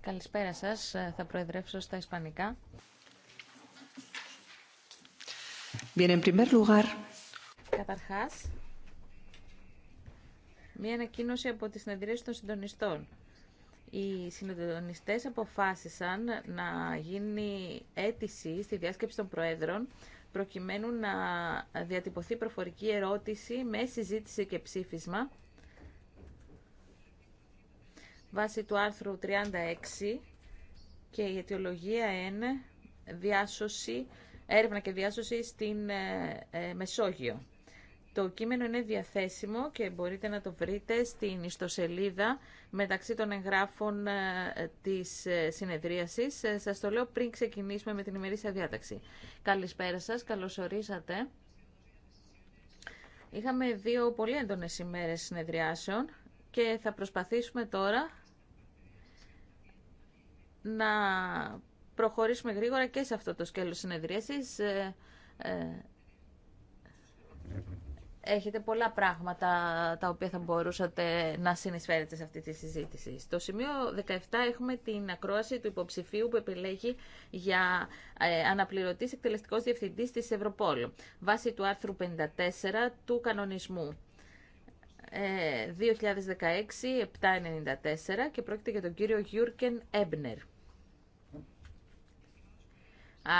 Καλησπέρα σας. Θα προεδρεύσω στα ισπανικά. Bien, en primer lugar... Καταρχάς, μία ανακοίνωση από τις συνεδρίες των συντονιστών. Οι συντονιστές αποφάσισαν να γίνει αίτηση στη διάσκεψη των Προέδρων προκειμένου να διατυπωθεί προφορική ερώτηση με συζήτηση και ψήφισμα βάσει του άρθρου 36 και η αιτιολογία είναι διάσωση, έρευνα και διάσωση στην ε, ε, Μεσόγειο. Το κείμενο είναι διαθέσιμο και μπορείτε να το βρείτε στην ιστοσελίδα μεταξύ των εγγράφων ε, της ε, συνεδρίασης. Ε, σας το λέω πριν ξεκινήσουμε με την ημερήσια διάταξη. Καλησπέρα σας, καλώς ορίσατε. Είχαμε δύο πολύ έντονες ημέρες συνεδριάσεων και θα προσπαθήσουμε τώρα να προχωρήσουμε γρήγορα και σε αυτό το σκέλος συνεδρίασης Έχετε πολλά πράγματα τα οποία θα μπορούσατε να συνεισφέρετε σε αυτή τη συζήτηση. Στο σημείο 17 έχουμε την ακρόαση του υποψηφίου που επιλέγει για ε, αναπληρωτής εκτελεστικός διευθυντής της Ευρωπόλ, βάσει του άρθρου 54 του κανονισμού. 2016-794 ε, και πρόκειται για τον κύριο Γιούρκεν Έμπνερ.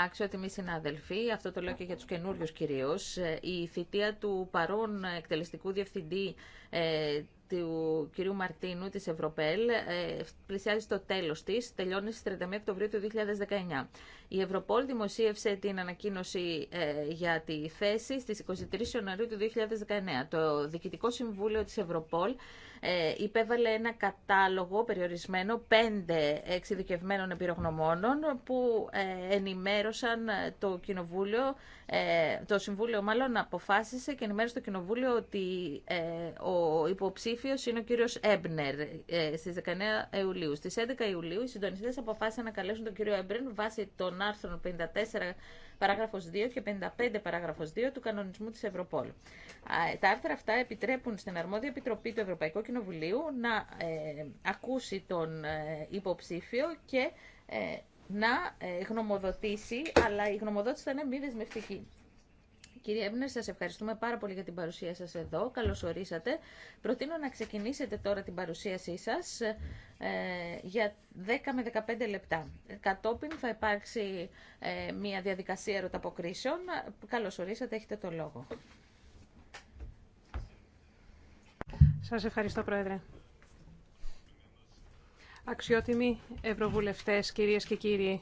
Αξιότιμοι συνάδελφοι, αυτό το λέω και για τους καινούριους κυρίως, ε, η θητεία του παρόν εκτελεστικού διευθυντή ε, του κυρίου Μαρτίνου της Ευρωπέλ ε, πλησιάζει στο τέλος της, τελειώνει στις 31 Οκτωβρίου του 2019. Η Ευρωπόλ δημοσίευσε την ανακοίνωση ε, για τη θέση στις 23 Ιανουαρίου του 2019. Το Διοικητικό Συμβούλιο της Ευρωπόλ ε, υπέβαλε ένα κατάλογο περιορισμένο πέντε εξειδικευμένων επιρρογνωμόνων που ε, ενημέρωσαν το Κοινοβούλιο, ε, το Συμβούλιο μάλλον αποφάσισε και ενημέρωσε το Κοινοβούλιο ότι ο υποψήφιος είναι ο κύριος Έμπνερ στις 19 Ιουλίου. Στις 11 Ιουλίου οι συντονιστές αποφάσισαν να καλέσουν τον κύριο Έμπνερ βάσει των άρθρων 54 παράγραφος 2 και 55 παράγραφος 2 του κανονισμού της Ευρωπόλ. Τα άρθρα αυτά επιτρέπουν στην αρμόδια επιτροπή του Ευρωπαϊκού Κοινοβουλίου να ε, ακούσει τον ε, υποψήφιο και ε, να γνωμοδοτήσει, αλλά η γνωμοδότηση θα είναι μη δεσμευτική. Κύριε Έμπνερ, σας ευχαριστούμε πάρα πολύ για την παρουσία σας εδώ. Καλώς ορίσατε. Προτείνω να ξεκινήσετε τώρα την παρουσίασή σας ε, για 10 με 15 λεπτά. Κατόπιν θα υπάρξει ε, μια διαδικασία ερωταποκρίσεων. Καλώς ορίσατε, έχετε το λόγο. Σας ευχαριστώ, Πρόεδρε. Αξιότιμοι Ευρωβουλευτές, κυρίες και κύριοι.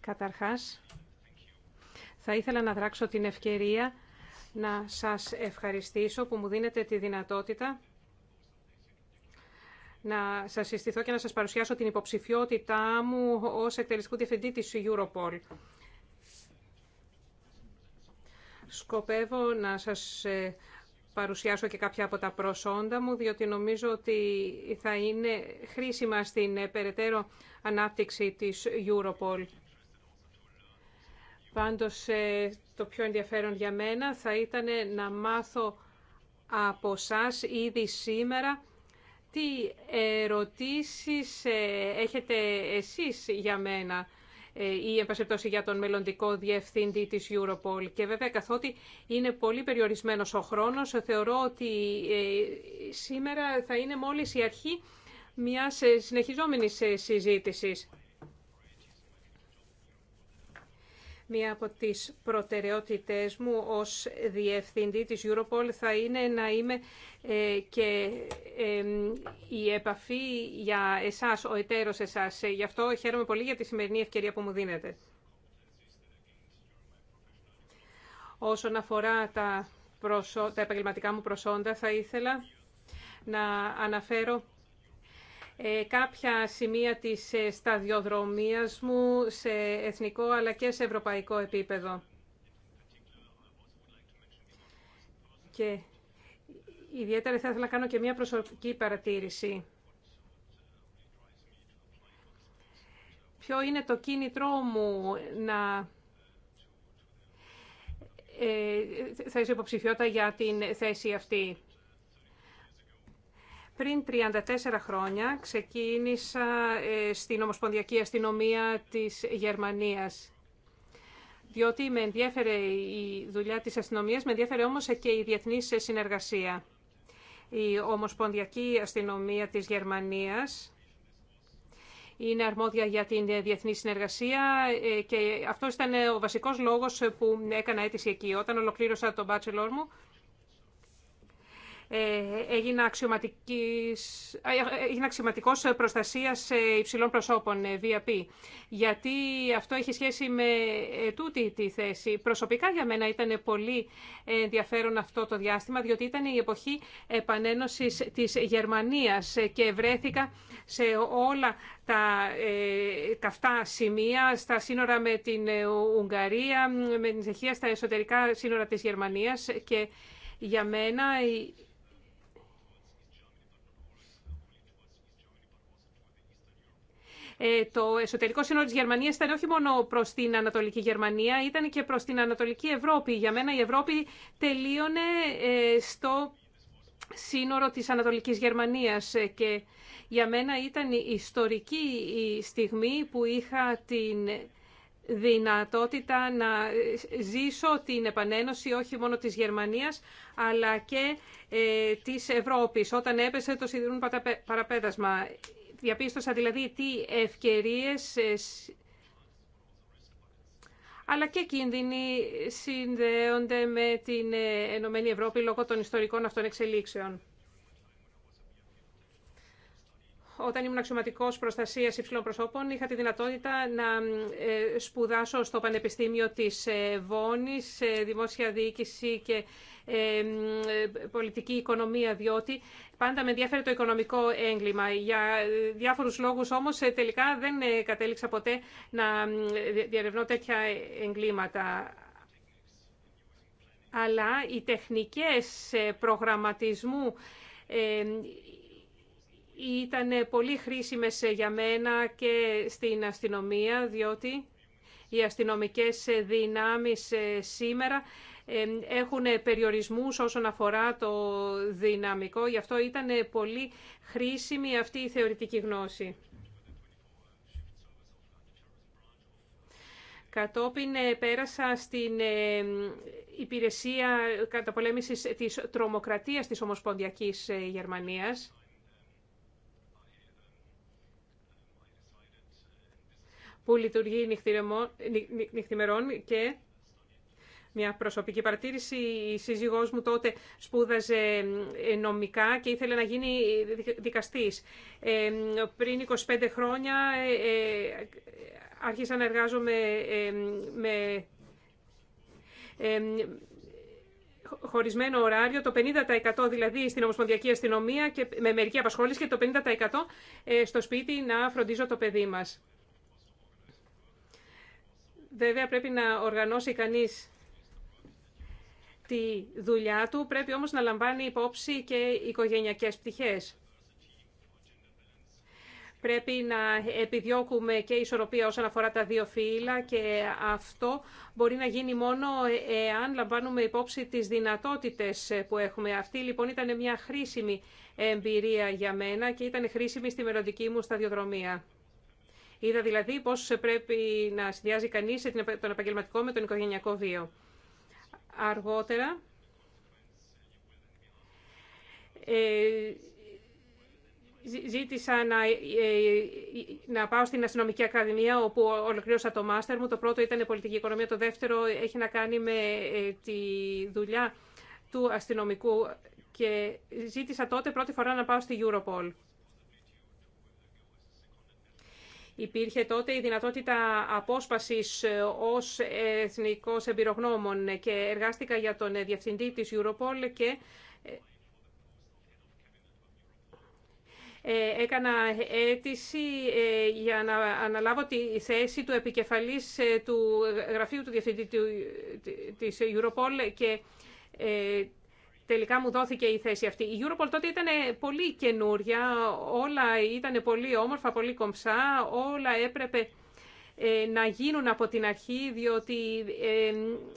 Καταρχάς, θα ήθελα να δράξω την ευκαιρία να σας ευχαριστήσω που μου δίνετε τη δυνατότητα να σας συστηθώ και να σας παρουσιάσω την υποψηφιότητά μου ως εκτελεστικού διευθυντή της Europol. Σκοπεύω να σας ε, παρουσιάσω και κάποια από τα προσόντα μου, διότι νομίζω ότι θα είναι χρήσιμα στην ε, περαιτέρω ανάπτυξη της Europol. Πάντως ε, το πιο ενδιαφέρον για μένα θα ήταν να μάθω από σας ήδη σήμερα τι ερωτήσεις ε, έχετε εσείς για μένα ε, ή εμπασχευτώσει για τον μελλοντικό διευθύντη της Europol. Και βέβαια καθότι είναι πολύ περιορισμένος ο χρόνος, θεωρώ ότι σήμερα θα είναι μόλις η αρχή μιας συνεχιζόμενης συζήτησης. Μία από τις προτεραιότητές μου ως διευθυντή της Europol θα είναι να είμαι ε, και η επαφή για εσάς, ο εταίρος εσάς. Ε, γι' αυτό χαίρομαι πολύ για τη σημερινή ευκαιρία που μου δίνετε. Όσον αφορά τα, προσω... τα επαγγελματικά μου προσόντα, θα ήθελα να αναφέρω ε, κάποια σημεία της ε, σταδιοδρομίας μου σε εθνικό αλλά και σε ευρωπαϊκό επίπεδο. Και ιδιαίτερα θα ήθελα να κάνω και μια προσωπική παρατήρηση. Ποιο είναι το κίνητρό μου να ε, θέσω υποψηφιότητα για την θέση αυτή. Πριν 34 χρόνια ξεκίνησα ε, στην Ομοσπονδιακή Αστυνομία της Γερμανίας διότι με ενδιέφερε η δουλειά της αστυνομίας, με ενδιέφερε όμως και η διεθνή συνεργασία. Η Ομοσπονδιακή Αστυνομία της Γερμανίας είναι αρμόδια για την διεθνή συνεργασία ε, και αυτό ήταν ο βασικός λόγος που έκανα αίτηση εκεί. Όταν ολοκλήρωσα τον bachelor μου, ε, έγινα, ε, αξιωματικό προστασία προστασίας ε, υψηλών προσώπων, VIP. Γιατί αυτό έχει σχέση με τούτη τη θέση. Προσωπικά για μένα ήταν πολύ ενδιαφέρον αυτό το διάστημα, διότι ήταν η εποχή επανένωση της Γερμανίας και βρέθηκα σε όλα τα ε, καυτά σημεία, στα σύνορα με την Ουγγαρία, με την Τσεχία, στα εσωτερικά σύνορα της Γερμανίας και για μένα Ε, το εσωτερικό σύνορο της Γερμανίας ήταν όχι μόνο προς την Ανατολική Γερμανία, ήταν και προς την Ανατολική Ευρώπη. Για μένα η Ευρώπη τελείωνε ε, στο σύνορο της Ανατολικής Γερμανίας ε, και για μένα ήταν η ιστορική η στιγμή που είχα την δυνατότητα να ζήσω την επανένωση όχι μόνο της Γερμανίας αλλά και ε, της Ευρώπης όταν έπεσε το σιδηρούν παραπέδασμα. Διαπίστωσα δηλαδή τι ευκαιρίες ε, αλλά και κίνδυνοι συνδέονται με την ε, Ενωμένη ΕΕ Ευρώπη λόγω των ιστορικών αυτών εξελίξεων. Όταν ήμουν αξιωματικό προστασία υψηλών προσώπων, είχα τη δυνατότητα να ε, σπουδάσω στο Πανεπιστήμιο τη Βόνη, δημόσια διοίκηση και πολιτική οικονομία, διότι πάντα με ενδιαφέρει το οικονομικό έγκλημα. Για διάφορους λόγους όμως ε, τελικά δεν ε, κατέληξα ποτέ να διαρευνώ τέτοια εγκλήματα. Αλλά οι τεχνικές ε, προγραμματισμού ήταν πολύ χρήσιμες για μένα και στην αστυνομία, διότι οι αστυνομικές δυνάμεις σήμερα έχουν περιορισμούς όσον αφορά το δυναμικό. Γι' αυτό ήταν πολύ χρήσιμη αυτή η θεωρητική γνώση. Κατόπιν ε, πέρασα στην ε, υπηρεσία καταπολέμησης της τρομοκρατίας της Ομοσπονδιακής ε, Γερμανίας. που λειτουργεί νυχτημερών και μια προσωπική παρατήρηση. Η σύζυγός μου τότε σπούδαζε ε, νομικά και ήθελε να γίνει δικαστής. Ε, πριν 25 χρόνια ε, άρχισα να εργάζομαι με χωρισμένο ωράριο, το 50% δηλαδή στην Ομοσπονδιακή Αστυνομία και με μερική απασχόληση και το 50% στο σπίτι να φροντίζω το παιδί μας. Βέβαια πρέπει να οργανώσει κανείς τη δουλειά του, πρέπει όμως να λαμβάνει υπόψη και οικογενειακές πτυχές. Πρέπει να επιδιώκουμε και ισορροπία όσον αφορά τα δύο φύλλα και αυτό μπορεί να γίνει μόνο εάν λαμβάνουμε υπόψη τις δυνατότητες που έχουμε. Αυτή λοιπόν ήταν μια χρήσιμη εμπειρία για μένα και ήταν χρήσιμη στη μελλοντική μου σταδιοδρομία. Είδα δηλαδή πώς πρέπει να συνδυάζει κανείς τον επαγγελματικό με τον οικογενειακό βίο αργότερα ε, ζήτησα να, ε, να πάω στην Αστυνομική Ακαδημία όπου ολοκλήρωσα το μάστερ μου. Το πρώτο ήταν πολιτική οικονομία, το δεύτερο έχει να κάνει με ε, τη δουλειά του αστυνομικού και ζήτησα τότε πρώτη φορά να πάω στη Europol. Υπήρχε τότε η δυνατότητα απόσπασης ως εθνικός εμπειρογνώμων και εργάστηκα για τον διευθυντή της Europol και ε, έκανα αίτηση ε, για να αναλάβω τη θέση του επικεφαλής ε, του γραφείου του διευθυντή της Europol και τελικά μου δόθηκε η θέση αυτή. Η Europol τότε ήταν πολύ καινούρια, όλα ήταν πολύ όμορφα, πολύ κομψά, όλα έπρεπε ε, να γίνουν από την αρχή, διότι ε,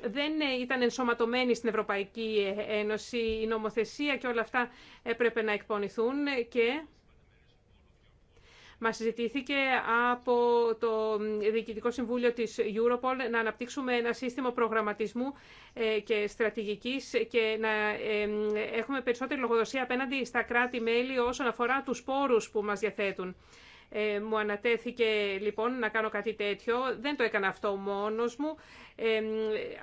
δεν ήταν ενσωματωμένοι στην Ευρωπαϊκή Ένωση η νομοθεσία και όλα αυτά έπρεπε να εκπονηθούν και Μα συζητήθηκε από το Διοικητικό Συμβούλιο της Europol να αναπτύξουμε ένα σύστημα προγραμματισμού ε, και στρατηγικής και να ε, έχουμε περισσότερη λογοδοσία απέναντι στα κράτη-μέλη όσον αφορά τους πόρους που μας διαθέτουν. Ε, μου ανατέθηκε λοιπόν να κάνω κάτι τέτοιο. Δεν το έκανα αυτό μόνος μου. Ε,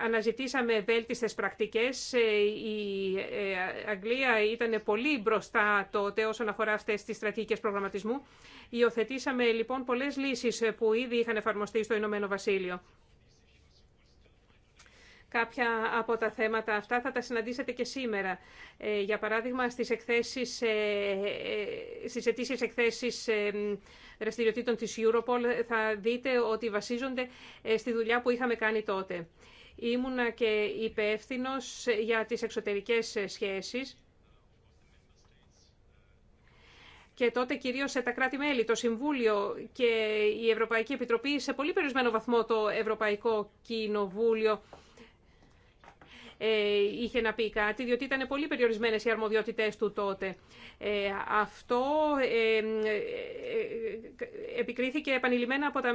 αναζητήσαμε βέλτιστες πρακτικές. Ε, η ε, Αγγλία ήταν πολύ μπροστά τότε όσον αφορά αυτές τις στρατηγικές προγραμματισμού. Υιοθετήσαμε λοιπόν πολλές λύσεις που ήδη είχαν εφαρμοστεί στο Ηνωμένο Βασίλειο κάποια από τα θέματα αυτά. Θα τα συναντήσετε και σήμερα. Ε, για παράδειγμα, στις, εκθέσεις, ε, ε, στις εκθέσεις δραστηριοτήτων της Europol θα δείτε ότι βασίζονται στη δουλειά που είχαμε κάνει τότε. Ήμουνα και υπεύθυνο για τις εξωτερικές σχέσεις και τότε κυρίως σε τα κράτη-μέλη, το Συμβούλιο και η Ευρωπαϊκή Επιτροπή, σε πολύ περιορισμένο βαθμό το Ευρωπαϊκό Κοινοβούλιο ε, είχε να πει κάτι, διότι ήταν πολύ περιορισμένες οι αρμοδιότητές του τότε. Ε, αυτό ε, επικρίθηκε επανειλημμένα από τα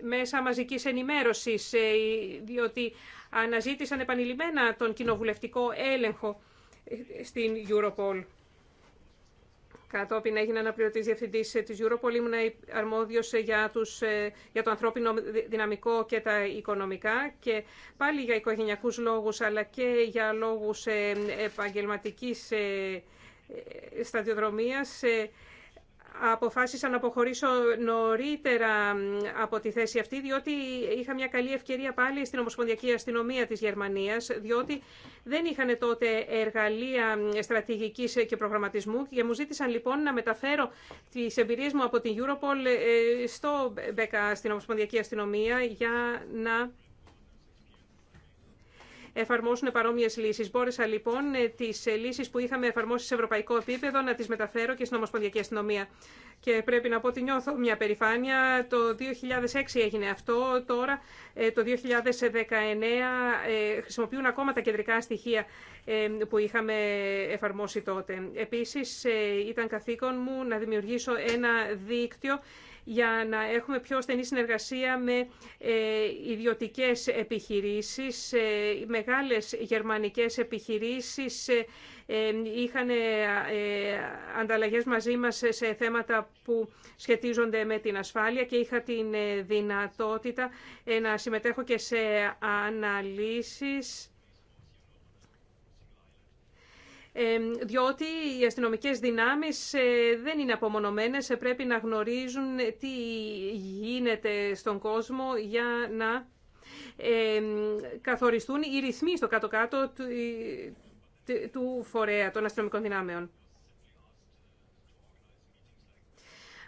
μέσα μαζικής ενημέρωσης, διότι αναζήτησαν επανειλημμένα τον κοινοβουλευτικό έλεγχο στην Europol. Κατόπιν έγινε αναπληρωτής διευθυντή της Europol, ήμουν αρμόδιο για, ε, για το ανθρώπινο δυναμικό και τα οικονομικά και πάλι για οικογενειακούς λόγους αλλά και για λόγους ε, επαγγελματική ε, σταδιοδρομίας αποφάσισα να αποχωρήσω νωρίτερα από τη θέση αυτή, διότι είχα μια καλή ευκαιρία πάλι στην Ομοσπονδιακή Αστυνομία της Γερμανίας, διότι δεν είχαν τότε εργαλεία στρατηγικής και προγραμματισμού και μου ζήτησαν λοιπόν να μεταφέρω τις εμπειρίες μου από την Europol ε, στο ΜΠΕΚΑ στην Ομοσπονδιακή Αστυνομία για να εφαρμόσουν παρόμοιε λύσει. Μπόρεσα λοιπόν ε, τι ε, λύσει που είχαμε εφαρμόσει σε ευρωπαϊκό επίπεδο να τι μεταφέρω και στην Ομοσπονδιακή Αστυνομία. Και πρέπει να πω ότι νιώθω μια περηφάνεια. Το 2006 έγινε αυτό. Τώρα, ε, το 2019, χρησιμοποιούν ακόμα τα κεντρικά στοιχεία που είχαμε εφαρμόσει τότε. Επίσης, ήταν καθήκον μου να δημιουργήσω ένα δίκτυο για να έχουμε πιο στενή συνεργασία με ε, ιδιωτικές επιχειρήσεις. Μεγάλες γερμανικές επιχειρήσεις ε, ε, είχαν ανταλλαγές μαζί μας σε θέματα που σχετίζονται με την ασφάλεια και είχα την δυνατότητα να συμμετέχω και σε αναλύσεις ε, διότι οι αστυνομικές δυνάμεις ε, δεν είναι απομονωμένες, ε, πρέπει να γνωρίζουν τι γίνεται στον κόσμο για να καθοριστούν οι ρυθμοί στο κάτω-κάτω του φορέα των αστυνομικών δυνάμεων.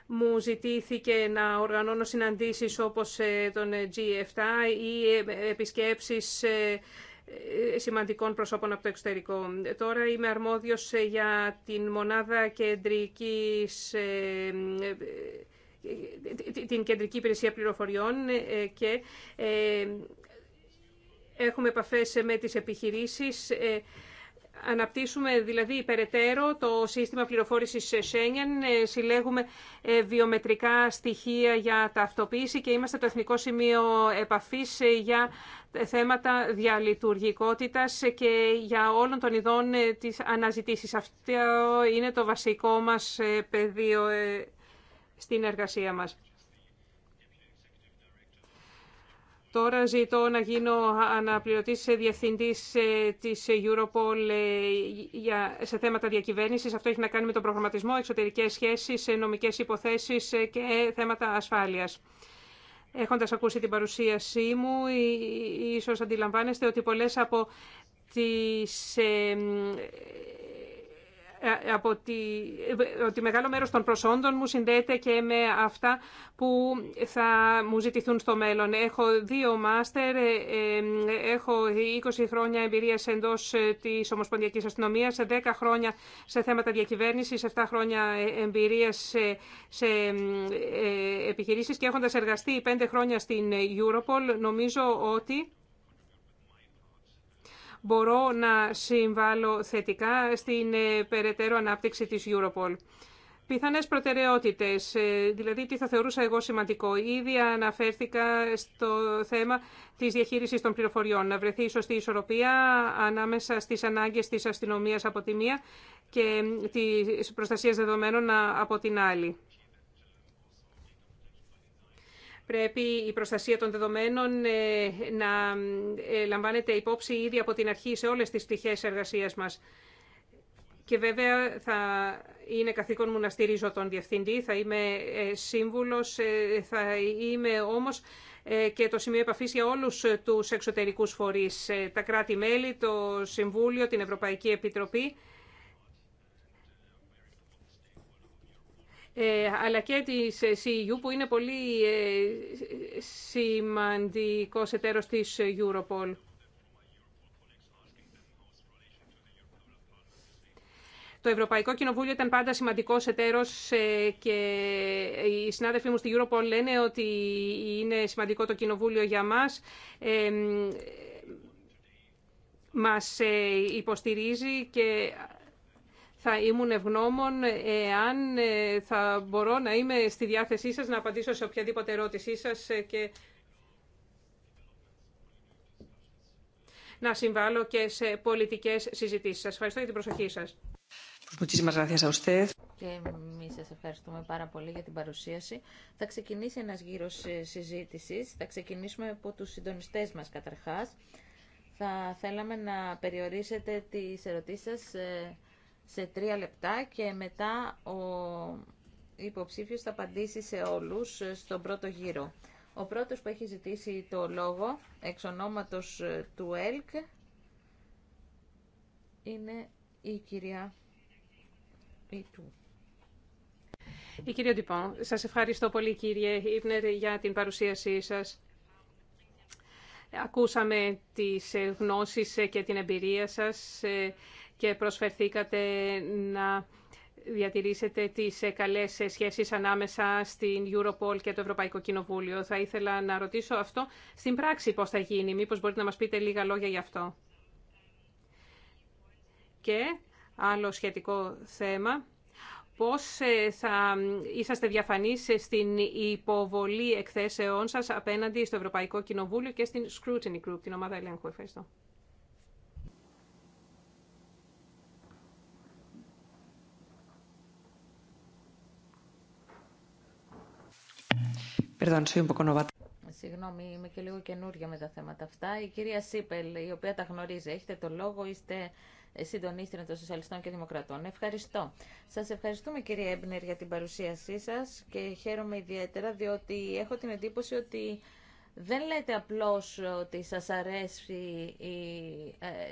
Μου ζητήθηκε να οργανώνω συναντήσεις όπως τον G7 ή επισκέψεις σημαντικών προσώπων από το εξωτερικό. Τώρα είμαι αρμόδιος ε, για την μονάδα κεντρικής, ε, ε, την κεντρική υπηρεσία πληροφοριών και έχουμε επαφές με τις επιχειρήσεις. Αναπτύσσουμε δηλαδή περαιτέρω το σύστημα πληροφόρησης Schengen, συλλέγουμε βιομετρικά στοιχεία για ταυτοποίηση και είμαστε το εθνικό σημείο επαφής για θέματα διαλειτουργικότητας και για όλων των ειδών ε, της αναζητήσεις. Αυτό είναι το βασικό μας ε, πεδίο ε, στην εργασία μας. Τώρα ζητώ να γίνω αναπληρωτής διευθυντής της Europol σε θέματα διακυβέρνησης. Αυτό έχει να κάνει με τον προγραμματισμό, εξωτερικές σχέσεις, νομικές υποθέσεις και θέματα ασφάλειας. Έχοντας ακούσει την παρουσίασή μου, ε, ίσως αντιλαμβάνεστε ότι πολλές από τις ε, ε, από τη, ε, ότι μεγάλο μέρος των προσόντων μου συνδέεται και με αυτά που θα μου ζητηθούν στο μέλλον. Έχω δύο μάστερ, ε, έχω 20 χρόνια εμπειρίας εντός της Ομοσπονδιακής Αστυνομίας, 10 χρόνια σε θέματα διακυβέρνησης, 7 χρόνια εμπειρίας σε, σε επιχειρήσεις και έχοντας εργαστεί 5 χρόνια στην Europol, νομίζω ότι μπορώ να συμβάλλω θετικά στην ε, περαιτέρω ανάπτυξη της Europol. Πιθανές προτεραιότητες, ε, δηλαδή τι θα θεωρούσα εγώ σημαντικό. Ήδη αναφέρθηκα στο θέμα της διαχείρισης των πληροφοριών. Να βρεθεί η σωστή ισορροπία ανάμεσα στις ανάγκες της αστυνομίας από τη μία και ε, της προστασίας δεδομένων από την άλλη. Πρέπει η προστασία των δεδομένων ε, να ε, λαμβάνεται υπόψη ήδη από την αρχή σε όλες τις πτυχές εργασίας μας. Και βέβαια θα είναι καθήκον μου να στηρίζω τον Διευθυντή, θα είμαι ε, σύμβουλος, θα είμαι όμως και το σημείο επαφής για όλους τους εξωτερικούς φορείς, τα κράτη-μέλη, το Συμβούλιο, την Ευρωπαϊκή Επιτροπή Ε, αλλά και της ε, CEU που είναι πολύ ε, σημαντικό εταίρος της Europol. Το Ευρωπαϊκό Κοινοβούλιο ήταν πάντα σημαντικό εταίρο και οι συνάδελφοί μου στη Europol λένε ότι είναι σημαντικό το Κοινοβούλιο για μα. Ε, μας υποστηρίζει και θα ήμουν ευγνώμων εάν ε, θα μπορώ να είμαι στη διάθεσή σας να απαντήσω σε οποιαδήποτε ερώτησή σας ε, και να συμβάλλω και σε πολιτικές συζητήσεις. Σας ευχαριστώ για την προσοχή σας. Και εμεί σα ευχαριστούμε πάρα πολύ για την παρουσίαση. Θα ξεκινήσει ένα γύρο ε, συζήτηση. Θα ξεκινήσουμε από του συντονιστέ μα καταρχά. Θα θέλαμε να περιορίσετε τι ερωτήσει σα σε τρία λεπτά και μετά ο υποψήφιος θα απαντήσει σε όλους στον πρώτο γύρο. Ο πρώτος που έχει ζητήσει το λόγο εξ ε, του ΕΛΚ είναι η κυρία Πιτού. Η κυρία Ντυπών, σας ευχαριστώ πολύ κύριε Ήπνερ για την παρουσίασή σας. Ακούσαμε τις ε, γνώσεις ε, και την εμπειρία σας και προσφερθήκατε να διατηρήσετε τις ε, καλές ε, σχέσεις ανάμεσα στην Europol και το Ευρωπαϊκό Κοινοβούλιο. Θα ήθελα να ρωτήσω αυτό στην πράξη πώς θα γίνει. Μήπως μπορείτε να μας πείτε λίγα λόγια γι' αυτό. Και άλλο σχετικό θέμα. Πώς ε, θα είσαστε διαφανείς στην υποβολή εκθέσεών σας απέναντι στο Ευρωπαϊκό Κοινοβούλιο και στην Scrutiny Group, την ομάδα ελέγχου. Ευχαριστώ. Συγγνώμη, είμαι και λίγο καινούργια με τα θέματα αυτά. Η κυρία Σίπελ, η οποία τα γνωρίζει, έχετε το λόγο, είστε συντονίστρια των Σοσιαλιστών και Δημοκρατών. Ευχαριστώ. Σα ευχαριστούμε κυρία Έμπνερ για την παρουσίασή σα και χαίρομαι ιδιαίτερα διότι έχω την εντύπωση ότι δεν λέτε απλώ ότι σα αρέσει η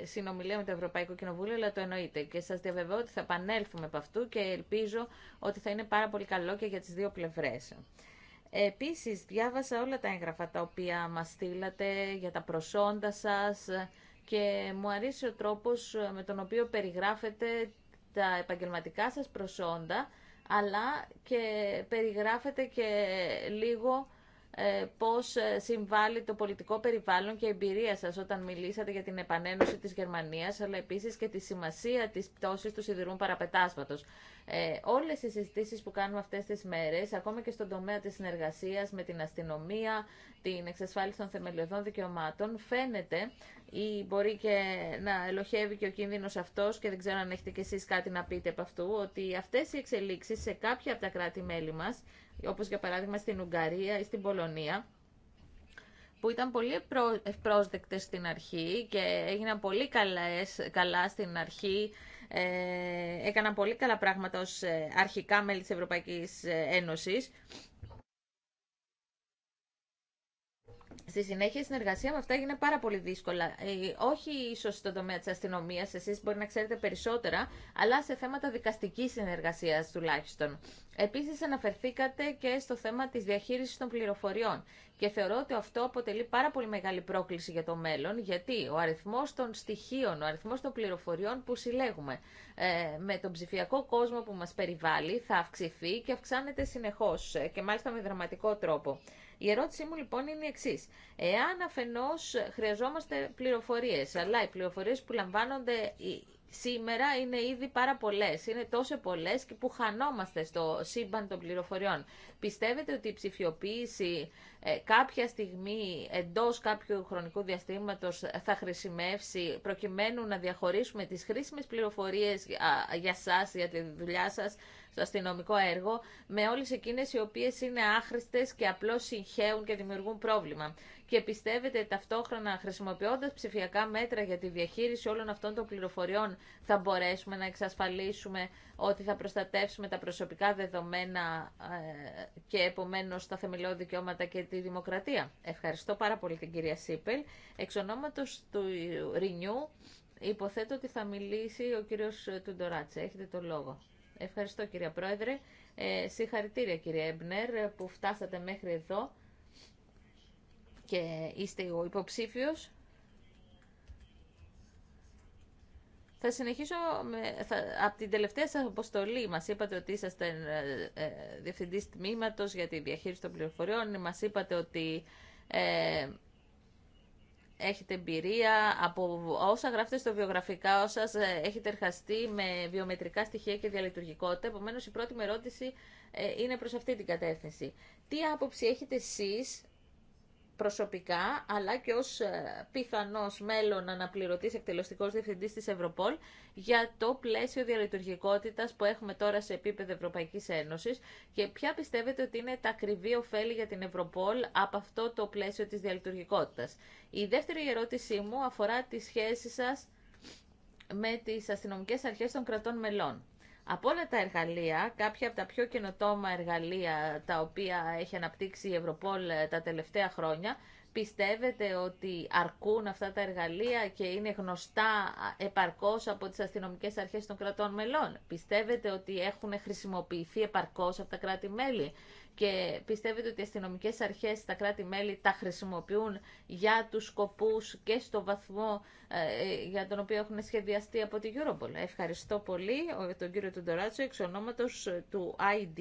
ε, συνομιλία με το Ευρωπαϊκό Κοινοβούλιο, αλλά το εννοείτε. Και σα διαβεβαιώ ότι θα επανέλθουμε από αυτού και ελπίζω ότι θα είναι πάρα πολύ καλό και για τι δύο πλευρέ. Επίσης, διάβασα όλα τα έγγραφα τα οποία μας στείλατε για τα προσόντα σας και μου αρέσει ο τρόπος με τον οποίο περιγράφετε τα επαγγελματικά σας προσόντα, αλλά και περιγράφετε και λίγο ε, πώς ε, συμβάλλει το πολιτικό περιβάλλον και η εμπειρία σας όταν μιλήσατε για την επανένωση της Γερμανίας, αλλά επίσης και τη σημασία της πτώσης του σιδηρού παραπετάσματος. Ε, όλες οι συζητήσεις που κάνουμε αυτές τις μέρες, ακόμα και στον τομέα της συνεργασίας με την αστυνομία, την εξασφάλιση των θεμελιωδών δικαιωμάτων, φαίνεται ή μπορεί και να ελοχεύει και ο κίνδυνος αυτός και δεν ξέρω αν έχετε κι εσείς κάτι να πείτε από αυτού, ότι αυτές οι εξελίξεις σε κάποια από τα κράτη-μέλη μας όπως για παράδειγμα στην Ουγγαρία ή στην Πολωνία, που ήταν πολύ ευπρόσδεκτες στην αρχή και έγιναν πολύ καλές, καλά στην αρχή, ε, έκαναν πολύ καλά πράγματα ως ε, αρχικά μέλη της Ευρωπαϊκής ε, Ένωσης Στη συνέχεια η συνεργασία με αυτά έγινε πάρα πολύ δύσκολα. Ε, όχι ίσω στον τομέα τη αστυνομία, εσεί μπορεί να ξέρετε περισσότερα, αλλά σε θέματα δικαστική συνεργασία τουλάχιστον. Επίση, αναφερθήκατε και στο θέμα τη διαχείριση των πληροφοριών. Και θεωρώ ότι αυτό αποτελεί πάρα πολύ μεγάλη πρόκληση για το μέλλον, γιατί ο αριθμό των στοιχείων, ο αριθμό των πληροφοριών που συλλέγουμε ε, με τον ψηφιακό κόσμο που μα περιβάλλει θα αυξηθεί και αυξάνεται συνεχώ ε, και μάλιστα με δραματικό τρόπο. Η ερώτησή μου λοιπόν είναι η εξή. Εάν αφενό χρειαζόμαστε πληροφορίε, αλλά οι πληροφορίε που λαμβάνονται σήμερα είναι ήδη πάρα πολλέ. Είναι τόσο πολλέ και που χανόμαστε στο σύμπαν των πληροφοριών. Πιστεύετε ότι η ψηφιοποίηση ε, κάποια στιγμή εντό κάποιου χρονικού διαστήματο θα χρησιμεύσει προκειμένου να διαχωρίσουμε τι χρήσιμε πληροφορίε για εσά, για τη δουλειά σα στο αστυνομικό έργο με όλε εκείνε, οι οποίε είναι άχρηστε και απλώς συγχέουν και δημιουργούν πρόβλημα. Και πιστεύετε ταυτόχρονα χρησιμοποιώντα ψηφιακά μέτρα για τη διαχείριση όλων αυτών των πληροφοριών θα μπορέσουμε να εξασφαλίσουμε ότι θα προστατεύσουμε τα προσωπικά δεδομένα ε, και επομένω τα θεμελιώδη δικαιώματα και τη δημοκρατία. Ευχαριστώ πάρα πολύ την κυρία Σίπελ. Εξ ονόματο του Ρινιού υποθέτω ότι θα μιλήσει ο κύριο Τουντοράτσε. Έχετε το λόγο. Ευχαριστώ κυρία Πρόεδρε. Ε, συγχαρητήρια κύριε Έμπνερ που φτάσατε μέχρι εδώ και είστε ο υποψήφιος. Θα συνεχίσω με, από την τελευταία σας αποστολή. Μας είπατε ότι είσαστε ε, ε, διευθυντής τμήματος για τη διαχείριση των πληροφοριών. Μας είπατε ότι ε, έχετε εμπειρία από όσα γράφετε στο βιογραφικά όσα έχετε εργαστεί με βιομετρικά στοιχεία και διαλειτουργικότητα. Επομένω, η πρώτη με ερώτηση ε, είναι προς αυτή την κατεύθυνση. Τι άποψη έχετε εσείς προσωπικά, αλλά και ως ε, πιθανός μέλλον αναπληρωτής εκτελεστικός διευθυντής της Ευρωπόλ για το πλαίσιο διαλειτουργικότητας που έχουμε τώρα σε επίπεδο Ευρωπαϊκής Ένωσης και ποια πιστεύετε ότι είναι τα ακριβή ωφέλη για την Ευρωπόλ από αυτό το πλαίσιο της διαλειτουργικότητας. Η δεύτερη ερώτησή μου αφορά τη σχέση σας με τις αστυνομικές αρχές των κρατών μελών. Από όλα τα εργαλεία, κάποια από τα πιο καινοτόμα εργαλεία τα οποία έχει αναπτύξει η Ευρωπόλ ε, τα τελευταία χρόνια, πιστεύετε ότι αρκούν αυτά τα εργαλεία και είναι γνωστά επαρκώς από τις αστυνομικές αρχές των κρατών μελών. Πιστεύετε ότι έχουν χρησιμοποιηθεί επαρκώς από τα κράτη-μέλη και πιστεύετε ότι οι αστυνομικέ αρχέ στα κράτη-μέλη τα χρησιμοποιούν για του σκοπού και στο βαθμό ε, ε, για τον οποίο έχουν σχεδιαστεί από τη Europol. Ευχαριστώ πολύ τον κύριο Τουντοράτσο εξ ονόματος ε, του ID.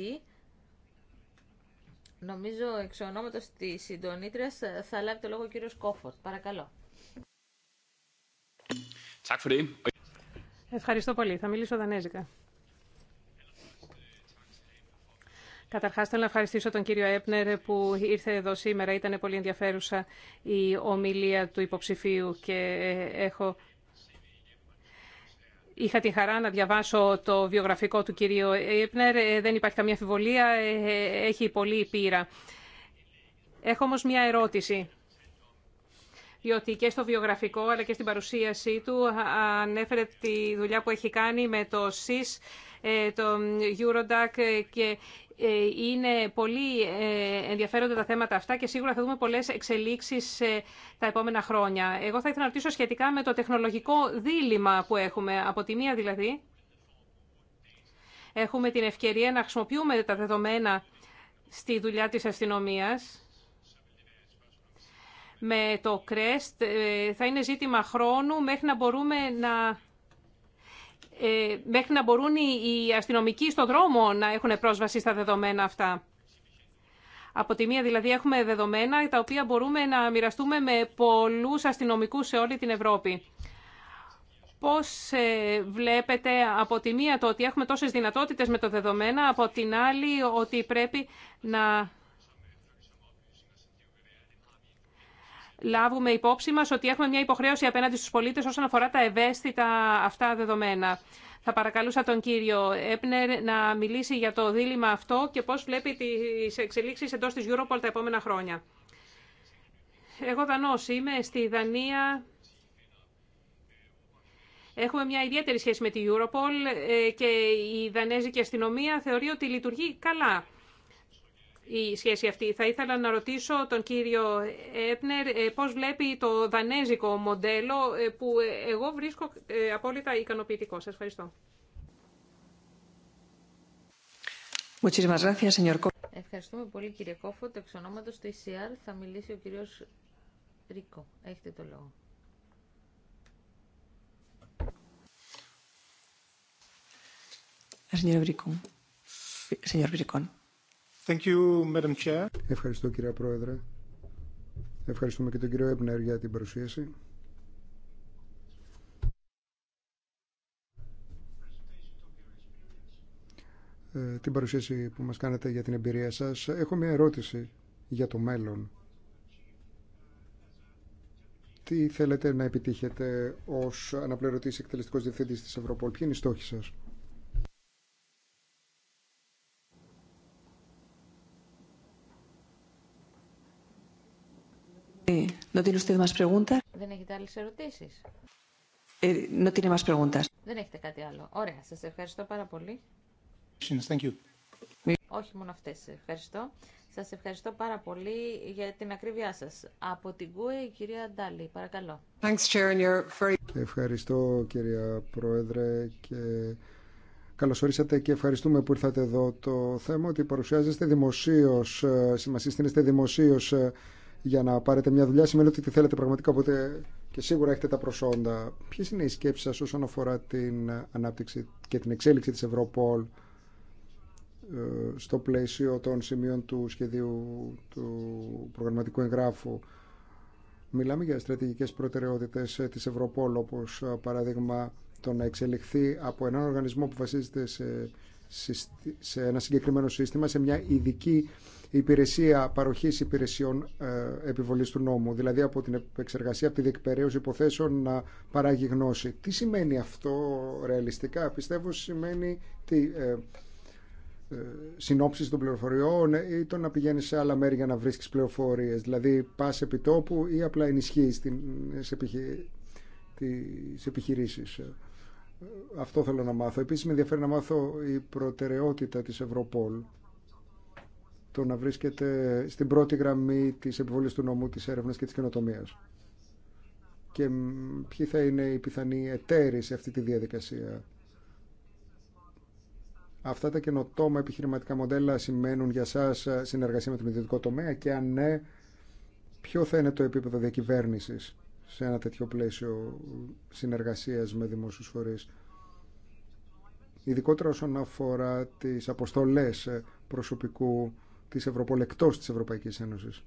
Νομίζω εξ ονόματος της συντονίτρια, θα λάβει το λόγο ο κύριος Κόφορτ. Παρακαλώ. Ευχαριστώ πολύ. Θα μιλήσω δανέζικα. Καταρχάς, θέλω να ευχαριστήσω τον κύριο Έπνερ που ήρθε εδώ σήμερα. Ήταν πολύ ενδιαφέρουσα η ομιλία του υποψηφίου και ε, έχω... Είχα τη χαρά να διαβάσω το βιογραφικό του κυρίου Έπνερ. Ε, δεν υπάρχει καμία αφιβολία, ε, Έχει πολύ πείρα. Έχω όμως μια ερώτηση. Διότι και στο βιογραφικό αλλά και στην παρουσίασή του ανέφερε τη δουλειά που έχει κάνει με το ΣΥΣ, το Eurodac και ε, είναι πολύ ε, ενδιαφέροντα τα θέματα αυτά και σίγουρα θα δούμε πολλές εξελίξεις ε, τα επόμενα χρόνια. Εγώ θα ήθελα να ρωτήσω σχετικά με το τεχνολογικό δίλημα που έχουμε. Από τη μία δηλαδή, έχουμε την ευκαιρία να χρησιμοποιούμε τα δεδομένα στη δουλειά της αστυνομία. Με το CREST θα είναι ζήτημα χρόνου μέχρι να μπορούμε να ε, μέχρι να μπορούν οι αστυνομικοί στον δρόμο να έχουν πρόσβαση στα δεδομένα αυτά. Από τη μία δηλαδή έχουμε δεδομένα τα οποία μπορούμε να μοιραστούμε με πολλούς αστυνομικούς σε όλη την Ευρώπη. Πώς ε, βλέπετε από τη μία το ότι έχουμε τόσες δυνατότητες με το δεδομένα, από την άλλη ότι πρέπει να λάβουμε υπόψη μας ότι έχουμε μια υποχρέωση απέναντι στους πολίτες όσον αφορά τα ευαίσθητα αυτά δεδομένα. Θα παρακαλούσα τον κύριο Έπνερ να μιλήσει για το δίλημα αυτό και πώς βλέπει τις εξελίξεις εντός της Europol τα επόμενα χρόνια. Εγώ Δανός είμαι, στη Δανία Έχουμε μια ιδιαίτερη σχέση με τη Europol ε, και η Δανέζικη αστυνομία θεωρεί ότι λειτουργεί καλά η σχέση αυτή. Θα ήθελα να ρωτήσω τον κύριο Έπνερ ε, πώς βλέπει το δανέζικο μοντέλο ε, που εγώ βρίσκω ε, απόλυτα ικανοποιητικό. Σας ευχαριστώ. Ευχαριστούμε πολύ κύριε Κόφο. το εξονόματος του ECR θα μιλήσει ο κύριος Ρίκο. Έχετε το λόγο. Señor Bricón. Señor Bricón. Ευχαριστώ κύριε Πρόεδρε. Ευχαριστούμε και τον κύριο Έμπνερ για την παρουσίαση. Ε, την παρουσίαση που μας κάνετε για την εμπειρία σας. Έχω μια ερώτηση για το μέλλον. Τι θέλετε να επιτύχετε ως αναπληρωτής εκτελεστικός διευθύντης της Ευρωπόλ. Ποιοι είναι οι στόχοι σας. Δεν έχετε άλλες ερωτήσεις. Δεν έχετε κάτι άλλο. Ωραία, σας ευχαριστώ πάρα πολύ. Thank you. Όχι μόνο αυτές, ευχαριστώ. Σας ευχαριστώ πάρα πολύ για την ακρίβειά σας. Από την ΚΟΕ, η κυρία Ντάλη, παρακαλώ. Ευχαριστώ, κυρία Πρόεδρε, και Καλώς και ευχαριστούμε που ήρθατε εδώ. Το θέμα ότι παρουσιάζεστε δημοσίως, είστε δημοσίως ε, για να πάρετε μια δουλειά σημαίνει ότι τη θέλετε πραγματικά οπότε και σίγουρα έχετε τα προσόντα. Ποιε είναι οι σκέψει σα όσον αφορά την ανάπτυξη και την εξέλιξη τη Ευρωπόλ ε, στο πλαίσιο των σημείων του σχεδίου του προγραμματικού εγγράφου. Μιλάμε για στρατηγικές προτεραιότητες ε, της Ευρωπόλ, όπως ε, παράδειγμα το να εξελιχθεί από έναν οργανισμό που βασίζεται σε, σε ένα συγκεκριμένο σύστημα, σε μια ειδική η υπηρεσία παροχής υπηρεσιών ε, επιβολής του νόμου, δηλαδή από την επεξεργασία, από τη διεκπαιρέωση υποθέσεων να παράγει γνώση. Τι σημαίνει αυτό ρεαλιστικά, πιστεύω σημαίνει τη ε, ε των πληροφοριών ή το να πηγαίνεις σε άλλα μέρη για να βρίσκεις πληροφορίες, δηλαδή πας επιτόπου ε, η προτεραιότητα της Ευρωπόλ το να βρίσκεται στην πρώτη γραμμή της επιβολής του νομού, της έρευνας και της καινοτομίας. Και ποιοι θα είναι οι πιθανοί εταίροι σε αυτή τη διαδικασία. Αυτά τα καινοτόμα επιχειρηματικά μοντέλα σημαίνουν για σας συνεργασία με τον ιδιωτικό τομέα και αν ναι, ποιο θα είναι το επίπεδο διακυβέρνησης σε ένα τέτοιο πλαίσιο συνεργασίας με δημόσιους φορείς. Ειδικότερα όσον αφορά τις αποστολές προσωπικού της Ευρωπολεκτός της Ευρωπαϊκής Ένωσης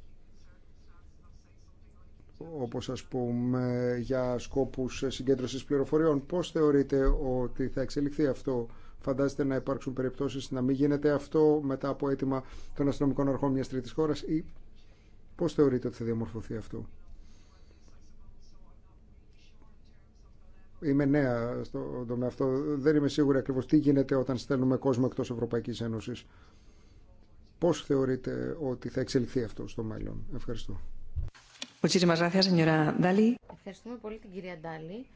όπως ας πούμε για σκόπους συγκέντρωσης πληροφοριών. Πώς θεωρείτε ότι θα εξελιχθεί αυτό. Φαντάζεστε να υπάρξουν περιπτώσεις να μην γίνεται αυτό μετά από αίτημα των αστυνομικών αρχών μιας τρίτης χώρας ή πώς θεωρείτε ότι θα διαμορφωθεί αυτό. Είμαι νέα στον τομέα αυτό. Δεν είμαι σίγουρη ακριβώς τι γίνεται όταν στέλνουμε κόσμο εκτός Ευρωπαϊκής Ένωσης. Πώς θεωρείτε ότι θα εξελιχθεί αυτό στο μέλλον. Ευχαριστώ. Ευχαριστούμε πολύ την κυρία Ντάλη.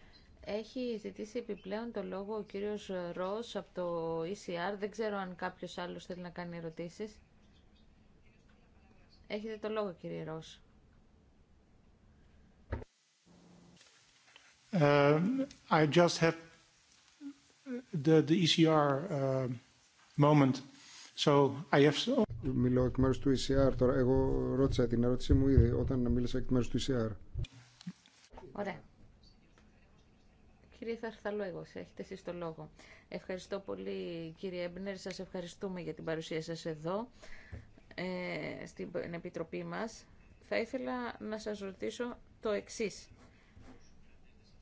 Έχει ζητήσει επιπλέον το λόγο ο κύριος Ρος από το ECR. Δεν ξέρω αν κάποιος άλλος θέλει να κάνει ερωτήσεις. Έχετε το λόγο κύριε Ρος. Ε, I just have the, the ECR ε, moment. So I have μιλώ εκ μέρους του ECR τώρα. Εγώ ρώτησα την ερώτησή μου ήδη όταν μίλησα εκ μέρους του ECR. Ωραία. Κύριε Θαρθαλό, εγώ έχετε εσεί το λόγο. Ευχαριστώ πολύ κύριε Έμπνερ, σα ευχαριστούμε για την παρουσία σας εδώ ε, στην Επιτροπή μας. Θα ήθελα να σας ρωτήσω το εξή.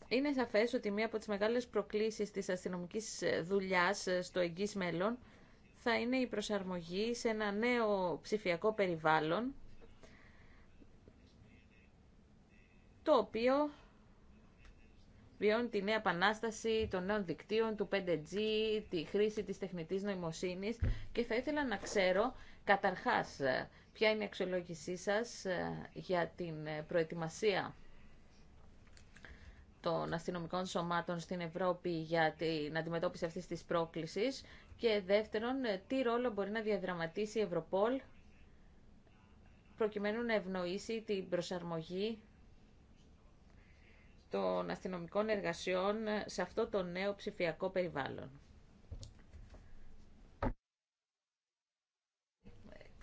Είναι σαφές ότι μία από τις μεγάλες προκλήσεις της αστυνομικής δουλειάς στο εγγύς μέλλον θα είναι η προσαρμογή σε ένα νέο ψηφιακό περιβάλλον, το οποίο βιώνει τη νέα επανάσταση των νέων δικτύων, του 5G, τη χρήση της τεχνητής νοημοσύνης και θα ήθελα να ξέρω καταρχάς ποια είναι η αξιολόγησή σας ε, για την ε, προετοιμασία των αστυνομικών σωμάτων στην Ευρώπη για την αντιμετώπιση αυτής της πρόκλησης και δεύτερον, ε, τι ρόλο μπορεί να διαδραματίσει η Ευρωπόλ προκειμένου να ευνοήσει την προσαρμογή των αστυνομικών εργασιών σε αυτό το νέο ψηφιακό περιβάλλον.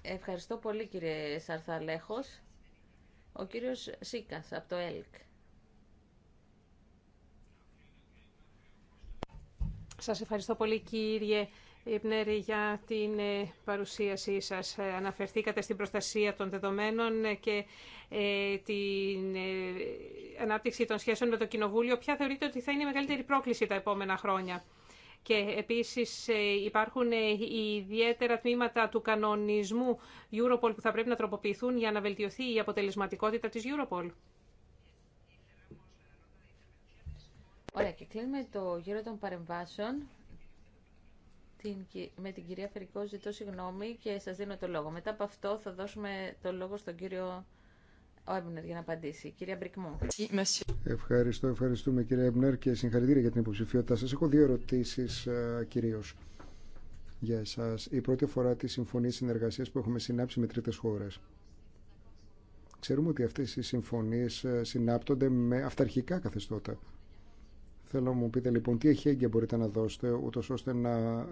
Ευχαριστώ πολύ κύριε Σαρθαλέχος. Ο κύριος Σίκας από το ΕΛΚ. Σας ευχαριστώ πολύ κύριε Υπνέρη, για την ε, παρουσίασή σας. Ε, αναφερθήκατε στην προστασία των δεδομένων και ε, την ανάπτυξη των σχέσεων με το Κοινοβούλιο. Ποια θεωρείτε ότι θα είναι η μεγαλύτερη πρόκληση τα επόμενα χρόνια. Και επίσης υπάρχουν ιδιαίτερα τμήματα του κανονισμού Europol που θα πρέπει να τροποποιηθούν για να βελτιωθεί η αποτελεσματικότητα της Europol. Ωραία, και κλείνουμε το γύρο των παρεμβάσεων την, με την κυρία Φερικό ζητώ συγγνώμη και σας δίνω το λόγο. Μετά από αυτό θα δώσουμε το λόγο στον κύριο Όμπνερ για να απαντήσει. Κυρία Μπρικμού. Ευχαριστώ, ευχαριστούμε κύριε Έμπνερ και συγχαρητήρια για την υποψηφιότητα σας. Έχω δύο ερωτήσεις κυρίω για εσάς. Η πρώτη αφορά τη συμφωνία συνεργασίας που έχουμε συνάψει με τρίτες χώρες. Ξέρουμε ότι αυτές οι συμφωνίες συνάπτονται με αυταρχικά καθεστώτα. Θέλω να μου πείτε λοιπόν τι εχέγγυα μπορείτε να δώσετε ούτω ώστε να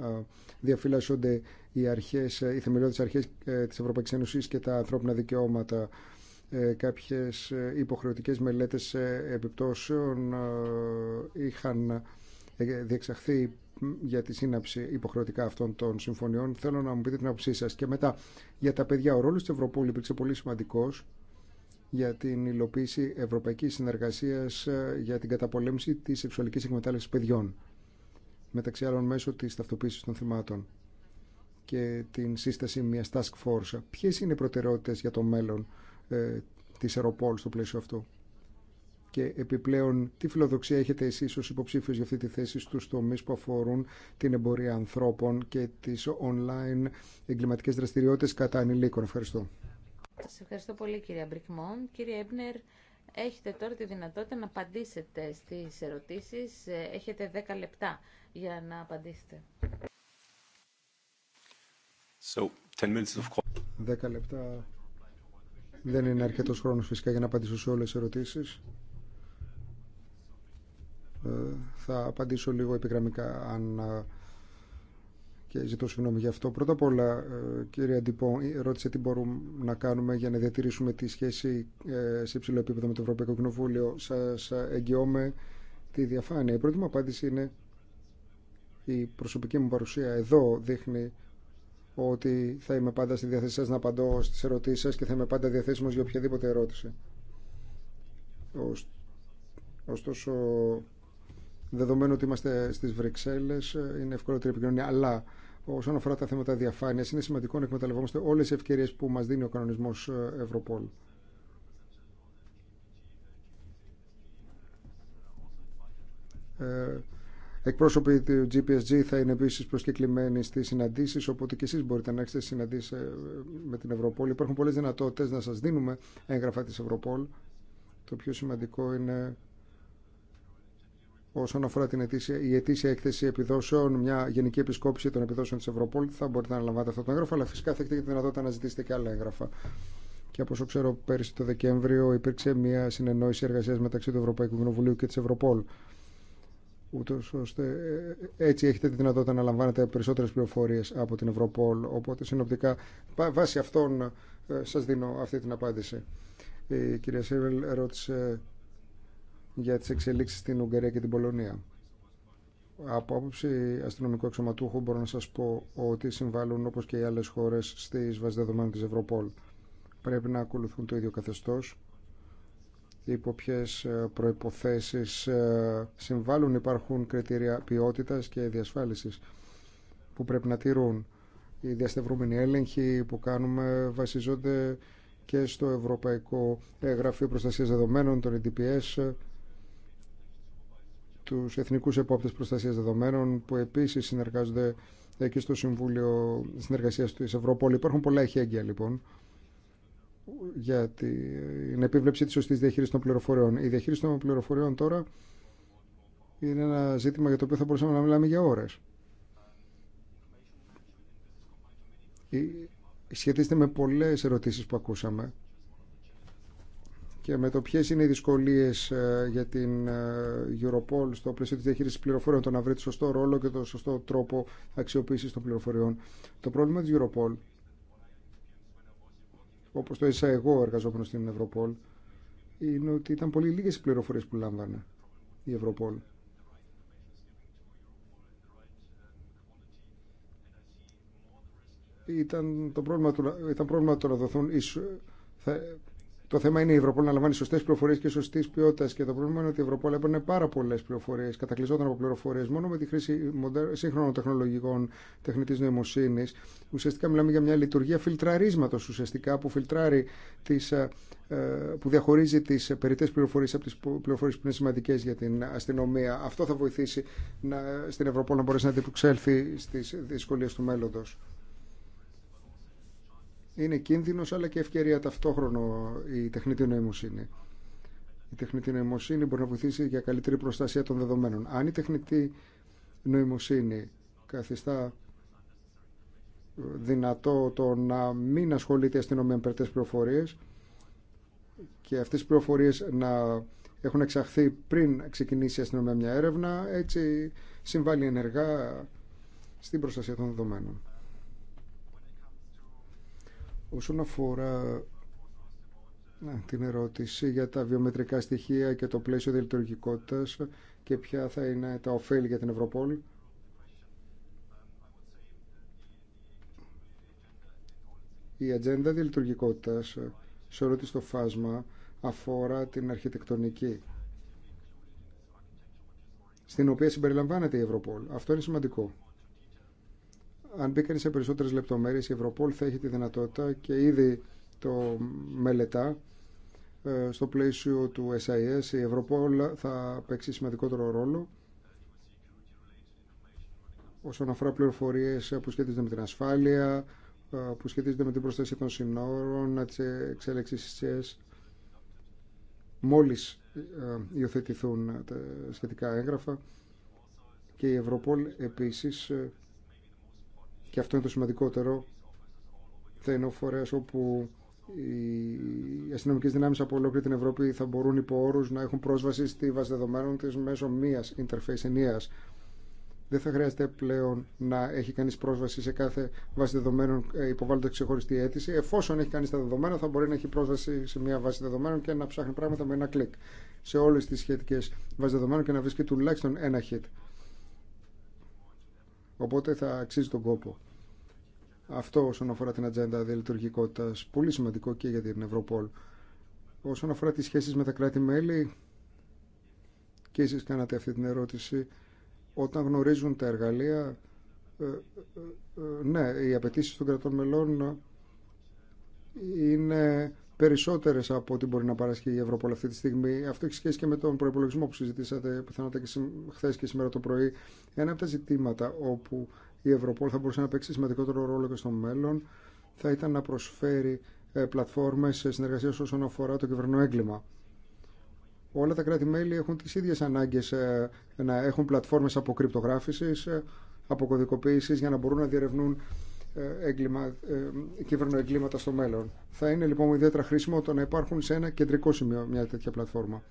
διαφυλάσσονται οι, αρχές, ε, οι θεμελιώδεις αρχές ε, της Ευρωπαϊκής Ένωσης και τα ανθρώπινα δικαιώματα ε, κάποιες υποχρεωτικές μελέτες επιπτώσεων είχαν διεξαχθεί για τη σύναψη υποχρεωτικά αυτών των συμφωνιών. Θέλω να μου πείτε την άποψή σα. Και μετά, για τα παιδιά, ο ρόλος τη Ευρωπούλη υπήρξε πολύ σημαντικό για την υλοποίηση Ευρωπαϊκή συνεργασίας ε, για την καταπολέμηση τη σεξουαλικής εκμετάλλευσης παιδιών μεταξύ άλλων μέσω τη ταυτοποίηση των θυμάτων και την σύσταση μια task force. Ποιε είναι οι προτεραιότητες για το μέλλον ε, της Αεροπόλ στο πλαίσιο αυτό και επιπλέον τι φιλοδοξία έχετε εσεί ω υποψήφιο για αυτή τη θέση στους τομεί που αφορούν την εμπορία ανθρώπων και τι online εγκληματικέ δραστηριότητε κατά ανηλίκων. Ευχαριστώ. Σας ευχαριστώ πολύ κυρία Μπρικμόν. Κύριε Έμπνερ, έχετε τώρα τη δυνατότητα να απαντήσετε στις ερωτήσεις. Ε, έχετε 10 λεπτά για να απαντήσετε. So, 10 minutes of 10 λεπτά δεν είναι αρκετός χρόνος φυσικά για να απαντήσω σε όλες τις ερωτήσεις. Ε, θα απαντήσω λίγο επιγραμμικά αν ε, και ζητώ συγγνώμη γι' αυτό. Πρώτα απ' όλα, ε, κύριε Αντιπό, ε, ρώτησε τι μπορούμε να κάνουμε για να διατηρήσουμε τη σχέση ε, σε υψηλό επίπεδο με το Ευρωπαϊκό Κοινοβούλιο. Σας εγγυώμαι τη διαφάνεια. Η πρώτη μου απάντηση είναι η προσωπική μου παρουσία εδώ δείχνει ότι θα είμαι πάντα στη διάθεσή σα να απαντώ στι ερωτήσει σα και θα είμαι πάντα διαθέσιμος για οποιαδήποτε ερώτηση. Ωστόσο, Δεδομένου ότι είμαστε στι Βρυξέλλε, ε, είναι ευκολότερη η επικοινωνία. Αλλά όσον αφορά τα θέματα διαφάνεια, είναι σημαντικό να εκμεταλλευόμαστε όλε τι ευκαιρίε που μα δίνει ο κανονισμό ε, Ευρωπόλ. Ε, εκπρόσωποι του GPSG θα είναι επίση προσκεκλημένοι στι συναντήσει, οπότε και εσεί μπορείτε να έχετε συναντήσει ε, με την Ευρωπόλ. Υπάρχουν πολλέ δυνατότητε να σα δίνουμε έγγραφα τη Ευρωπόλ. Το πιο σημαντικό είναι όσον αφορά την ετήσια, η ετήσια έκθεση επιδόσεων, μια γενική επισκόπηση των επιδόσεων τη Ευρωπόλ, θα μπορείτε να λαμβάνετε αυτό το έγγραφο, αλλά φυσικά θα έχετε και τη δυνατότητα να ζητήσετε και άλλα έγγραφα. Και από όσο ξέρω, πέρσι το Δεκέμβριο υπήρξε μια συνεννόηση εργασία μεταξύ του Ευρωπαϊκού Κοινοβουλίου και τη Ευρωπόλ. Ούτω ώστε ε, έτσι έχετε τη δυνατότητα να λαμβάνετε περισσότερε πληροφορίε από την Ευρωπόλ. Οπότε συνοπτικά, βάσει αυτών, ε, σα δίνω αυτή την απάντηση. Η κυρία Σίβελ ρώτησε για τις εξελίξεις στην Ουγγαρία και την Πολωνία. Από άποψη αστυνομικού εξωματούχου μπορώ να σας πω ότι συμβάλλουν όπως και οι άλλες χώρες στις δεδομένων της Ευρωπόλ. Πρέπει να ακολουθούν το ίδιο καθεστώς υπό ποιε προποθέσει ε, συμβάλλουν, υπάρχουν κριτήρια ποιότητας και διασφάλιση που πρέπει να τηρούν. Οι διαστευρούμενοι έλεγχοι που κάνουμε βασιζόνται και στο Ευρωπαϊκό Γραφείο Προστασία Δεδομένων, τον EDPS, τους Εθνικούς Επόπτες Προστασίας Δεδομένων που επίσης συνεργάζονται εκεί στο Συμβούλιο Συνεργασίας τη Ευρωπόλη. Υπάρχουν πολλά εχέγγυα λοιπόν για την επίβλεψη τη σωστή διαχείριση των πληροφοριών. Η διαχείριση των πληροφοριών τώρα είναι ένα ζήτημα για το οποίο θα μπορούσαμε να μιλάμε για ώρε. Σχετίζεται με πολλέ ερωτήσει που ακούσαμε και με το ποιε είναι οι δυσκολίε ε, για την ε, Europol στο πλαίσιο τη διαχείριση πληροφοριών, το να βρει το σωστό ρόλο και το σωστό τρόπο αξιοποίηση των πληροφοριών. Το πρόβλημα τη Europol, όπω το έζησα εγώ εργαζόμενο στην Europol, είναι ότι ήταν πολύ λίγε οι πληροφορίε που λάμβανε η Ευρωπόλ. Ήταν, το πρόβλημα, το να δοθούν θα το θέμα είναι η Ευρωπόλ να λαμβάνει σωστέ πληροφορίε και σωστή ποιότητα. Και το πρόβλημα είναι ότι η Ευρωπόλ έπαιρνε πάρα πολλέ πληροφορίε. Κατακλυζόταν από πληροφορίε μόνο με τη χρήση σύγχρονων τεχνολογικών τεχνητή νοημοσύνη. Ουσιαστικά μιλάμε για μια λειτουργία φιλτραρίσματο ουσιαστικά που φιλτράρει τις, ε, ε, που διαχωρίζει τι περιττέ πληροφορίε από τι πληροφορίε που είναι σημαντικέ για την αστυνομία. Αυτό θα βοηθήσει να, στην Ευρωπόλ να μπορέσει να αντιπροξέλθει στι δυσκολίε του μέλλοντο είναι κίνδυνος αλλά και ευκαιρία ταυτόχρονο η τεχνητή νοημοσύνη. Η τεχνητή νοημοσύνη μπορεί να βοηθήσει για καλύτερη προστασία των δεδομένων. Αν η τεχνητή νοημοσύνη καθιστά ε, δυνατό το να μην ασχολείται η αστυνομία με περτές πληροφορίε και αυτές τι πληροφορίε να έχουν εξαχθεί πριν ξεκινήσει η αστυνομία μια έρευνα, έτσι συμβάλλει ενεργά στην προστασία των δεδομένων. Όσον αφορά ναι, την ερώτηση για τα βιομετρικά στοιχεία και το πλαίσιο διελειτουργικότητας και ποια θα είναι τα ωφέλη για την Ευρωπόλ. Η ατζέντα διελειτουργικότητας σε όλο το φάσμα αφορά την αρχιτεκτονική στην οποία συμπεριλαμβάνεται η Ευρωπόλ. Αυτό είναι σημαντικό. Αν μπήκαν σε περισσότερε λεπτομέρειες, η Ευρωπόλ θα έχει τη δυνατότητα και ήδη το μελετά ε, στο πλαίσιο του SIS. Η Ευρωπόλ θα παίξει σημαντικότερο ρόλο όσον αφορά πληροφορίε που σχετίζονται με την ασφάλεια, ε, που σχετίζονται με την προστασία των συνόρων, τη εξέλιξη τη μόλις ε, υιοθετηθούν τα σχετικά έγγραφα και η Ευρωπόλ επίσης και αυτό είναι το σημαντικότερο, θα είναι ο φορέα όπου οι αστυνομικέ δυνάμει από ολόκληρη την Ευρώπη θα μπορούν υπό όρου να έχουν πρόσβαση στη βάση δεδομένων τη μέσω μία interface ενία. Δεν θα χρειάζεται πλέον να έχει κανεί πρόσβαση σε κάθε βάση δεδομένων ε, υποβάλλοντα ξεχωριστή αίτηση. Εφόσον έχει κανεί τα δεδομένα, θα μπορεί να έχει πρόσβαση σε μία βάση δεδομένων και να ψάχνει πράγματα με ένα κλικ σε όλε τι σχετικέ βάσει δεδομένων και να βρίσκει τουλάχιστον ένα hit. Οπότε θα αξίζει τον κόπο. Αυτό όσον αφορά την ατζέντα διαλειτουργικότητα, πολύ σημαντικό και για την Ευρωπόλ. Όσον αφορά τι σχέσει με τα κράτη-μέλη, και εσεί κάνατε αυτή την ερώτηση, όταν γνωρίζουν τα εργαλεία, ε, ε, ε, ναι, οι απαιτήσει των κρατών μελών είναι περισσότερε από ό,τι μπορεί να παρασχεί η Ευρωπόλ αυτή τη στιγμή. Αυτό έχει σχέση και με τον προπολογισμό που συζητήσατε πιθανότατα και χθε και σήμερα το πρωί. Ένα από τα ζητήματα όπου η Ευρωπόλ θα μπορούσε να παίξει σημαντικότερο ρόλο και στο μέλλον θα ήταν να προσφέρει ε, πλατφόρμες συνεργασία όσον αφορά το κυβερνό έγκλημα. Όλα τα κράτη-μέλη έχουν τι ίδιε ανάγκε ε, να έχουν πλατφόρμες αποκρυπτογράφηση ε, αποκωδικοποίησης για να μπορούν να διερευνούν ε, έγκλημα, ε, κυβερνοεγκλήματα στο μέλλον. Θα είναι λοιπόν ιδιαίτερα χρήσιμο το να υπάρχουν σε ένα κεντρικό σημείο μια τέτοια πλατφόρμα.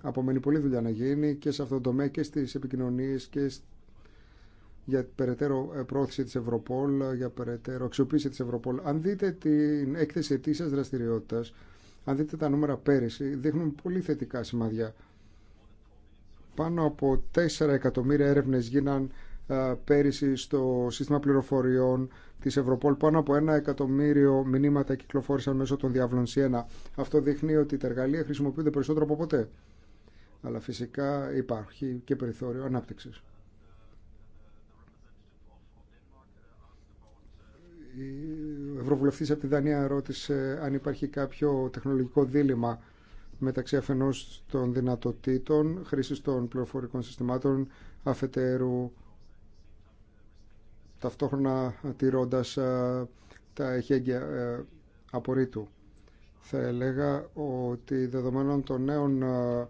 Απομένει πολλή δουλειά να γίνει και σε αυτό το τομέα και στις επικοινωνίε και για περαιτέρω ε, πρόθεση της Ευρωπόλ, για περαιτέρω αξιοποίηση της Ευρωπόλ. Αν δείτε την έκθεση ετήσιας δραστηριότητας, αν δείτε τα νούμερα πέρυσι, δείχνουν πολύ θετικά σημάδια. Πάνω από 4 εκατομμύρια έρευνε γίναν ε, πέρυσι στο σύστημα πληροφοριών τη Ευρωπόλ. Πάνω από ένα εκατομμύριο μηνύματα κυκλοφόρησαν μέσω των διάβλων Σιένα. Αυτό δείχνει ότι τα εργαλεία χρησιμοποιούνται περισσότερο από ποτέ. Αλλά φυσικά υπάρχει και περιθώριο ανάπτυξη. Ο Ευρωβουλευτής από τη Δανία ρώτησε αν υπάρχει κάποιο τεχνολογικό δίλημα μεταξύ αφενός των δυνατοτήτων χρήσης των πληροφορικών συστημάτων αφετέρου ταυτόχρονα τηρώντας ε, τα εχέγγυα ε, απορρίτου. Θα έλεγα ότι δεδομένων των νέων ε,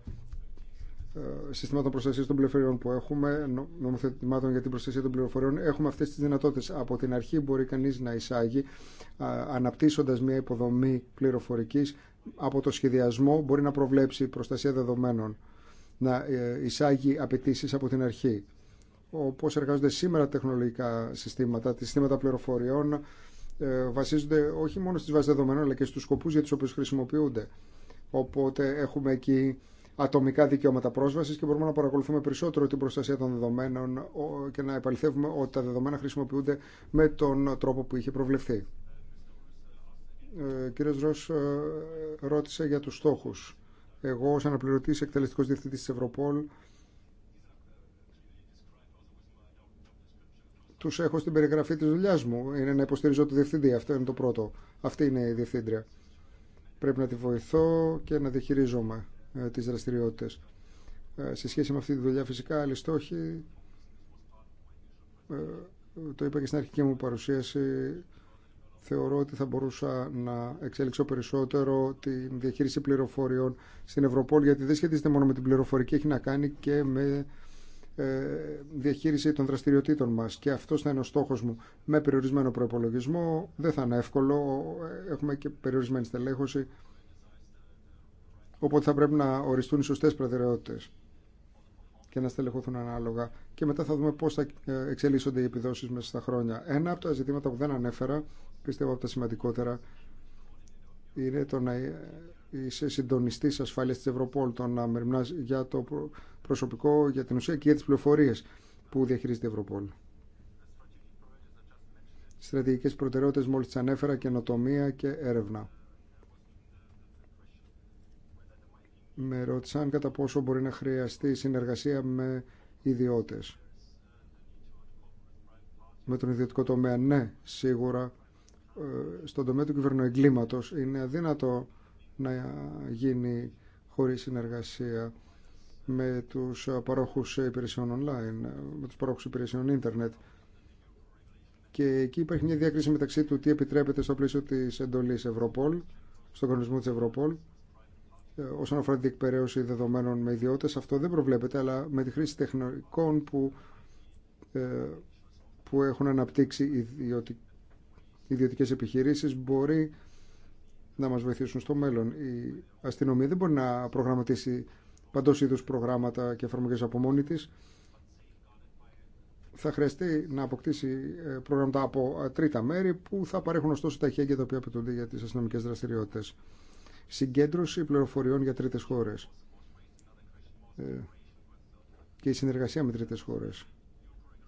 συστημάτων προστασία των πληροφοριών που έχουμε, νομοθετημάτων για την προστασία των πληροφοριών, έχουμε αυτέ τι δυνατότητε. Από την αρχή μπορεί κανεί να εισάγει, αναπτύσσοντα μια υποδομή πληροφορική, από το σχεδιασμό μπορεί να προβλέψει προστασία δεδομένων, να εισάγει απαιτήσει από την αρχή όπως εργάζονται σήμερα τεχνολογικά συστήματα, τα συστήματα πληροφοριών, ε, βασίζονται όχι μόνο στις βάσεις δεδομένων, αλλά και στους σκοπούς για τους οποίους χρησιμοποιούνται. Οπότε έχουμε εκεί ατομικά δικαιώματα πρόσβαση και μπορούμε να παρακολουθούμε περισσότερο την προστασία των δεδομένων και να επαληθεύουμε ότι τα δεδομένα χρησιμοποιούνται με τον τρόπο που είχε προβλεφθεί. Ο ε, κύριο Ρο, ε, ρώτησε για του στόχου. Εγώ ω αναπληρωτή εκτελεστικό διευθυντή τη Ευρωπόλ Του έχω στην περιγραφή της δουλειά μου. Είναι να υποστηρίζω τη διευθυντή. Αυτό είναι το πρώτο. Αυτή είναι η διευθύντρια. Πρέπει να τη βοηθώ και να διαχειρίζομαι ε, τις δραστηριότητες. Ε, σε σχέση με αυτή τη δουλειά φυσικά άλλοι στόχοι ε, το είπα και στην αρχική μου παρουσίαση θεωρώ ότι θα μπορούσα να εξέλιξω περισσότερο τη διαχείριση πληροφοριών στην Ευρωπόλ γιατί δεν σχετίζεται μόνο με την πληροφορική έχει να κάνει και με ε, διαχείριση των δραστηριοτήτων μας και αυτός θα είναι ο στόχος μου με περιορισμένο προπολογισμό δεν θα είναι εύκολο έχουμε και περιορισμένη στελέχωση οπότε θα πρέπει να οριστούν οι σωστές προτεραιότητε και να στελεχωθούν ανάλογα και μετά θα δούμε πώς θα ε, εξελίσσονται οι επιδόσεις μέσα στα χρόνια ένα από τα ζητήματα που δεν ανέφερα πιστεύω από τα σημαντικότερα είναι το να ε, είσαι συντονιστής ασφάλειας της Ευρωπόλ το να μεριμνάς για το προσωπικό για την ουσία και για τις πληροφορίες που διαχειρίζεται η Ευρωπόλ. Στρατηγικές προτεραιότητες μόλις τις ανέφερα, καινοτομία και έρευνα. Με ρώτησαν κατά πόσο μπορεί να χρειαστεί συνεργασία με ιδιώτες. Με τον ιδιωτικό τομέα, ναι, σίγουρα. Ε, στον τομέα του κυβερνοεγκλήματος είναι αδύνατο να γίνει χωρίς συνεργασία με τους ε, παρόχους ε, υπηρεσιών online, ε, με τους παρόχους υπηρεσιών ίντερνετ. Και εκεί υπάρχει μια διάκριση μεταξύ του τι επιτρέπεται στο πλαίσιο της εντολής Ευρωπόλ, στον κανονισμό της Ευρωπόλ, όσον αφορά την εκπαιρέωση δεδομένων με ιδιώτες. Αυτό δεν προβλέπεται, αλλά με τη χρήση τεχνολογικών που, που έχουν αναπτύξει ιδιωτικές επιχειρήσεις μπορεί να μας βοηθήσουν στο μέλλον. Η αστυνομία δεν μπορεί να προγραμματίσει Παντό είδου προγράμματα και εφαρμογές από μόνη τη, θα χρειαστεί να αποκτήσει ε, προγράμματα από ε, τρίτα μέρη που θα παρέχουν ωστόσο τα χέρια τα οποία απαιτούνται για τις αστυνομικέ δραστηριότητες. Συγκέντρωση πληροφοριών για τρίτες χώρες ε, και η συνεργασία με τρίτες χώρες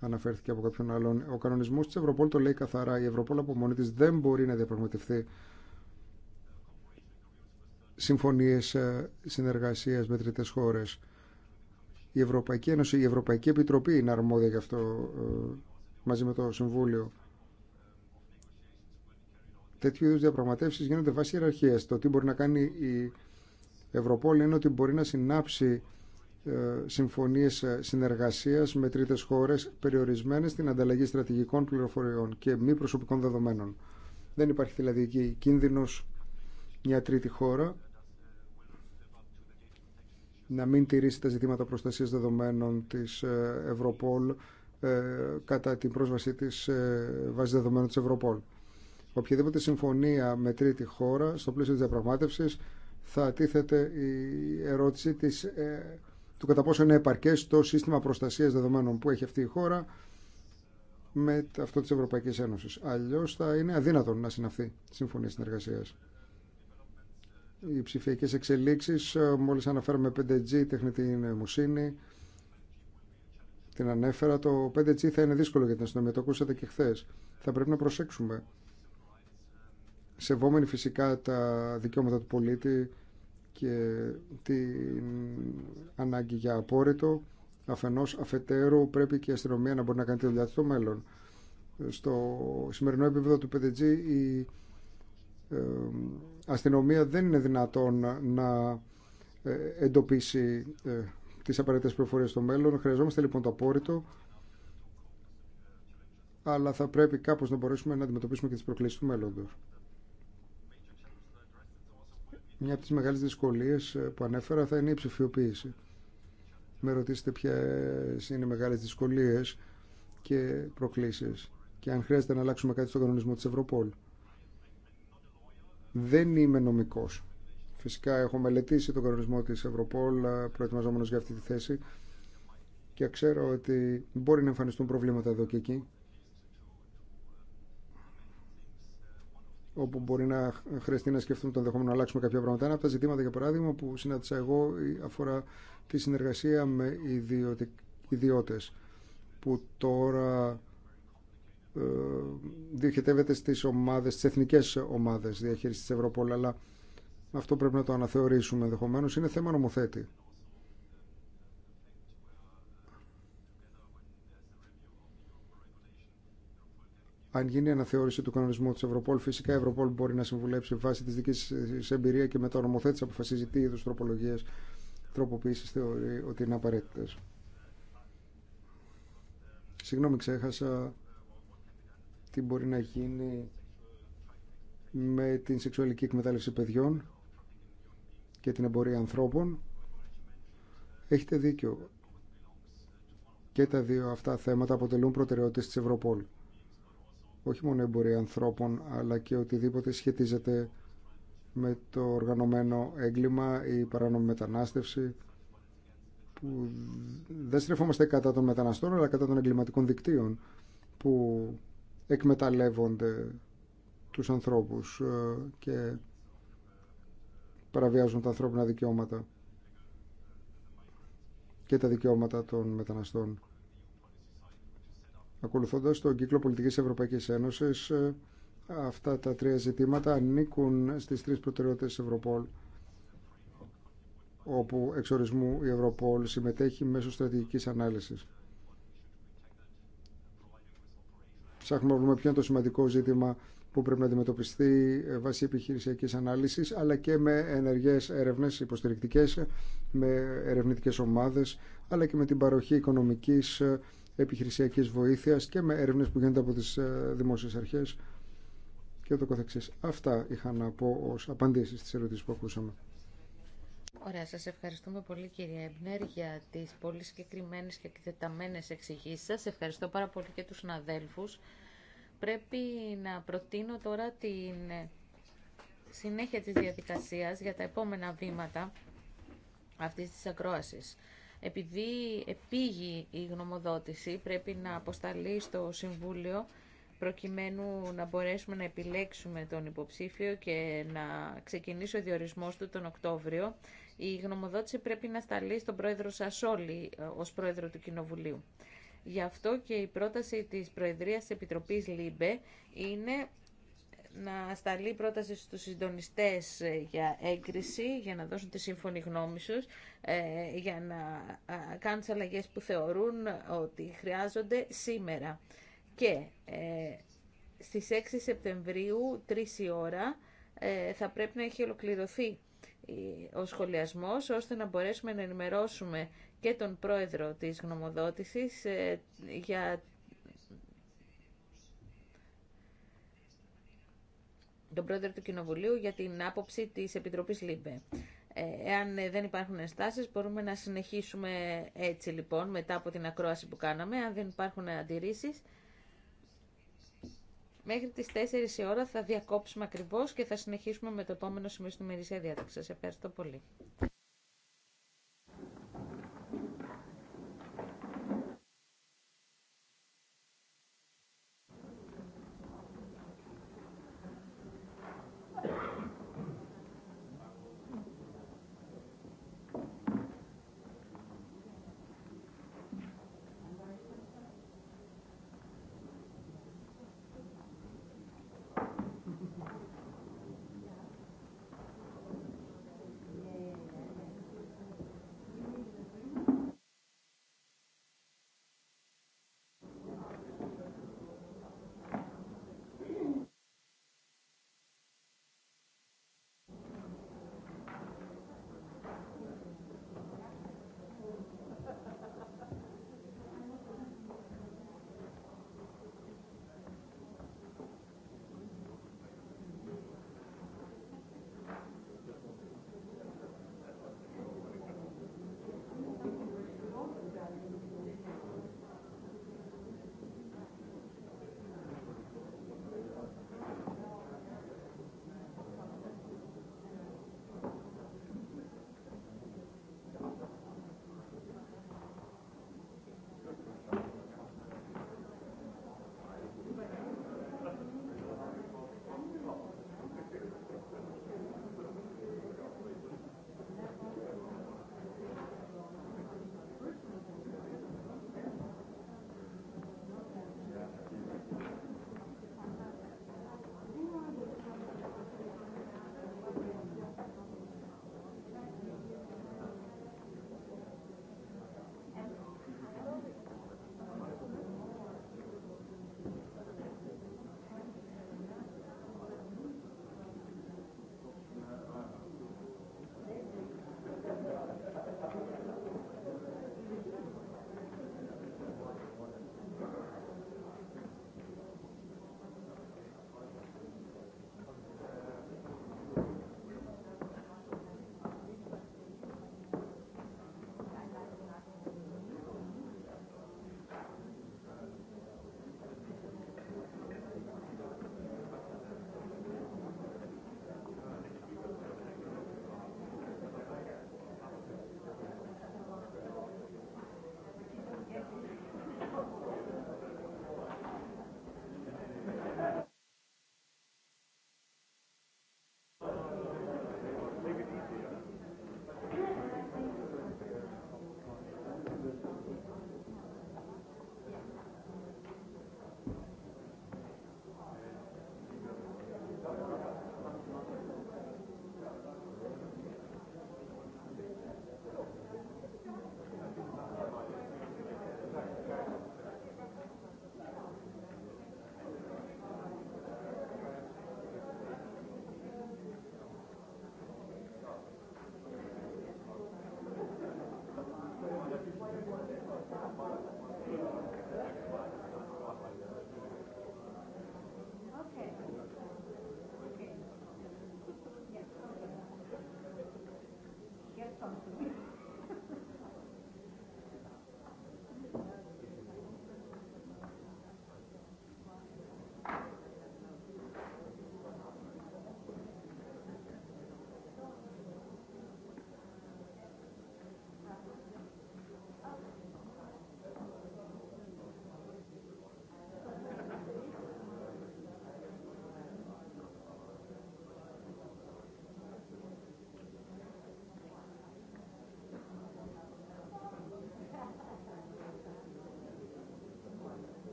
αναφέρθηκε από κάποιον άλλον. Ο κανονισμό τη Ευρωπόλ το λέει καθαρά. Η Ευρωπόλ από μόνη τη δεν μπορεί να διαπραγματευτεί συμφωνίες ε, συνεργασίας με τρίτες χώρες. Η Ευρωπαϊκή Ένωση, η Ευρωπαϊκή Επιτροπή είναι αρμόδια γι' αυτό ε, μαζί με το Συμβούλιο. Τέτοιου είδου διαπραγματεύσει γίνονται βάσει ιεραρχία. Το τι μπορεί να κάνει η Ευρωπόλ είναι ότι μπορεί να συνάψει ε, συμφωνίες συνεργασίας με τρίτες χώρες περιορισμένες στην ανταλλαγή στρατηγικών πληροφοριών και μη προσωπικών δεδομένων. Δεν υπάρχει δηλαδή εκεί κίνδυνος μια τρίτη χώρα να μην τηρήσει τα ζητήματα προστασίας δεδομένων της ε, Ευρωπόλ ε, κατά την πρόσβασή της ε, βάσης δεδομένων της Ευρωπόλ. Οποιαδήποτε συμφωνία με τρίτη χώρα στο πλαίσιο της διαπραγμάτευσης θα τίθεται η ερώτηση της, του κατά πόσο είναι επαρκές το σύστημα προστασίας δεδομένων που έχει αυτή η χώρα με αυτό της Ευρωπαϊκής Ένωσης. Αλλιώς θα είναι αδύνατο να συναυθεί συμφωνία συνεργασίας οι ψηφιακές εξελίξεις, ε, μόλις αναφέραμε 5G, τεχνητή νοημοσύνη, την ανέφερα, το 5G θα είναι δύσκολο για την αστυνομία, το ακούσατε και χθε. Θα πρέπει να προσέξουμε, σεβόμενοι φυσικά τα δικαιώματα του πολίτη και την ανάγκη για απόρριτο, αφενός αφετέρου πρέπει και η αστυνομία να μπορεί να κάνει τη δουλειά στο μέλλον. Στο σημερινό επίπεδο του 5G η αστυνομία δεν είναι δυνατόν να ε, εντοπίσει ε, τις απαραίτητες προφορίες στο μέλλον. Χρειαζόμαστε λοιπόν το απόρριτο, αλλά θα πρέπει κάπως να μπορέσουμε να αντιμετωπίσουμε και τις προκλήσεις του μέλλοντος. Μια από τις μεγάλες δυσκολίες ε, που ανέφερα θα είναι η ψηφιοποίηση. Με ρωτήσετε ποιε είναι οι μεγάλες δυσκολίες και προκλήσεις και αν χρειάζεται να αλλάξουμε κάτι στον κανονισμό της Ευρωπόλου. Δεν είμαι νομικός. Φυσικά έχω μελετήσει τον κανονισμό της Ευρωπόλ ε, προετοιμαζόμενος για αυτή τη θέση και ξέρω ότι μπορεί να εμφανιστούν προβλήματα εδώ και εκεί όπου μπορεί να ε, χρειαστεί να σκεφτούμε το ενδεχόμενο να αλλάξουμε κάποια πράγματα. Ένα από τα ζητήματα, για παράδειγμα, που συνάντησα εγώ ε, αφορά τη συνεργασία με ιδιώτες που τώρα ε, διοχετεύεται στις ομάδες, στις εθνικές ομάδες διαχείρισης της Ευρωπόλ, αλλά αυτό πρέπει να το αναθεωρήσουμε ενδεχομένω. είναι θέμα νομοθέτη. Αν γίνει αναθεώρηση του κανονισμού τη Ευρωπόλ, φυσικά η Ευρωπόλ μπορεί να συμβουλέψει βάσει τη δική της εμπειρία και μετά ο νομοθέτη αποφασίζει τι είδου τροπολογίε τροποποίηση θεωρεί ότι είναι απαραίτητε. Συγγνώμη, ξέχασα τι μπορεί να γίνει με την σεξουαλική εκμετάλλευση παιδιών και την εμπορία ανθρώπων. Έχετε δίκιο. Και τα δύο αυτά θέματα αποτελούν προτεραιότητες της Ευρωπόλ. Όχι μόνο εμπορία ανθρώπων, αλλά και οτιδήποτε σχετίζεται με το οργανωμένο έγκλημα ή παράνομη μετανάστευση που δεν στρεφόμαστε κατά των μεταναστών αλλά κατά των εγκληματικών δικτύων που εκμεταλλεύονται τους ανθρώπους ε, και παραβιάζουν τα ανθρώπινα δικαιώματα και τα δικαιώματα των μεταναστών. Ακολουθώντας τον κύκλο πολιτικής Ευρωπαϊκής Ένωσης, ε, αυτά τα τρία ζητήματα ανήκουν στις τρεις προτεραιότητες της Ευρωπόλ, όπου εξορισμού η Ευρωπόλ συμμετέχει μέσω στρατηγικής ανάλυσης. Ψάχνουμε να βρούμε ποιο είναι το σημαντικό ζήτημα που πρέπει να αντιμετωπιστεί ε, βάσει επιχειρησιακή ανάλυση, αλλά και με ενεργέ έρευνε υποστηρικτικέ, με ερευνητικέ ομάδε, αλλά και με την παροχή οικονομική ε, επιχειρησιακή βοήθεια και με έρευνε που γίνονται από τι ε, δημόσιε αρχέ και το καθεξής. Αυτά είχα να πω ως απαντήσει στις ερωτήσεις που ακούσαμε. Ωραία, σας ευχαριστούμε πολύ κύριε Έμπνερ για τις πολύ συγκεκριμένε και εκτεταμένες εξηγήσεις σας. Ευχαριστώ πάρα πολύ και τους συναδέλφους. Πρέπει να προτείνω τώρα την συνέχεια της διαδικασίας για τα επόμενα βήματα αυτής της ακρόασης. Επειδή επήγει η γνωμοδότηση, πρέπει να αποσταλεί στο Συμβούλιο προκειμένου να μπορέσουμε να επιλέξουμε τον υποψήφιο και να ξεκινήσει ο διορισμός του τον Οκτώβριο η γνωμοδότηση πρέπει να σταλεί στον πρόεδρο όλοι ε, ως πρόεδρο του Κοινοβουλίου. Γι' αυτό και η πρόταση της Προεδρίας Επιτροπής ΛΥΜΠΕ είναι να σταλεί πρόταση στους συντονιστές ε, για έγκριση, για να δώσουν τη σύμφωνη γνώμη σου, ε, για να κάνουν που θεωρούν ότι χρειάζονται σήμερα. Και στις 6 Σεπτεμβρίου, 3 η ώρα, θα πρέπει να έχει ολοκληρωθεί ο σχολιασμός ώστε να μπορέσουμε να ενημερώσουμε και τον πρόεδρο της γνωμοδότησης ε, για τον πρόεδρο του Κοινοβουλίου για την άποψη της Επιτροπής ΛΥΜΠΕ. Ε, εάν ε, δεν υπάρχουν ενστάσεις μπορούμε να συνεχίσουμε έτσι λοιπόν μετά από την ακρόαση που κάναμε. Αν δεν υπάρχουν αντιρρήσεις Μέχρι τις 4 η ώρα θα διακόψουμε ακριβώς και θα συνεχίσουμε με το επόμενο σημείο στην ημερησία διάταξη. Σας ευχαριστώ πολύ.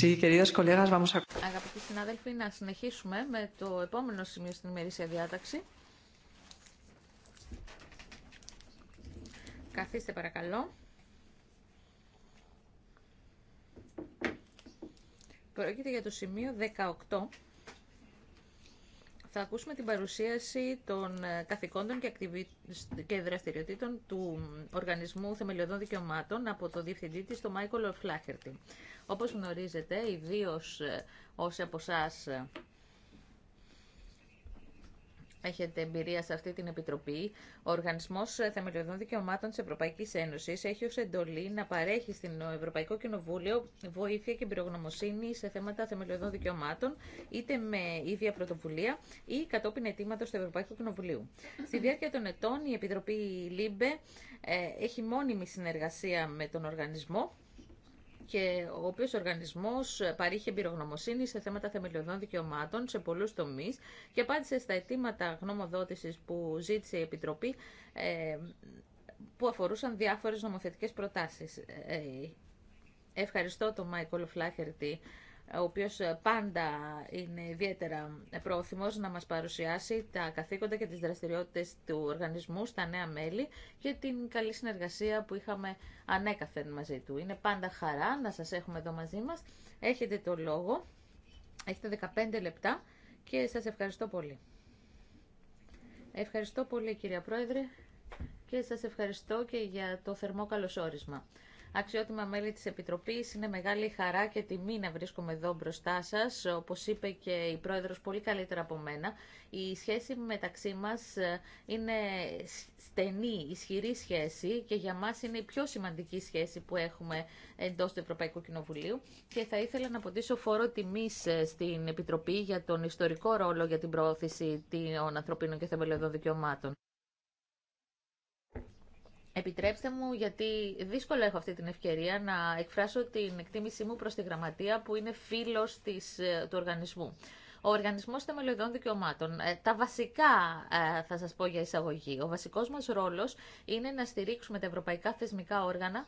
Αγαπητοί συνάδελφοι, να συνεχίσουμε με το επόμενο σημείο στην ημερήσια διάταξη. Καθίστε παρακαλώ. Πρόκειται για το σημείο 18. Θα ακούσουμε την παρουσίαση των ε, καθηκόντων και δραστηριοτήτων του Οργανισμού Θεμελιωδών Δικαιωμάτων από το Διευθυντή της, τον Μάικολ Φλάχερτη. Όπως γνωρίζετε, ιδίω ε, όσοι από εσά ε, έχετε εμπειρία σε αυτή την επιτροπή, ο Οργανισμό Θεμελιωδών Δικαιωμάτων της Ευρωπαϊκής Ένωσης έχει ω εντολή να παρέχει στην Ευρωπαϊκό Κοινοβούλιο βοήθεια και εμπειρογνωμοσύνη σε θέματα θεμελιωδών δικαιωμάτων, είτε με ίδια πρωτοβουλία ή κατόπιν αιτήματο του Ευρωπαϊκού Κοινοβουλίου. Στη διάρκεια των ετών, η κατοπιν αιτηματος του ευρωπαικου κοινοβουλιου στη διαρκεια των ετων η επιτροπη ΛΥΜΠΕ ε, έχει μόνιμη συνεργασία με τον οργανισμό και ο οποίο οργανισμό παρήχε εμπειρογνωμοσύνη σε θέματα θεμελιωδών δικαιωμάτων σε πολλού τομεί και απάντησε στα αιτήματα γνωμοδότηση που ζήτησε η Επιτροπή ε, που αφορούσαν διάφορες νομοθετικές προτάσεις. Ε, ευχαριστώ τον Μάικολ Φλάχερτη ο οποίος ε, πάντα είναι ιδιαίτερα πρόθυμος να μας παρουσιάσει τα καθήκοντα και τις δραστηριότητες του οργανισμού στα νέα μέλη και την καλή συνεργασία που είχαμε ανέκαθεν μαζί του. Είναι πάντα χαρά να σας έχουμε εδώ μαζί μας. Έχετε το λόγο, έχετε 15 λεπτά και σας ευχαριστώ πολύ. Ευχαριστώ πολύ κυρία Πρόεδρε και σας ευχαριστώ και για το θερμό καλωσόρισμα αξιότιμα μέλη της Επιτροπής. Είναι μεγάλη χαρά και τιμή να βρίσκομαι εδώ μπροστά σας. Όπως είπε και η Πρόεδρος πολύ καλύτερα από μένα, η σχέση μεταξύ μας ε, είναι στενή, ισχυρή σχέση και για μας είναι η πιο σημαντική σχέση που έχουμε εντός του Ευρωπαϊκού Κοινοβουλίου και θα ήθελα να αποτίσω φόρο τιμής ε, στην Επιτροπή για τον ιστορικό ρόλο για την προώθηση των ανθρωπίνων και θεμελιωδών δικαιωμάτων. Επιτρέψτε μου, γιατί δύσκολα έχω αυτή την ευκαιρία να εκφράσω την εκτίμησή μου προς τη Γραμματεία που είναι φίλος της, ε, του οργανισμού. Ο Οργανισμό Θεμελιωδών Δικαιωμάτων. Ε, τα βασικά ε, θα σα πω για εισαγωγή. Ο βασικό μα ρόλο είναι να στηρίξουμε τα ευρωπαϊκά θεσμικά όργανα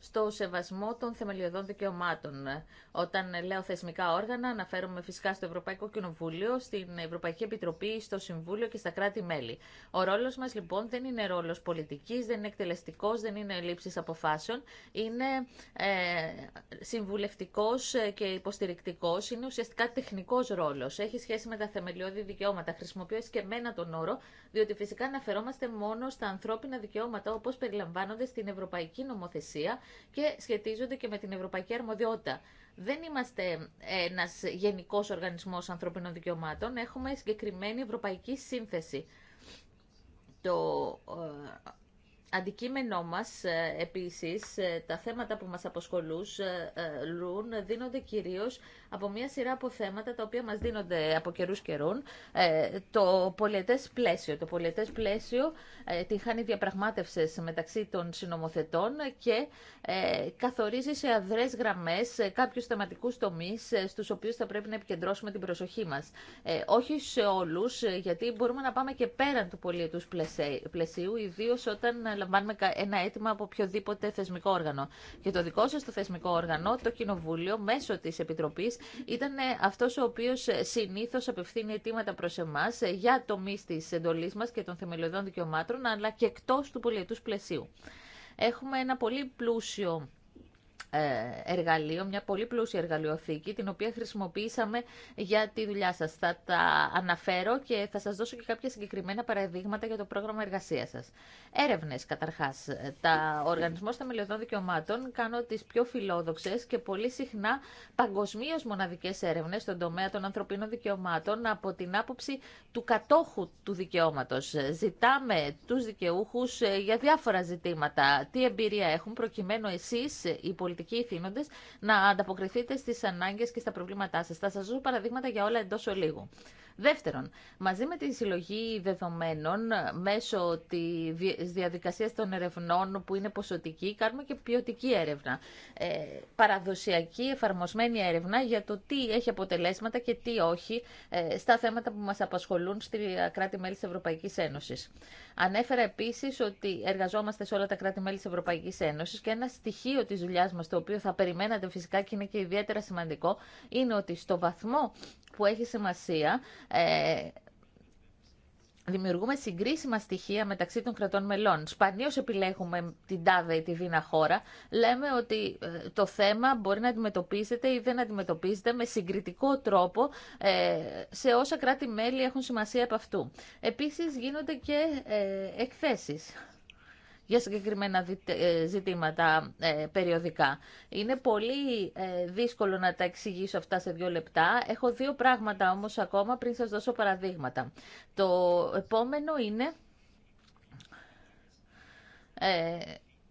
στο σεβασμό των θεμελιωδών δικαιωμάτων. Όταν λέω θεσμικά όργανα, αναφέρομαι φυσικά στο Ευρωπαϊκό Κοινοβούλιο, στην Ευρωπαϊκή Επιτροπή, στο Συμβούλιο και στα κράτη-μέλη. Ο ρόλο μα λοιπόν δεν είναι ρόλο πολιτική, δεν είναι εκτελεστικό, δεν είναι λήψη αποφάσεων. Είναι ε, συμβουλευτικό ε, και υποστηρικτικό. Είναι ουσιαστικά τεχνικό ρόλο. Έχει σχέση με τα θεμελιώδη δικαιώματα. Χρησιμοποιώ και εμένα τον όρο, διότι φυσικά αναφερόμαστε μόνο στα ανθρώπινα δικαιώματα όπω περιλαμβάνονται στην Ευρωπαϊκή Νομοθεσία και σχετίζονται και με την Ευρωπαϊκή Αρμοδιότητα. Δεν είμαστε ένα γενικό οργανισμό ανθρωπίνων δικαιωμάτων, έχουμε συγκεκριμένη ευρωπαϊκή σύνθεση. Ε, αντικείμενό μας ε, επίσης ε, τα θέματα που μας αποσχολούν ε, δίνονται κυρίως από μια σειρά από θέματα τα οποία μας δίνονται από καιρούς καιρούν το πολιετές πλαίσιο. Το πολιετές πλαίσιο την χάνει διαπραγμάτευσες μεταξύ των συνομοθετών και καθορίζει σε αδρές γραμμές κάποιους θεματικούς τομείς στους οποίους θα πρέπει να επικεντρώσουμε την προσοχή μας. Όχι σε όλους γιατί μπορούμε να πάμε και πέραν του πολιετούς πλαισίου ιδίω όταν αναλαμβάνουμε ένα αίτημα από οποιοδήποτε θεσμικό όργανο. Και το δικό σα το θεσμικό όργανο, το Κοινοβούλιο, μέσω τη Επιτροπή, ήταν ε, αυτό ο οποίο ε, συνήθω απευθύνει αιτήματα προ εμά ε, για τομεί τη εντολή μα και των θεμελιωδών δικαιωμάτων, αλλά και εκτό του πολιετού πλαισίου. Έχουμε ένα πολύ πλούσιο ε, εργαλείο, μια πολύ πλούσια εργαλειοθήκη, την οποία χρησιμοποιήσαμε για τη δουλειά σας. Θα τα αναφέρω και θα σας δώσω και κάποια συγκεκριμένα παραδείγματα για το πρόγραμμα εργασίας σας. Έρευνες, καταρχάς. Τα Οργανισμός Θεμελιωδών Δικαιωμάτων κάνω τις πιο φιλόδοξες και πολύ συχνά παγκοσμίω μοναδικές έρευνες στον τομέα των ανθρωπίνων δικαιωμάτων από την άποψη του κατόχου του δικαιώματος. Ζητάμε τους δικαιούχου ε, για διάφορα ζητήματα. Τι εμπειρία έχουν προκειμένου εσείς, οι πολιτικοί πολιτικοί ηθήνοντε να ανταποκριθείτε στι ανάγκε και στα προβλήματά σα. Θα σα δώσω παραδείγματα για όλα εντό ολίγου. Δεύτερον, μαζί με τη συλλογή δεδομένων μέσω τη διαδικασία των ερευνών που είναι ποσοτική, κάνουμε και ποιοτική έρευνα. Ε, παραδοσιακή εφαρμοσμένη έρευνα για το τι έχει αποτελέσματα και τι όχι ε, στα θέματα που μα απασχολούν στη κράτη-μέλη τη Ευρωπαϊκή Ένωση. Ανέφερα επίση ότι εργαζόμαστε σε όλα τα κράτη-μέλη της Ευρωπαϊκής Ένωσης και ένα στοιχείο τη δουλειά μα, το οποίο θα περιμένατε φυσικά και είναι και ιδιαίτερα σημαντικό, είναι ότι στο βαθμό που έχει σημασία. Ε, δημιουργούμε συγκρίσιμα στοιχεία μεταξύ των κρατών μελών. Σπανίως επιλέγουμε την τάδε ή τη βίνα χώρα. Λέμε ότι ε, το θέμα μπορεί να αντιμετωπίζεται ή δεν αντιμετωπίζεται με συγκριτικό τρόπο ε, σε όσα κράτη-μέλη έχουν σημασία από αυτού. Επίσης γίνονται και εκθέσεις για συγκεκριμένα ε, ζητήματα ε, περιοδικά. Είναι πολύ ε, δύσκολο να τα εξηγήσω αυτά σε δύο λεπτά. Έχω δύο πράγματα όμως ακόμα πριν σας δώσω παραδείγματα. Το επόμενο είναι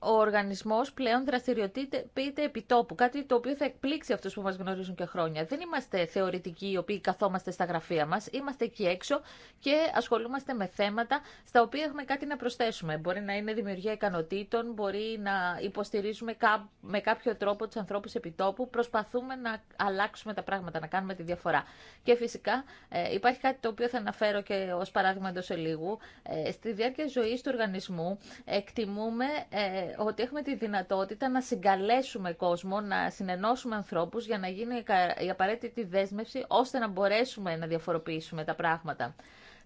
ο οργανισμό πλέον δραστηριοποιείται τόπου. κάτι το οποίο θα εκπλήξει αυτού που μα γνωρίζουν και χρόνια. Δεν είμαστε θεωρητικοί οι οποίοι καθόμαστε στα γραφεία μα. είμαστε εκεί έξω και ασχολούμαστε με θέματα στα οποία έχουμε κάτι να προσθέσουμε. Μπορεί να είναι δημιουργία ικανοτήτων, μπορεί να υποστηρίζουμε με κάποιο τρόπο τους ανθρώπους τόπου. προσπαθούμε να αλλάξουμε τα πράγματα, να κάνουμε τη διαφορά. Και φυσικά ε, υπάρχει κάτι το οποίο θα αναφέρω και ω παράδειγμα σε ελίγου. Ε, στη διάρκεια ζωή του οργανισμού εκτιμούμε ε, ότι έχουμε τη δυνατότητα να συγκαλέσουμε κόσμο, να συνενώσουμε ανθρώπους για να γίνει η απαραίτητη δέσμευση ώστε να μπορέσουμε να διαφοροποιήσουμε τα πράγματα.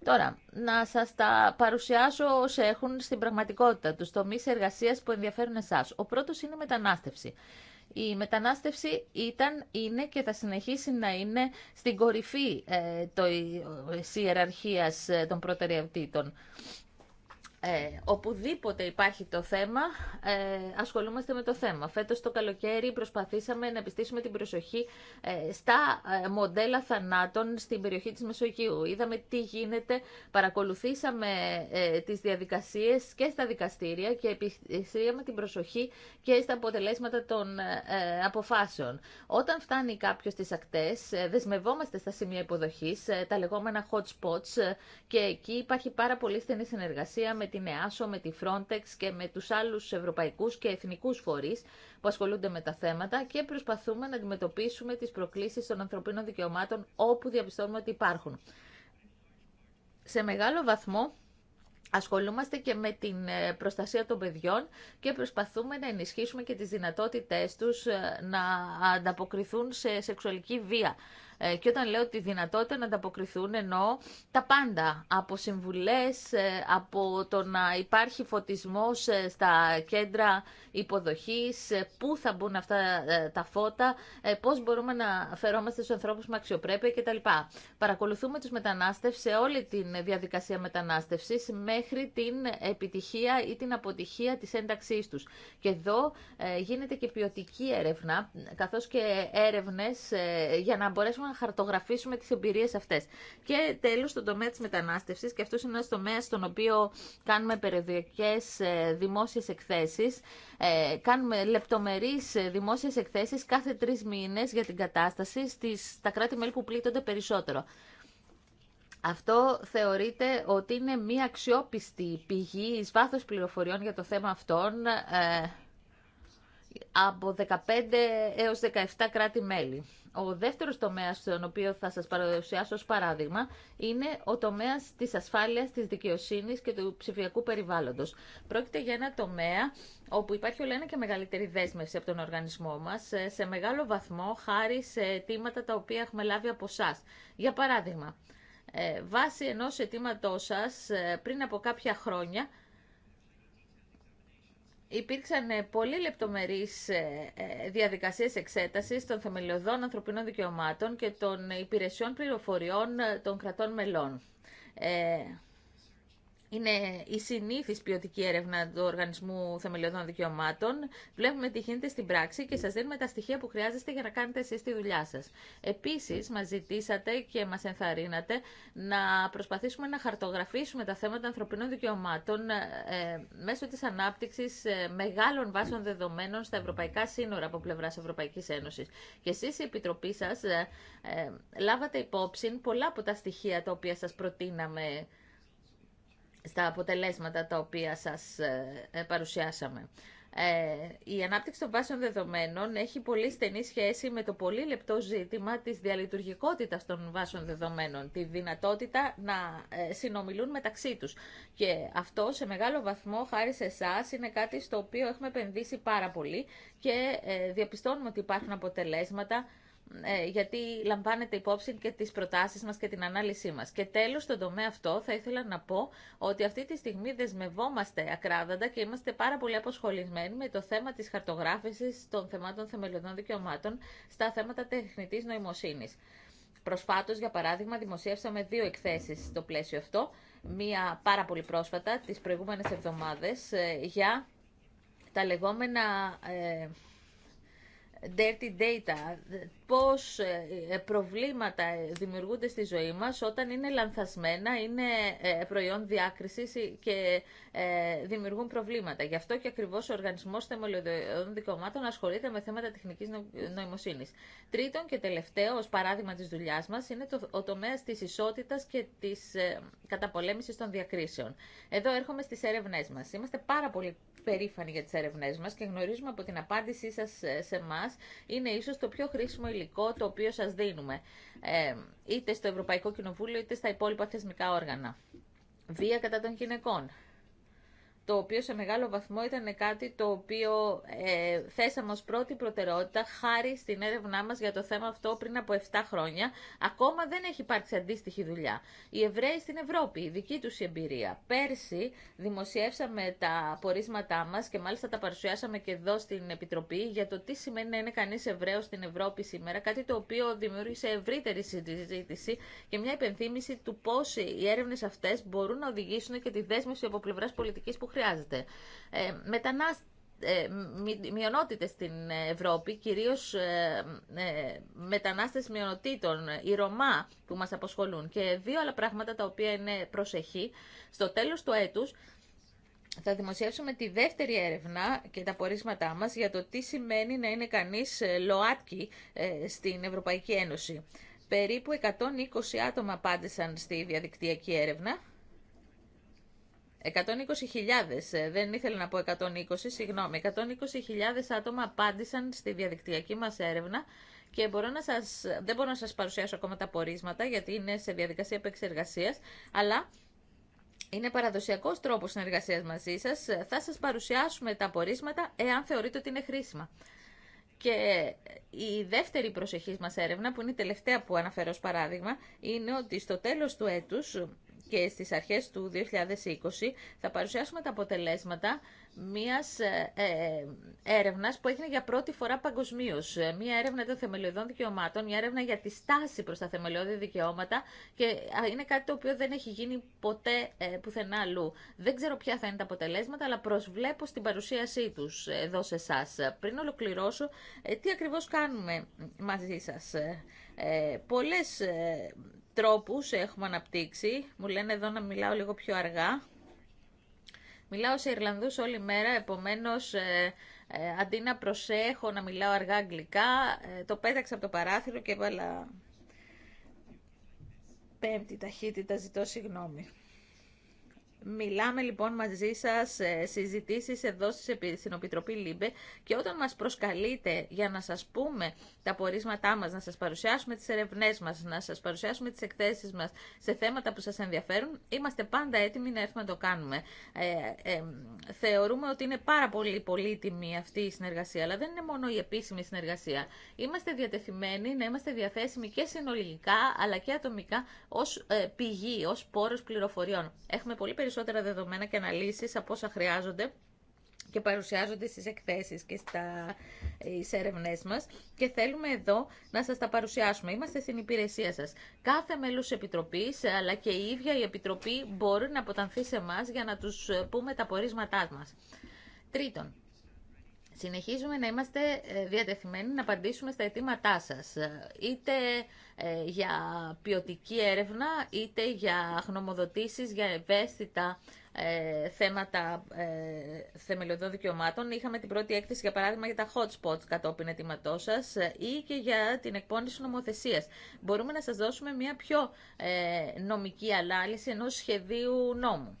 Τώρα, να σας τα παρουσιάσω όσοι έχουν στην πραγματικότητα, τους τομείς εργασίας που ενδιαφέρουν εσάς. Ο πρώτος είναι η μετανάστευση. Η μετανάστευση ήταν, είναι και θα συνεχίσει να είναι στην κορυφή ε, το, ε, ε, των προτεραιοτήτων. Ε, οπουδήποτε υπάρχει το θέμα, ε, ασχολούμαστε με το θέμα. Φέτος το καλοκαίρι προσπαθήσαμε να επιστήσουμε την προσοχή ε, στα ε, μοντέλα θανάτων στην περιοχή της Μεσογείου. Είδαμε τι γίνεται, παρακολουθήσαμε ε, τις διαδικασίες και στα δικαστήρια και επιστήσαμε την προσοχή και στα αποτελέσματα των αποφάσεων. Όταν φτάνει κάποιο στις ακτές, δεσμευόμαστε στα σημεία υποδοχής, τα λεγόμενα hot spots και εκεί υπάρχει πάρα πολύ στενή συνεργασία με την ΕΑΣΟ, με τη Frontex και με τους άλλους ευρωπαϊκούς και εθνικούς φορείς που ασχολούνται με τα θέματα και προσπαθούμε να αντιμετωπίσουμε τις προκλήσεις των ανθρωπίνων δικαιωμάτων όπου διαπιστώνουμε ότι υπάρχουν. Σε μεγάλο βαθμό ασχολούμαστε και με την ε, προστασία των παιδιών και προσπαθούμε να ενισχύσουμε και τις δυνατότητές τους ε, να ανταποκριθούν σε σεξουαλική βία. Ε, και όταν λέω τη δυνατότητα να ανταποκριθούν, εννοώ τα πάντα. Από συμβουλές, ε, από το να υπάρχει φωτισμός ε, στα κέντρα υποδοχής, πού θα μπουν αυτά τα φώτα, πώς μπορούμε να φερόμαστε στους ανθρώπους με αξιοπρέπεια κτλ. Παρακολουθούμε τους μετανάστευση σε όλη τη διαδικασία μετανάστευσης μέχρι την επιτυχία ή την αποτυχία της ένταξής τους. Και εδώ γίνεται και ποιοτική έρευνα, καθώς και έρευνες για να μπορέσουμε χαρτογραφήσουμε τις εμπειρίες αυτές. Και τέλος, στον τομέα τη μετανάστευση, και αυτό είναι ένα τομέα στον οποίο κάνουμε περιοδικέ ε, δημόσιες εκθέσεις, ε, κάνουμε λεπτομερείς ε, δημόσιες εκθέσεις κάθε τρει μήνες για την κατάσταση στις, στα κράτη-μέλη που πλήττονται περισσότερο. Αυτό θεωρείται ότι είναι μία αξιόπιστη πηγή εις βάθος πληροφοριών για το θέμα αυτών, από 15 έως 17 κράτη-μέλη. Ο δεύτερος τομέας, στον οποίο θα σας παρουσιάσω ως παράδειγμα, είναι ο τομέας της ασφάλειας, της δικαιοσύνης και του ψηφιακού περιβάλλοντος. Πρόκειται για ένα τομέα όπου υπάρχει όλο ένα και μεγαλύτερη δέσμευση από τον οργανισμό μας, ε, σε μεγάλο βαθμό χάρη σε αιτήματα τα οποία έχουμε λάβει από εσά. Για παράδειγμα, ε, βάσει ενός αιτήματός σας ε, πριν από κάποια χρόνια, υπήρξαν ε, πολύ λεπτομερείς ε, ε, διαδικασίες εξέτασης των θεμελιωδών ανθρωπίνων δικαιωμάτων και των υπηρεσιών πληροφοριών των κρατών μελών είναι η συνήθις ποιοτική έρευνα του Οργανισμού Θεμελιωδών Δικαιωμάτων. Βλέπουμε τι γίνεται στην πράξη και σας δίνουμε τα στοιχεία που χρειάζεστε για να κάνετε εσείς τη δουλειά σας. Επίσης, μας ζητήσατε και μας ενθαρρύνατε να προσπαθήσουμε να χαρτογραφήσουμε τα θέματα ανθρωπινών δικαιωμάτων ε, μέσω της ανάπτυξης ε, μεγάλων βάσεων δεδομένων στα ευρωπαϊκά σύνορα από πλευρά Ευρωπαϊκής Ένωσης. Και εσείς η Επιτροπή σας ε, λάβατε υπόψη πολλά από τα στοιχεία τα οποία σας προτείναμε στα αποτελέσματα τα οποία σας ε, ε, παρουσιάσαμε. Ε, η ανάπτυξη των βάσεων δεδομένων έχει πολύ στενή σχέση με το πολύ λεπτό ζήτημα της διαλειτουργικότητας των βάσεων δεδομένων, τη δυνατότητα να ε, συνομιλούν μεταξύ τους. Και αυτό σε μεγάλο βαθμό, χάρη σε εσά, είναι κάτι στο οποίο έχουμε επενδύσει πάρα πολύ και ε, διαπιστώνουμε ότι υπάρχουν αποτελέσματα ε, γιατί λαμβάνεται υπόψη και τις προτάσεις μας και την ανάλυση μας. Και τέλος, στον τομέα αυτό θα ήθελα να πω ότι αυτή τη στιγμή δεσμευόμαστε ακράδαντα και είμαστε πάρα πολύ αποσχολημένοι με το θέμα της χαρτογράφησης των θεμάτων θεμελιωδών δικαιωμάτων στα θέματα τεχνητής νοημοσύνης. Προσφάτως, για παράδειγμα, δημοσίευσαμε δύο εκθέσεις στο πλαίσιο αυτό, μία πάρα πολύ πρόσφατα, τις προηγούμενες εβδομάδες, ε, για τα λεγόμενα ε, dirty data, πώς ε, ε, προβλήματα ε, δημιουργούνται στη ζωή μας όταν είναι λανθασμένα, είναι προϊόν διάκρισης και δημιουργούν προβλήματα. Γι' αυτό και ακριβώς ο Οργανισμός Θεμελιωδών Δικαιωμάτων ασχολείται με θέματα τεχνικής νοημοσύνης. Τρίτον και τελευταίο, ως παράδειγμα της δουλειάς μας, είναι το, ο τομέας της ισότητας και της καταπολέμησης των διακρίσεων. Εδώ έρχομαι στις έρευνές μας. Είμαστε πάρα πολύ περήφανοι για τις έρευνές μας και γνωρίζουμε από την απάντησή σας σε εμά είναι ίσως το πιο χρήσιμο υλικό το οποίο σας δίνουμε, ε, είτε στο Ευρωπαϊκό Κοινοβούλιο είτε στα υπόλοιπα θεσμικά όργανα. Βία κατά των γυναικών το οποίο σε μεγάλο βαθμό ήταν κάτι το οποίο ε, θέσαμε ως πρώτη προτεραιότητα χάρη στην έρευνά μας για το θέμα αυτό πριν από 7 χρόνια. Ακόμα δεν έχει υπάρξει αντίστοιχη δουλειά. Οι Εβραίοι στην Ευρώπη, η δική τους εμπειρία. Πέρσι δημοσιεύσαμε τα απορίσματά μας και μάλιστα τα παρουσιάσαμε και εδώ στην Επιτροπή για το τι σημαίνει να είναι κανείς Εβραίος στην Ευρώπη σήμερα, κάτι το οποίο δημιούργησε ευρύτερη συζήτηση και μια υπενθύμηση του πώς οι έρευνες αυτές μπορούν να οδηγήσουν και τη δέσμευση από πλευρά πολιτική. που χρειάζεται. Ε, ε μειονότητες στην Ευρώπη, κυρίως ε, ε, μετανάστες μειονοτήτων, η Ρωμά που μας αποσχολούν και δύο άλλα πράγματα τα οποία είναι προσεχή. Στο τέλος του έτους θα δημοσιεύσουμε τη δεύτερη έρευνα και τα πορίσματά μας για το τι σημαίνει να είναι κανείς ΛΟΑΤΚΙ στην Ευρωπαϊκή Ένωση. Περίπου 120 άτομα απάντησαν στη διαδικτυακή έρευνα 120.000, ε, δεν ήθελα να πω 120, συγγνώμη, 120.000 άτομα απάντησαν στη διαδικτυακή μας έρευνα και μπορώ να σας, δεν μπορώ να σας παρουσιάσω ακόμα τα πορίσματα γιατί είναι σε διαδικασία επεξεργασίας, αλλά είναι παραδοσιακός τρόπος συνεργασίας μαζί σας. Θα σας παρουσιάσουμε τα πορίσματα εάν θεωρείτε ότι είναι χρήσιμα. Και η δεύτερη προσεχής μας έρευνα, που είναι η τελευταία που αναφέρω ως παράδειγμα, είναι ότι στο τέλος του έτους και στις αρχές του 2020 θα παρουσιάσουμε τα αποτελέσματα μιας ε, ε, έρευνας που έγινε για πρώτη φορά παγκοσμίω. Ε, μια έρευνα των θεμελιωδών δικαιωμάτων, μια έρευνα για τη στάση προς τα θεμελιώδη δικαιώματα και είναι κάτι το οποίο δεν έχει γίνει ποτέ ε, πουθενά αλλού. Δεν ξέρω ποια θα είναι τα αποτελέσματα, αλλά προσβλέπω στην παρουσίασή τους εδώ σε εσά. Πριν ολοκληρώσω, τι ακριβώς κάνουμε μαζί σας. Ε, πολλές τρόπους έχουμε αναπτύξει. Μου λένε εδώ να μιλάω λίγο πιο αργά. Μιλάω σε Ιρλανδούς όλη μέρα, επομένως ε, ε, αντί να προσέχω να μιλάω αργά αγγλικά, ε, το πέταξα από το παράθυρο και έβαλα πέμπτη ταχύτητα, ζητώ συγγνώμη. Μιλάμε λοιπόν μαζί σας ε, συζητήσεις εδώ στην Επιτροπή ΛΥΜΠΕ και όταν μας προσκαλείτε για να σας πούμε τα πορίσματά μας, να σας παρουσιάσουμε τις ερευνές μας, να σας παρουσιάσουμε τις εκθέσεις μας σε θέματα που σας ενδιαφέρουν, είμαστε πάντα έτοιμοι να έρθουμε να το κάνουμε. Ε, ε, θεωρούμε ότι είναι πάρα πολύ πολύτιμη αυτή η συνεργασία, αλλά δεν είναι μόνο η επίσημη συνεργασία. Είμαστε διατεθειμένοι να είμαστε διαθέσιμοι και συνολικά αλλά και ατομικά ως ε, πηγή, ως πόρος πληροφοριών. Έχουμε πολύ περισσότερα δεδομένα και αναλύσεις από όσα χρειάζονται και παρουσιάζονται στις εκθέσεις και στα ε, έρευνε μας και θέλουμε εδώ να σας τα παρουσιάσουμε. Είμαστε στην υπηρεσία σας. Κάθε μέλος της Επιτροπής αλλά και η ίδια η Επιτροπή μπορεί να αποτανθεί σε εμά για να τους ε, πούμε τα πορίσματά μας. Τρίτον, Συνεχίζουμε να είμαστε ε, διατεθειμένοι να απαντήσουμε στα αιτήματά σας, ε, είτε ε, για ποιοτική έρευνα, είτε για χνομοδοτήσεις, για ευαίσθητα θέματα ε, θεμελιωδών δικαιωμάτων. Είχαμε την πρώτη έκθεση, για παράδειγμα, για τα hot spots κατόπιν αιτήματό σα ή και για την εκπόνηση νομοθεσία. Μπορούμε να σα δώσουμε μια πιο νομική ανάλυση ενό σχεδίου νόμου.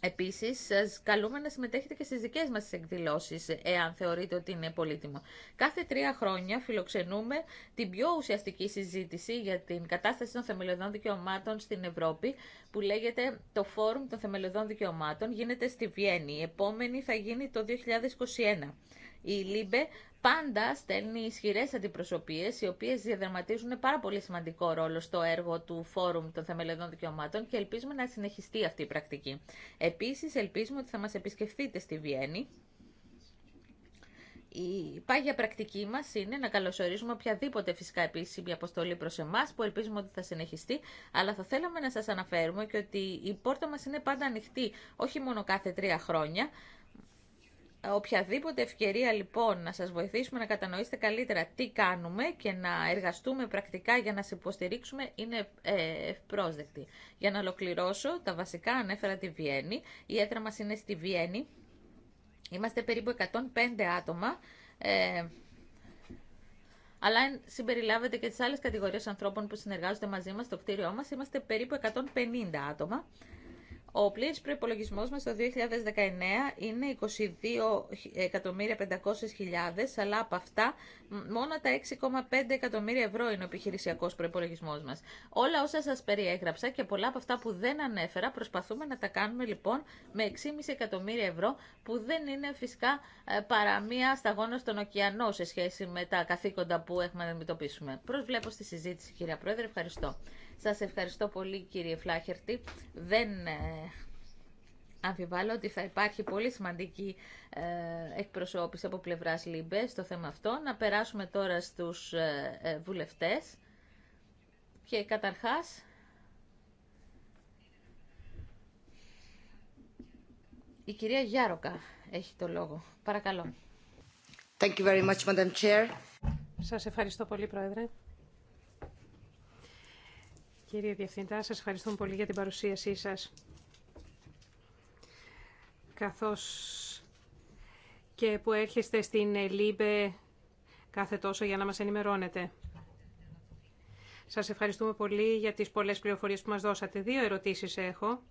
Επίσης, σας καλούμε να συμμετέχετε και στις δικές μας εκδηλώσεις, εάν θεωρείτε ότι είναι πολύτιμο. Κάθε τρία χρόνια φιλοξενούμε την πιο ουσιαστική συζήτηση για την κατάσταση των θεμελιωδών δικαιωμάτων στην Ευρώπη, που λέγεται το Φόρουμ των Θεμελιωδών Δικαιωμάτων, γίνεται στη Βιέννη. Η επόμενη θα γίνει το 2021. Η ΛΥΜΠΕ πάντα στέλνει ισχυρέ αντιπροσωπείε, οι οποίε διαδραματίζουν πάρα πολύ σημαντικό ρόλο στο έργο του Φόρουμ των Θεμελιωδών Δικαιωμάτων και ελπίζουμε να συνεχιστεί αυτή η πρακτική. Επίση, ελπίζουμε ότι θα μα επισκεφτείτε στη Βιέννη. Η πάγια πρακτική μα είναι να καλωσορίζουμε οποιαδήποτε φυσικά επίσημη αποστολή προ εμά που ελπίζουμε ότι θα συνεχιστεί, αλλά θα θέλαμε να σα αναφέρουμε και ότι η πόρτα μα είναι πάντα ανοιχτή, όχι μόνο κάθε τρία χρόνια, Οποιαδήποτε ευκαιρία λοιπόν να σας βοηθήσουμε να κατανοήσετε καλύτερα τι κάνουμε και να εργαστούμε πρακτικά για να σε υποστηρίξουμε είναι ε, ευπρόσδεκτη. Για να ολοκληρώσω, τα βασικά ανέφερα τη Βιέννη. Η έδρα μας είναι στη Βιέννη. Είμαστε περίπου 105 άτομα. Ε, αλλά αν συμπεριλάβετε και τις άλλες κατηγορίες ανθρώπων που συνεργάζονται μαζί μας στο κτίριό μας, είμαστε περίπου 150 άτομα. Ο πλήρης προϋπολογισμός μας το 2019 είναι 22.500.000, αλλά από αυτά μόνο τα 6,5 εκατομμύρια ευρώ είναι ο επιχειρησιακό προϋπολογισμός μας. Όλα όσα σας περιέγραψα και πολλά από αυτά που δεν ανέφερα προσπαθούμε να τα κάνουμε λοιπόν με 6,5 εκατομμύρια ευρώ που δεν είναι φυσικά ε, παρά μία σταγόνα στον ωκεανό σε σχέση με τα καθήκοντα που έχουμε να αντιμετωπίσουμε. Προσβλέπω στη συζήτηση κυρία Πρόεδρε, ευχαριστώ. Σας ευχαριστώ πολύ κύριε Φλάχερτη. Δεν ε, αμφιβάλλω ότι θα υπάρχει πολύ σημαντική ε, εκπροσώπηση από πλευράς ΛΥΜΠΕ στο θέμα αυτό. Να περάσουμε τώρα στους ε, βουλευτές. Και καταρχάς, η κυρία Γιάροκα έχει το λόγο. Παρακαλώ. Thank you very much, Madam Chair. Σας ευχαριστώ πολύ, Πρόεδρε. Κύριε Διευθυντά, σας ευχαριστούμε πολύ για την παρουσίασή σας. Καθώς και που έρχεστε στην ΛΥΜΠΕ κάθε τόσο για να μας ενημερώνετε. Σας ευχαριστούμε πολύ για τις πολλές πληροφορίες που μας δώσατε. Δύο ερωτήσεις έχω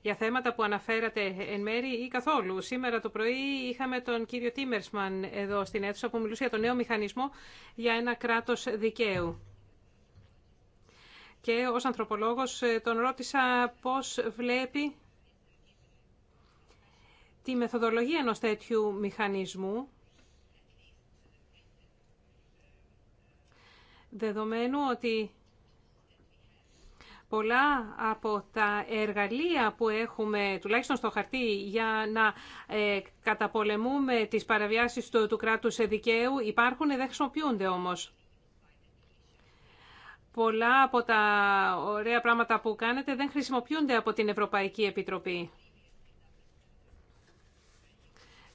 για θέματα που αναφέρατε εν μέρη ή καθόλου. Σήμερα το πρωί είχαμε τον κύριο Τίμερσμαν εδώ στην αίθουσα που μιλούσε για το νέο μηχανισμό για ένα κράτος δικαίου και ως ανθρωπολόγος ε, τον ρώτησα πώς βλέπει τη μεθοδολογία ενός τέτοιου μηχανισμού δεδομένου ότι πολλά από τα εργαλεία που έχουμε, τουλάχιστον στο χαρτί, για να ε, καταπολεμούμε τις παραβιάσεις του, του κράτους δικαίου υπάρχουν, δεν χρησιμοποιούνται όμως πολλά από τα ωραία πράγματα που κάνετε δεν χρησιμοποιούνται από την Ευρωπαϊκή Επιτροπή.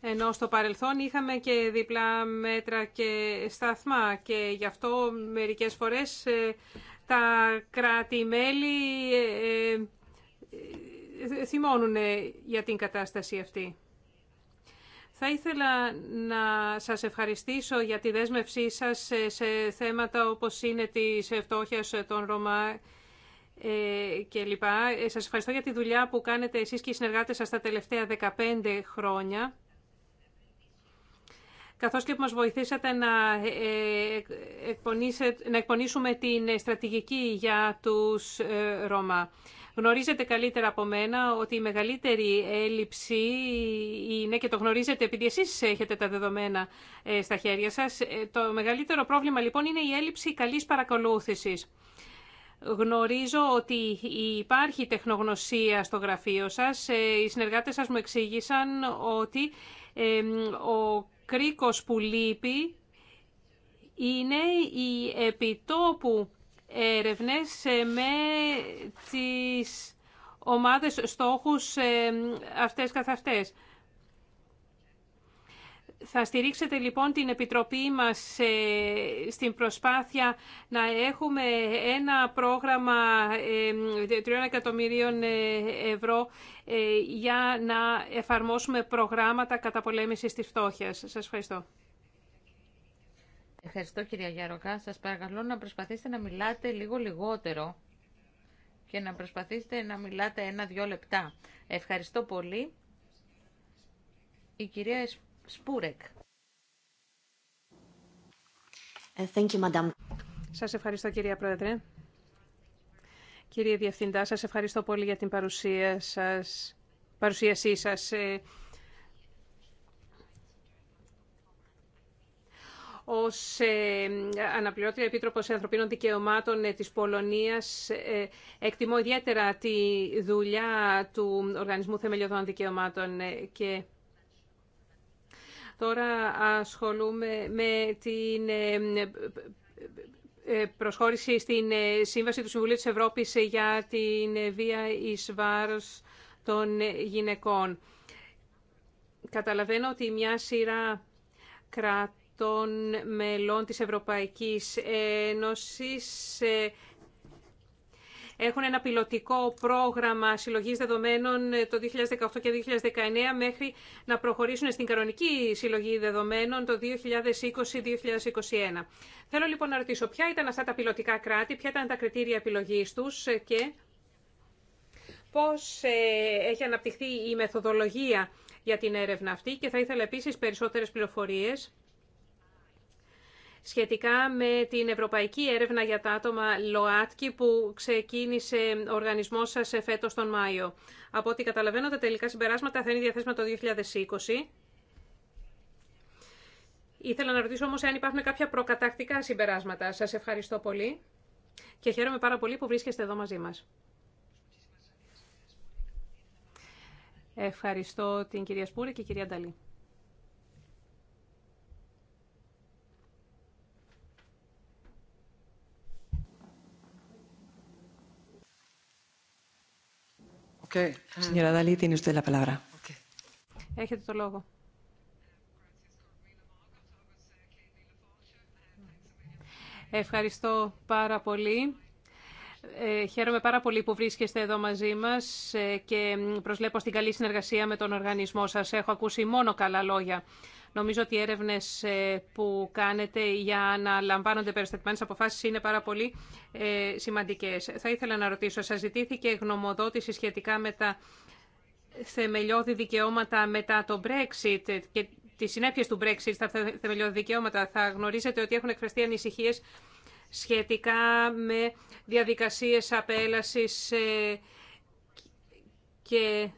Ενώ στο παρελθόν είχαμε και διπλά μέτρα και σταθμά και γι' αυτό μερικές φορές τα κράτη-μέλη θυμώνουν για την κατάσταση αυτή. Θα ήθελα να σας ευχαριστήσω για τη δέσμευσή σας σε θέματα όπως είναι τη φτώχειας των Ρωμά ε, και λοιπά. Ε, σας ευχαριστώ για τη δουλειά που κάνετε εσείς και οι συνεργάτες σας τα τελευταία 15 χρόνια καθώς και που μας βοηθήσατε να, ε, να εκπονήσουμε την στρατηγική για τους Ρωμά. Γνωρίζετε καλύτερα από μένα ότι η μεγαλύτερη έλλειψη είναι, και το γνωρίζετε επειδή εσείς έχετε τα δεδομένα ε, στα χέρια σας, ε, το μεγαλύτερο πρόβλημα λοιπόν είναι η έλλειψη καλής παρακολούθησης. Γνωρίζω ότι υπάρχει τεχνογνωσία στο γραφείο σας. Ε, οι συνεργάτες σας μου εξήγησαν ότι ο κρίκος που λείπει είναι η επιτόπου έρευνες ε, με τις ομάδες στόχους ε, αυτές καθ' αυτές. Θα στηρίξετε λοιπόν την Επιτροπή μας ε, στην προσπάθεια να έχουμε ένα πρόγραμμα 3 εκατομμυρίων ευρώ για να εφαρμόσουμε προγράμματα καταπολέμησης της φτώχειας. Σας ευχαριστώ. Ευχαριστώ κυρία Γιάροκα. Σας παρακαλώ να προσπαθήσετε να μιλάτε λίγο λιγότερο και να προσπαθήσετε να μιλάτε ένα-δυο λεπτά. Ευχαριστώ πολύ. Η κυρία Σπούρεκ. Ε, thank you, madam. Σας ευχαριστώ κυρία Πρόεδρε. Κύριε Διευθυντά, σας ευχαριστώ πολύ για την παρουσία σας, παρουσίασή σας. Ε, ως ε, αναπληρώτρια επίτροπος ανθρωπίνων δικαιωμάτων ε, της Πολωνίας ε, εκτιμώ ιδιαίτερα τη δουλειά του Οργανισμού Θεμελιωδών Δικαιωμάτων και τώρα ασχολούμαι με την προσχώρηση στην Σύμβαση του Συμβουλίου της Ευρώπης για την βία εις βάρος των γυναικών. Καταλαβαίνω ότι μια σειρά κρατών των μελών της Ευρωπαϊκής Ένωσης ε, έχουν ένα πιλωτικό πρόγραμμα συλλογής δεδομένων ε, το 2018 και 2019 μέχρι να προχωρήσουν στην κανονική συλλογή δεδομένων το 2020-2021. Θέλω λοιπόν να ρωτήσω ποια ήταν αυτά τα πιλωτικά κράτη, ποια ήταν τα κριτήρια επιλογής τους ε, και πώς έχει αναπτυχθεί η μεθοδολογία για την έρευνα αυτή και θα ήθελα επίσης περισσότερες πληροφορίες σχετικά με την Ευρωπαϊκή Έρευνα για τα Άτομα ΛΟΑΤΚΙ που ξεκίνησε ο οργανισμός σας φέτος τον Μάιο. Από ό,τι καταλαβαίνω, τα τελικά συμπεράσματα θα είναι διαθέσιμα το 2020. Ήθελα να ρωτήσω όμως αν υπάρχουν κάποια προκατακτικά συμπεράσματα. Σας ευχαριστώ πολύ και χαίρομαι πάρα πολύ που βρίσκεστε εδώ μαζί μας. Ευχαριστώ την κυρία Σπούρη και κυρία Νταλή. Okay. Señora Dalí, usted la palabra. Έχετε το λόγο. Ευχαριστώ πάρα πολύ. Ε, χαίρομαι πάρα πολύ που βρίσκεστε εδώ μαζί μας ε, και προσλέπω στην καλή συνεργασία με τον οργανισμό σας. Έχω ακούσει μόνο καλά λόγια Νομίζω ότι οι έρευνε ε, που κάνετε για να λαμβάνονται περιστατημένε αποφάσεις είναι πάρα πολύ ε, σημαντικές. Θα ήθελα να ρωτήσω, σας ζητήθηκε γνωμοδότηση σχετικά με τα θεμελιώδη δικαιώματα μετά το Brexit και τι συνέπειες του Brexit στα θεμελιώδη δικαιώματα. Θα γνωρίζετε ότι έχουν εκφραστεί ανησυχίες σχετικά με διαδικασίες απέλασης ε, και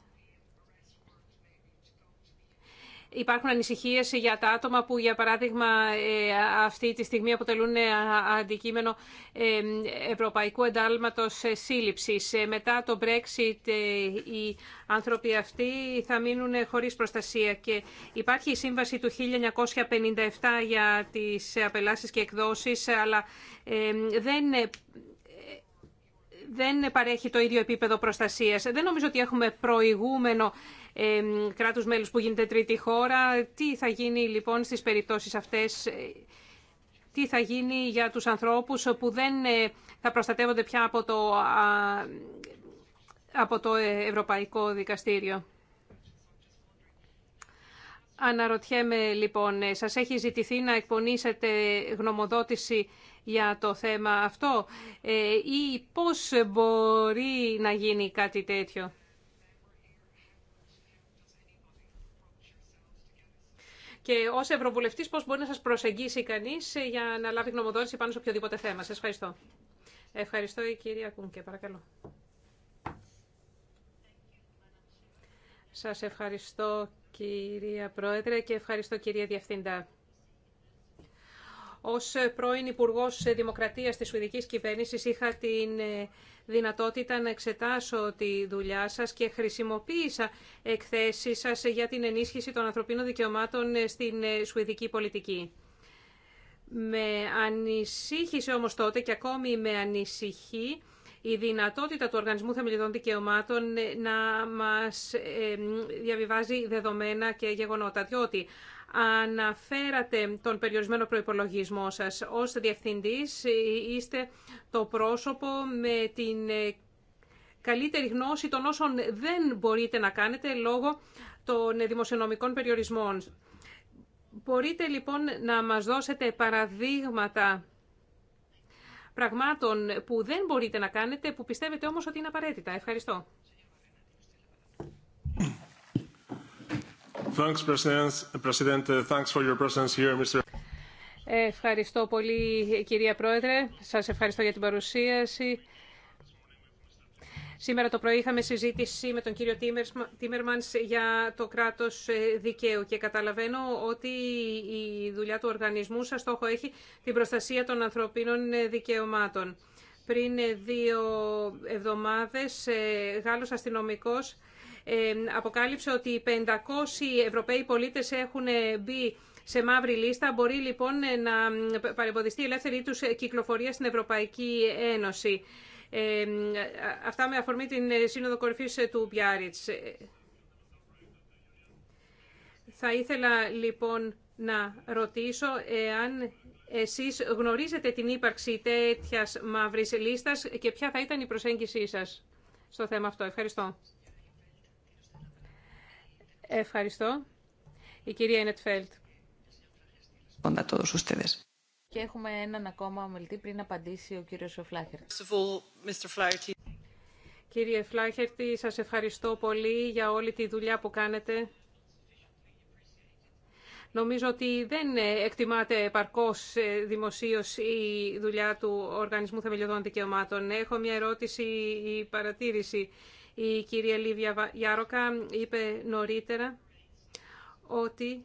Υπάρχουν ανησυχίε για τα άτομα που, για παράδειγμα, ε, αυτή τη στιγμή αποτελούν ε, αντικείμενο ε, ευρωπαϊκού εντάλματος σύλληψης. Μετά το Brexit οι άνθρωποι αυτοί θα μείνουν χωρίς προστασία και υπάρχει η σύμβαση του 1957 για τις απελάσεις και εκδόσεις, αλλά δεν δεν παρέχει το ίδιο επίπεδο προστασίας. Δεν νομίζω ότι έχουμε προηγούμενο ε, κράτους μέλους που γίνεται τρίτη χώρα. Τι θα γίνει λοιπόν στις περιπτώσεις αυτές, ε, τι θα γίνει για τους ανθρώπους που δεν ε, θα προστατεύονται πια από το, από το ε, Ευρωπαϊκό Δικαστήριο. Αναρωτιέμαι λοιπόν, σας έχει ζητηθεί να εκπονήσετε γνωμοδότηση για το θέμα αυτό ε, ή πώς μπορεί να γίνει κάτι τέτοιο. Και ω Ευρωβουλευτής, πώ μπορεί να σας προσεγγίσει κανείς ε, για να λάβει γνωμοδότηση πάνω σε οποιοδήποτε θέμα. Σας ευχαριστώ. Ευχαριστώ, η κυρία Κούνκε, παρακαλώ. Σας ευχαριστώ, κυρία Πρόεδρε, και ευχαριστώ, κυρία Διευθύντα. Ω πρώην υπουργό Δημοκρατίας της Σουηδικής Κυβέρνησης είχα την ε, δυνατότητα να εξετάσω τη δουλειά σα και χρησιμοποίησα εκθέσεις σας για την ενίσχυση των ανθρωπίνων δικαιωμάτων ε, στην ε, Σουηδική πολιτική. Με ανησύχησε όμως τότε και ακόμη με ανησυχεί η δυνατότητα του Οργανισμού Θεμελιδών Δικαιωμάτων ε, να μας ε, διαβιβάζει δεδομένα και γεγονότα, διότι αναφέρατε τον περιορισμένο προϋπολογισμό σας. Ως διευθυντής ε, είστε το πρόσωπο με την καλύτερη γνώση των όσων δεν μπορείτε να κάνετε λόγω των δημοσιονομικών περιορισμών. Μπορείτε λοιπόν να μας δώσετε παραδείγματα πραγμάτων που δεν μπορείτε να κάνετε, που πιστεύετε όμως ότι είναι απαραίτητα. Ευχαριστώ. Uh, ευχαριστώ πολύ, κυρία Πρόεδρε. Σας ευχαριστώ για την παρουσίαση. Σήμερα το πρωί είχαμε συζήτηση με τον κύριο Τίμερμανς για το κράτος ε, δικαίου και καταλαβαίνω ότι η δουλειά του οργανισμού σας στόχο έχει την προστασία των ανθρωπίνων ε, δικαιωμάτων. Πριν ε, δύο εβδομάδες, Γάλλος αστυνομικός αποκάλυψε ότι 500 Ευρωπαίοι πολίτες έχουν μπει σε μαύρη λίστα. Μπορεί λοιπόν να παρεμποδιστεί η ελεύθερη τους κυκλοφορία στην Ευρωπαϊκή Ένωση αυτά με αφορμή την ε, Σύνοδο Κορυφής ε, του Μπιάριτς. Ε, θα ήθελα λοιπόν να ρωτήσω εάν εσείς γνωρίζετε την ύπαρξη τέτοιας μαύρης λίστας και ποια θα ήταν η προσέγγισή σας στο θέμα αυτό. Ευχαριστώ. Ευχαριστώ. Η κυρία Ενετφέλτ. Και έχουμε έναν ακόμα ομιλητή πριν απαντήσει ο κύριος Φλάχερ. Κύριε Φλάχερτη, σας ευχαριστώ πολύ για όλη τη δουλειά που κάνετε. Νομίζω ότι δεν εκτιμάται επαρκώς ε, δημοσίως η δουλειά του Οργανισμού Θεμελιωδών Δικαιωμάτων. Έχω μια ερώτηση ή παρατήρηση. Η κυρία Λίβια Γιάροκα είπε νωρίτερα ότι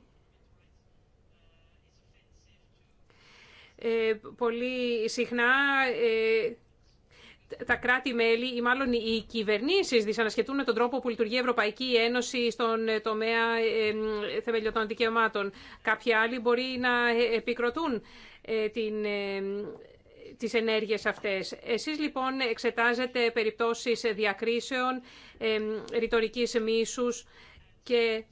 Ε, πολύ συχνά ε, τα κράτη-μέλη ή μάλλον οι κυβερνήσεις δυσανασχετούν με τον τρόπο που λειτουργεί η Ευρωπαϊκή Ένωση στον ε, τομέα θεμελιωτών δικαιωμάτων. Κάποιοι άλλοι μπορεί να επικροτούν την τις ενέργειες αυτές. Εσείς λοιπόν εξετάζετε περιπτώσεις διακρίσεων, ρητορικής μίσους και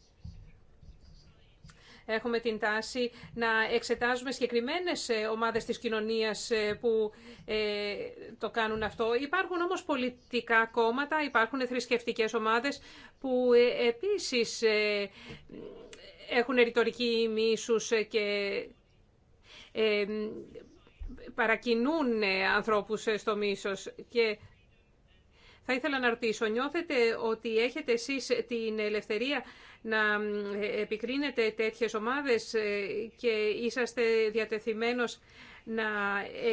έχουμε την τάση να εξετάζουμε συγκεκριμένες ε, ομάδες της κοινωνίας ε, που ε, το κάνουν αυτό. Υπάρχουν όμως πολιτικά κόμματα, υπάρχουν θρησκευτικές ομάδες που επίσης έχουν ρητορική μίσους και παρακινούν ανθρώπους στο μίσος και θα ήθελα να ρωτήσω, νιώθετε ότι έχετε εσείς την ελευθερία να επικρίνετε τέτοιες ομάδες ε, και είσαστε διατεθειμένος να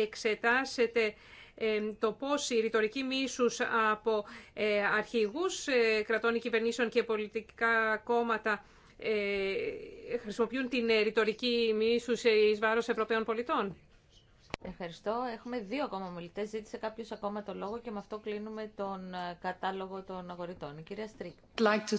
εξετάσετε ε, το πώς η ρητορική μίσους από ε, αρχηγούς κρατών κυβερνήσεων και πολιτικά κόμματα χρησιμοποιούν την ρητορική μίσους εις βάρος Ευρωπαίων πολιτών. Ευχαριστώ. Έχουμε δύο ακόμα μιλητέ. Ζήτησε κάποιο ακόμα το λόγο και με αυτό κλείνουμε τον ε, κατάλογο των αγορητών. κυρία Στρίκ. Like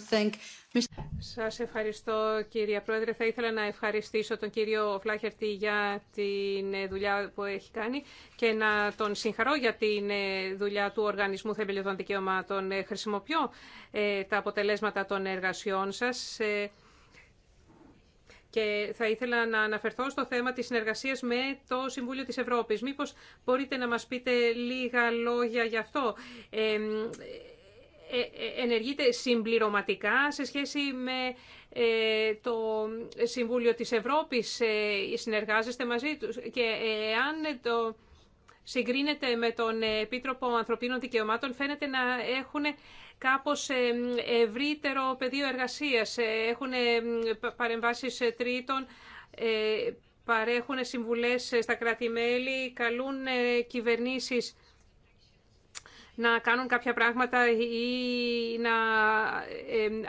Σα ευχαριστώ, κυρία Πρόεδρε. Θα ήθελα να ευχαριστήσω τον κύριο Φλάχερτη για την ε, δουλειά που έχει κάνει και να τον συγχαρώ για την ε, δουλειά του Οργανισμού Θεμελιωδών Δικαιωμάτων. Χρησιμοποιώ τα αποτελέσματα των εργασιών σας και θα ήθελα να αναφερθώ στο θέμα της συνεργασίας με το Συμβούλιο της Ευρώπης. Μήπως μπορείτε να μας πείτε λίγα λόγια γι' αυτό. Ε, ε, ε, ενεργείτε συμπληρωματικά σε σχέση με το Συμβούλιο της Ευρώπης. συνεργάζεστε μαζί τους και αν το συγκρίνεται με τον Επίτροπο Ανθρωπίνων Δικαιωμάτων φαίνεται να έχουν κάπως ε, ευρύτερο πεδίο εργασίας. Ε, έχουν ε, παρεμβάσεις τρίτων, παρέχουν συμβουλές στα κράτη-μέλη, καλούν κυβερνήσεις να κάνουν κάποια πράγματα ή να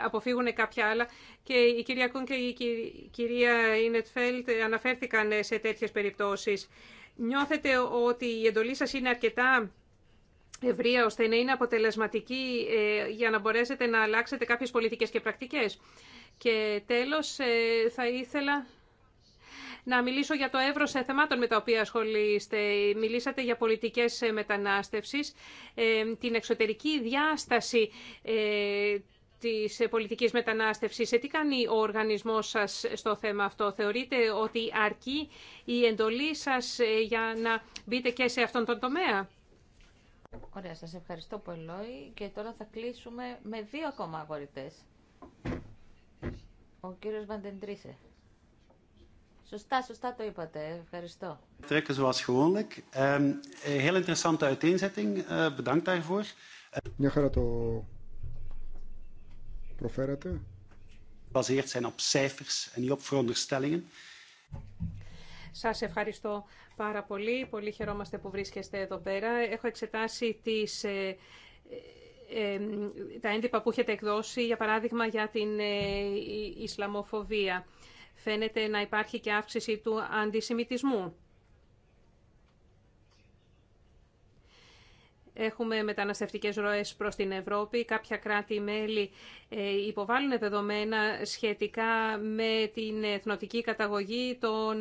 αποφύγουν κάποια άλλα. Και η κυρία Κούν και η κυρία Ινετφέλτ αναφέρθηκαν σε τέτοιες περιπτώσεις. Νιώθετε ότι η εντολή σας είναι αρκετά ευρεία ώστε να είναι αποτελεσματική ε, για να μπορέσετε να αλλάξετε κάποιες πολιτικές και πρακτικές. Και τέλος ε, θα ήθελα να μιλήσω για το εύρος θεμάτων με τα οποία ασχολείστε. Μιλήσατε για πολιτικές ε, μετανάστευσης, την εξωτερική διάσταση της πολιτικής μετανάστευσης. Τι κάνει ο οργανισμός σας στο θέμα αυτό. Θεωρείτε ότι αρκεί η εντολή σας για να μπείτε και σε αυτόν τον τομέα. Ωραία, σας ευχαριστώ πολύ και τώρα θα κλείσουμε με δύο ακόμα αγορητές. Ο κύριος Βαντεντρίσε. Σωστά, σωστά το είπατε. Ευχαριστώ. Τρέκα zoals gewoonlijk. Ehm, heel interessante uiteenzetting. Eh, bedankt daarvoor. Μια χαρά το zijn op cijfers en niet op σας ευχαριστώ πάρα πολύ. Πολύ χαιρόμαστε που βρίσκεστε εδώ πέρα. Έχω εξετάσει τις, ε, ε, ε, τα έντυπα που έχετε εκδώσει, για παράδειγμα, για την Ισλαμοφοβία. Φαίνεται να υπάρχει και αύξηση του αντισημιτισμού. Έχουμε μεταναστευτικές ροές προς την Ευρώπη. Κάποια κράτη-μέλη υποβάλλουν δεδομένα σχετικά με την εθνοτική καταγωγή των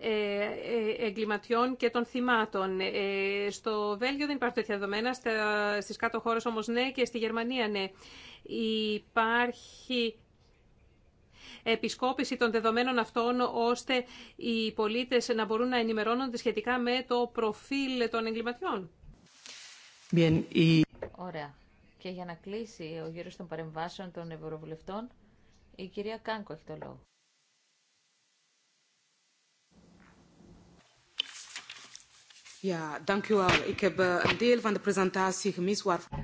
ε, ε, εγκληματιών και των θυμάτων. Ε, στο Βέλγιο δεν υπάρχουν τέτοια δεδομένα, στις κάτω χώρες όμως ναι και στη Γερμανία ναι. Υπάρχει επισκόπηση των δεδομένων αυτών, ώστε οι πολίτες να μπορούν να ενημερώνονται σχετικά με το προφίλ των εγκληματιών. Ωραία. Και για να κλείσει ο γύρος των παρεμβάσεων των Ευρωβουλευτών, η κυρία Κάνκο έχει το λόγο.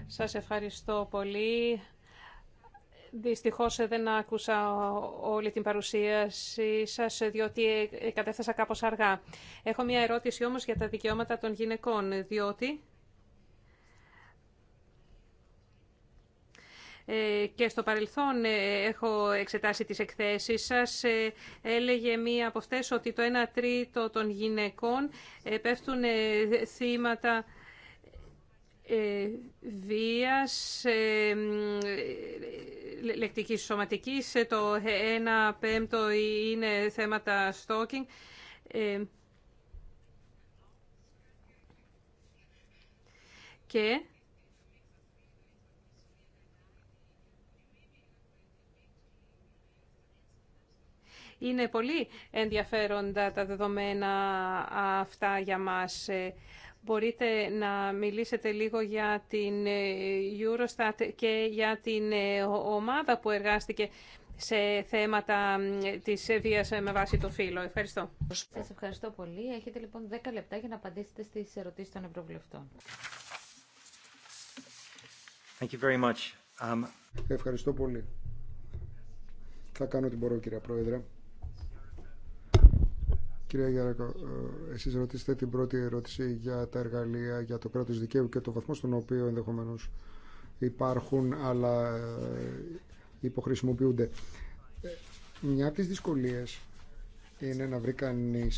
Σας ευχαριστώ πολύ. Δυστυχώς ε, δεν άκουσα όλη την παρουσίαση σας, ε, διότι ε, κατέφθασα κάπως αργά. Έχω μια ερώτηση όμως για τα δικαιώματα των γυναικών, διότι Ε, και στο παρελθόν ε, έχω εξετάσει τις εκθέσεις σας. Ε, έλεγε μία από αυτές ότι το 1 τρίτο των γυναικών πέφτουν θύματα βίας, λεκτικής σωματικής, το 1 πέμπτο είναι θέματα stalking. Και Είναι πολύ ενδιαφέροντα τα δεδομένα αυτά για μας. Ε, μπορείτε να μιλήσετε λίγο για την ε, Eurostat και για την ε, ομάδα που εργάστηκε σε θέματα της βίας με βάση το φύλλο. Ευχαριστώ. Σας ευχαριστώ πολύ. Έχετε λοιπόν 10 λεπτά για να απαντήσετε στις ερωτήσεις των Ευρωβουλευτών. Thank you very much. Um... Ευχαριστώ πολύ. Θα κάνω ό,τι μπορώ, κύριε Πρόεδρε. Κυρία Γιάρακο, ε, εσείς ρωτήσετε την πρώτη ερώτηση για τα εργαλεία, για το κράτος δικαίου και το βαθμό στον οποίο ενδεχομένως υπάρχουν αλλά ε, υποχρησιμοποιούνται. Ε, μια από τις δυσκολίες είναι να βρει κανεί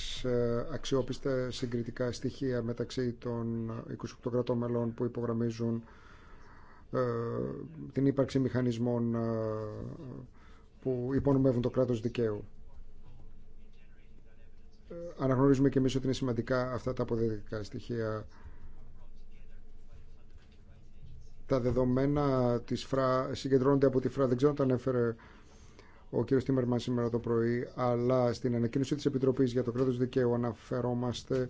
αξιόπιστα συγκριτικά στοιχεία μεταξύ των 28 κρατών μελών που υπογραμμίζουν την ύπαρξη μηχανισμών που υπονομεύουν το κράτος δικαίου αναγνωρίζουμε και εμείς ότι είναι σημαντικά αυτά τα αποδεδεικτικά στοιχεία. Τα δεδομένα της ΦΡΑ συγκεντρώνονται από τη ΦΡΑ. Δεν ξέρω αν τα ανέφερε ο κ. Τίμερμαν σήμερα το πρωί, αλλά στην ανακοίνωση της Επιτροπής για το κράτος δικαίου αναφερόμαστε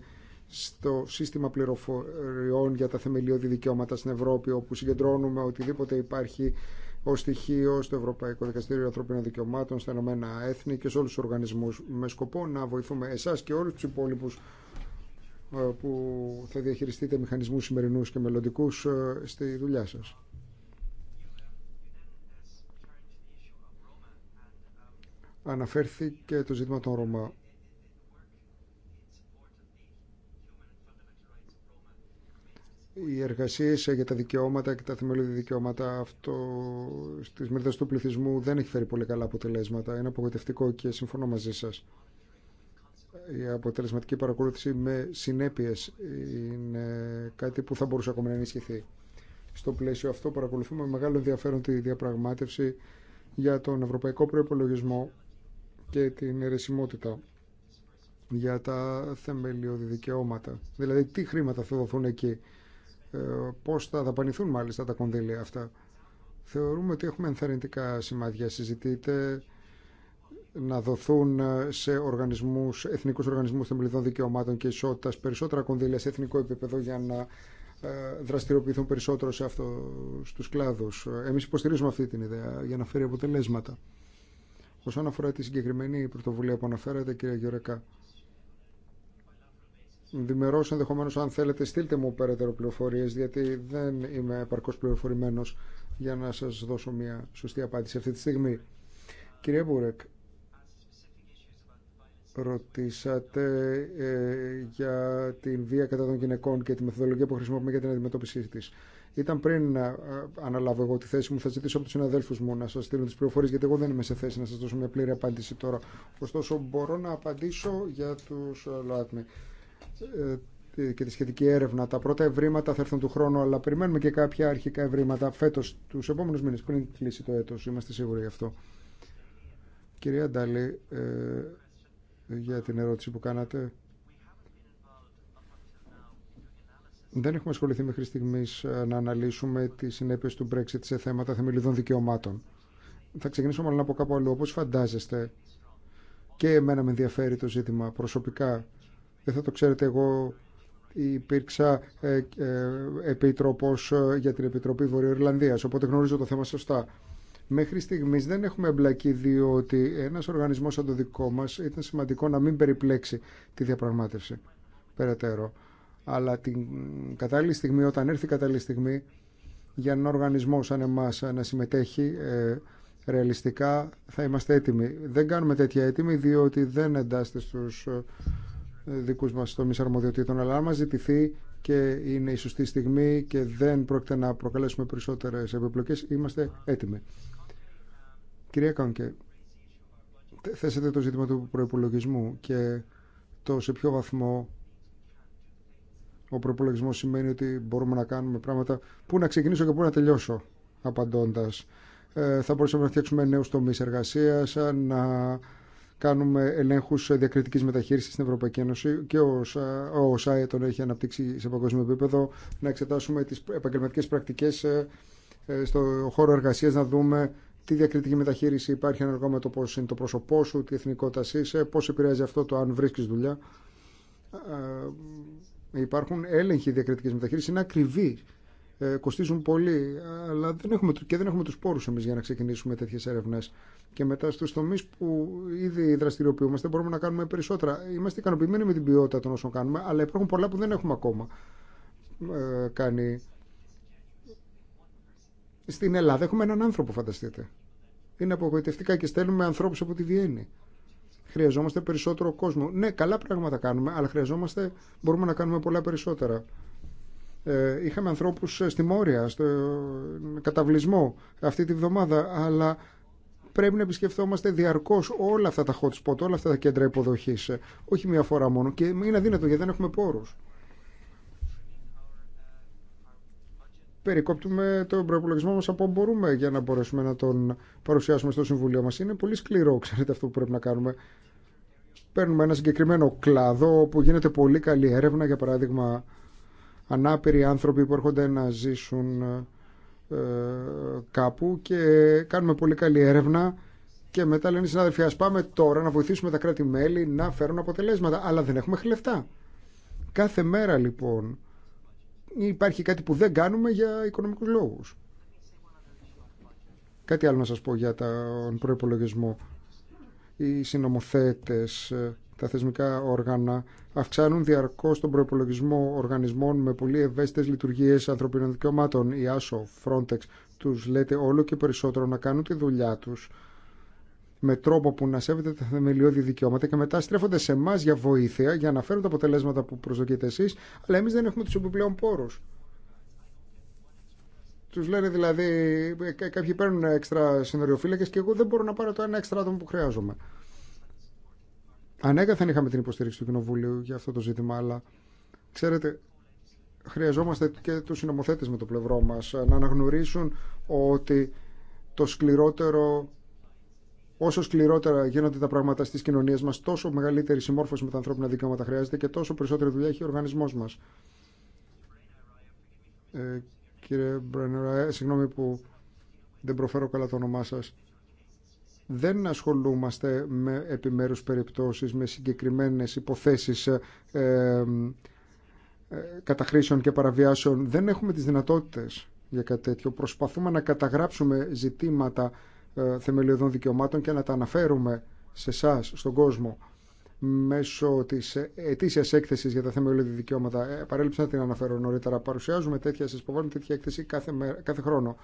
στο σύστημα πληροφοριών για τα θεμελιώδη δικαιώματα στην Ευρώπη, όπου συγκεντρώνουμε οτιδήποτε υπάρχει ω στοιχείο στο Ευρωπαϊκό Δικαστήριο Ανθρωπίνων Δικαιωμάτων, στα Ηνωμένα Έθνη και σε όλου του οργανισμού, με σκοπό να βοηθούμε εσά και όλου του υπόλοιπου ε, που θα διαχειριστείτε μηχανισμούς σημερινούς και μελλοντικού ε, στη δουλειά σας. Αναφέρθηκε το ζήτημα των Ρωμά. οι εργασίε για τα δικαιώματα και τα θεμελιώδη δικαιώματα αυτό στις του πληθυσμού δεν έχει φέρει πολύ καλά αποτελέσματα. Είναι απογοητευτικό και συμφωνώ μαζί σα. Η αποτελεσματική παρακολούθηση με συνέπειε είναι κάτι που θα μπορούσε ακόμα να ενισχυθεί. Στο πλαίσιο αυτό παρακολουθούμε με μεγάλο ενδιαφέρον τη διαπραγμάτευση για τον ευρωπαϊκό προπολογισμό και την αιρεσιμότητα για τα θεμελιώδη δικαιώματα. Δηλαδή τι χρήματα θα δοθούν εκεί ε, πώς θα δαπανηθούν μάλιστα τα κονδύλια αυτά. Θεωρούμε ότι έχουμε ενθαρρυντικά σημάδια. Συζητείτε να δοθούν σε οργανισμούς, εθνικούς οργανισμούς θεμελιδών δικαιωμάτων και ισότητας περισσότερα κονδύλια σε εθνικό επίπεδο για να ε, δραστηριοποιηθούν περισσότερο σε αυτό στους κλάδους. Εμείς υποστηρίζουμε αυτή την ιδέα για να φέρει αποτελέσματα. Όσον αφορά τη συγκεκριμένη πρωτοβουλία που αναφέρατε, κύριε Γιωρεκά, Δημερώσω, ενδεχομένω αν θέλετε στείλτε μου περαιτέρω πληροφορίε, γιατί δεν είμαι επαρκώ πληροφορημένος για να σα δώσω μια σωστή απάντηση αυτή τη στιγμή. Κύριε Μπούρεκ, ρωτήσατε ε, για την βία κατά των γυναικών και τη μεθοδολογία που χρησιμοποιούμε για την αντιμετώπιση τη. Ήταν πριν να ε, αναλάβω εγώ τη θέση μου, θα ζητήσω από του συναδέλφου μου να σα στείλουν τι πληροφορίε, γιατί εγώ δεν είμαι σε θέση να σα δώσω μια πλήρη απάντηση τώρα. Ωστόσο, μπορώ να απαντήσω για του ε, ΛΟΑΤΜΕ. Ε, και τη σχετική έρευνα. Τα πρώτα ευρήματα θα έρθουν του χρόνου, αλλά περιμένουμε και κάποια αρχικά ευρήματα φέτο, του επόμενου μήνε, πριν κλείσει το έτο. Είμαστε σίγουροι γι' αυτό. Κυρία Ντάλη, ε, για την ερώτηση που κάνατε. Δεν έχουμε ασχοληθεί μέχρι στιγμή ε, να αναλύσουμε τι συνέπειε του Brexit σε θέματα θεμελιδών δικαιωμάτων. Θα ξεκινήσω μάλλον από κάπου αλλού. Όπω φαντάζεστε, και εμένα με ενδιαφέρει το ζήτημα προσωπικά δεν θα το ξέρετε εγώ υπήρξα ε, ε επίτροπος ε, για την Επιτροπή Βορειοϊρλανδίας, οπότε γνωρίζω το θέμα σωστά. Μέχρι στιγμή δεν έχουμε εμπλακεί διότι ένα οργανισμό σαν το δικό μα ήταν σημαντικό να μην περιπλέξει τη διαπραγμάτευση περαιτέρω. Αλλά την κατάλληλη στιγμή, όταν έρθει η κατάλληλη στιγμή για έναν οργανισμό σαν εμά να συμμετέχει ε, ρεαλιστικά, θα είμαστε έτοιμοι. Δεν κάνουμε τέτοια έτοιμη διότι δεν εντάσσεται στου δικού μα τομεί αρμοδιοτήτων, αλλά αν μα ζητηθεί και είναι η σωστή στιγμή και δεν πρόκειται να προκαλέσουμε περισσότερε επιπλοκέ, είμαστε έτοιμοι. Κυρία Κάνκε, θέσατε το ζήτημα του προπολογισμού και το σε ποιο βαθμό ο προπολογισμό σημαίνει ότι μπορούμε να κάνουμε πράγματα. Πού να ξεκινήσω και πού να τελειώσω, απαντώντα. Ε, θα μπορούσαμε να φτιάξουμε νέου τομεί εργασία, να κάνουμε ελέγχου διακριτική μεταχείριση στην Ευρωπαϊκή Ένωση και ο, τον έχει αναπτύξει σε παγκόσμιο επίπεδο να εξετάσουμε τι επαγγελματικέ πρακτικέ ε, ε, στο χώρο εργασία, να δούμε τι διακριτική μεταχείριση υπάρχει ενεργό με το πώ είναι το πρόσωπό σου, τι εθνικότητα είσαι, πώ επηρεάζει αυτό το αν βρίσκει δουλειά. Ε, υπάρχουν έλεγχοι διακριτική μεταχείριση, είναι ακριβή ε, κοστίζουν πολύ, αλλά δεν έχουμε, και δεν έχουμε τους πόρους εμείς για να ξεκινήσουμε τέτοιες έρευνες. Και μετά στους τομείς που ήδη δραστηριοποιούμαστε μπορούμε να κάνουμε περισσότερα. Είμαστε ικανοποιημένοι με την ποιότητα των όσων κάνουμε, αλλά υπάρχουν πολλά που δεν έχουμε ακόμα ε, κάνει. Στην Ελλάδα έχουμε έναν άνθρωπο, φανταστείτε. Είναι απογοητευτικά και στέλνουμε ανθρώπους από τη Βιέννη. Χρειαζόμαστε περισσότερο κόσμο. Ναι, καλά πράγματα κάνουμε, αλλά χρειαζόμαστε, μπορούμε να κάνουμε πολλά περισσότερα. Ε, είχαμε ανθρώπους ε, στη Μόρια, στο ε, καταβλισμό αυτή τη βδομάδα, αλλά πρέπει να επισκεφτόμαστε διαρκώ όλα αυτά τα hot spot, όλα αυτά τα κέντρα υποδοχή. Όχι μία φορά μόνο. Και είναι αδύνατο γιατί δεν έχουμε πόρου. Περικόπτουμε τον προπολογισμό μα από όπου μπορούμε για να μπορέσουμε να τον παρουσιάσουμε στο Συμβουλίο μα. Είναι πολύ σκληρό, ξέρετε, αυτό που πρέπει να κάνουμε. Παίρνουμε ένα συγκεκριμένο κλάδο όπου γίνεται πολύ καλή έρευνα, για παράδειγμα ανάπηροι άνθρωποι που έρχονται να ζήσουν ε, κάπου και κάνουμε πολύ καλή έρευνα και μετά λένε οι συνάδελφοι ας πάμε τώρα να βοηθήσουμε τα κράτη-μέλη να φέρουν αποτελέσματα αλλά δεν έχουμε χλεφτά. Κάθε μέρα λοιπόν υπάρχει κάτι που δεν κάνουμε για οικονομικούς λόγους. Κάτι άλλο να σας πω για τον προϋπολογισμό. Οι συνομοθέτες τα θεσμικά όργανα αυξάνουν διαρκώ τον προπολογισμό οργανισμών με πολύ ευαίσθητε λειτουργίε ανθρωπίνων δικαιωμάτων. Η ASO, Frontex, του λέτε όλο και περισσότερο να κάνουν τη δουλειά του με τρόπο που να σέβεται τα θεμελιώδη δικαιώματα και μετά στρέφονται σε εμά για βοήθεια, για να φέρουν τα αποτελέσματα που προσδοκείτε εσεί, αλλά εμεί δεν έχουμε του επιπλέον πόρου. Του λένε δηλαδή, «Ε, κάποιοι παίρνουν έξτρα συνοριοφύλακε και εγώ δεν μπορώ να πάρω το ένα έξτρα άτομο που χρειάζομαι. Ανέκαθεν είχαμε την υποστήριξη του Κοινοβουλίου για αυτό το ζήτημα, αλλά ξέρετε, χρειαζόμαστε και του συνομοθέτε με το πλευρό μα. να αναγνωρίσουν ότι το σκληρότερο, όσο σκληρότερα γίνονται τα πράγματα στι κοινωνίε μα, τόσο μεγαλύτερη συμμόρφωση με τα ανθρώπινα δικαιώματα χρειάζεται και τόσο περισσότερη δουλειά έχει ο οργανισμός μας. Ε, κύριε Μπρενερα, ε, συγγνώμη που δεν προφέρω καλά το όνομά σας δεν ασχολούμαστε με επιμέρους περιπτώσεις, με συγκεκριμένες υποθέσεις ε, ε, καταχρήσεων και παραβιάσεων. Δεν έχουμε τις δυνατότητες για κάτι τέτοιο. Προσπαθούμε να καταγράψουμε ζητήματα ε, θεμελιωδών δικαιωμάτων και να τα αναφέρουμε σε εσά, στον κόσμο, μέσω της ετήσιας έκθεσης για τα θεμελιώδη δικαιώματα. Ε, παρέλειψα να την αναφέρω νωρίτερα. Παρουσιάζουμε τέτοια, σα υποβάλλουμε τέτοια έκθεση κάθε, κάθε χρόνο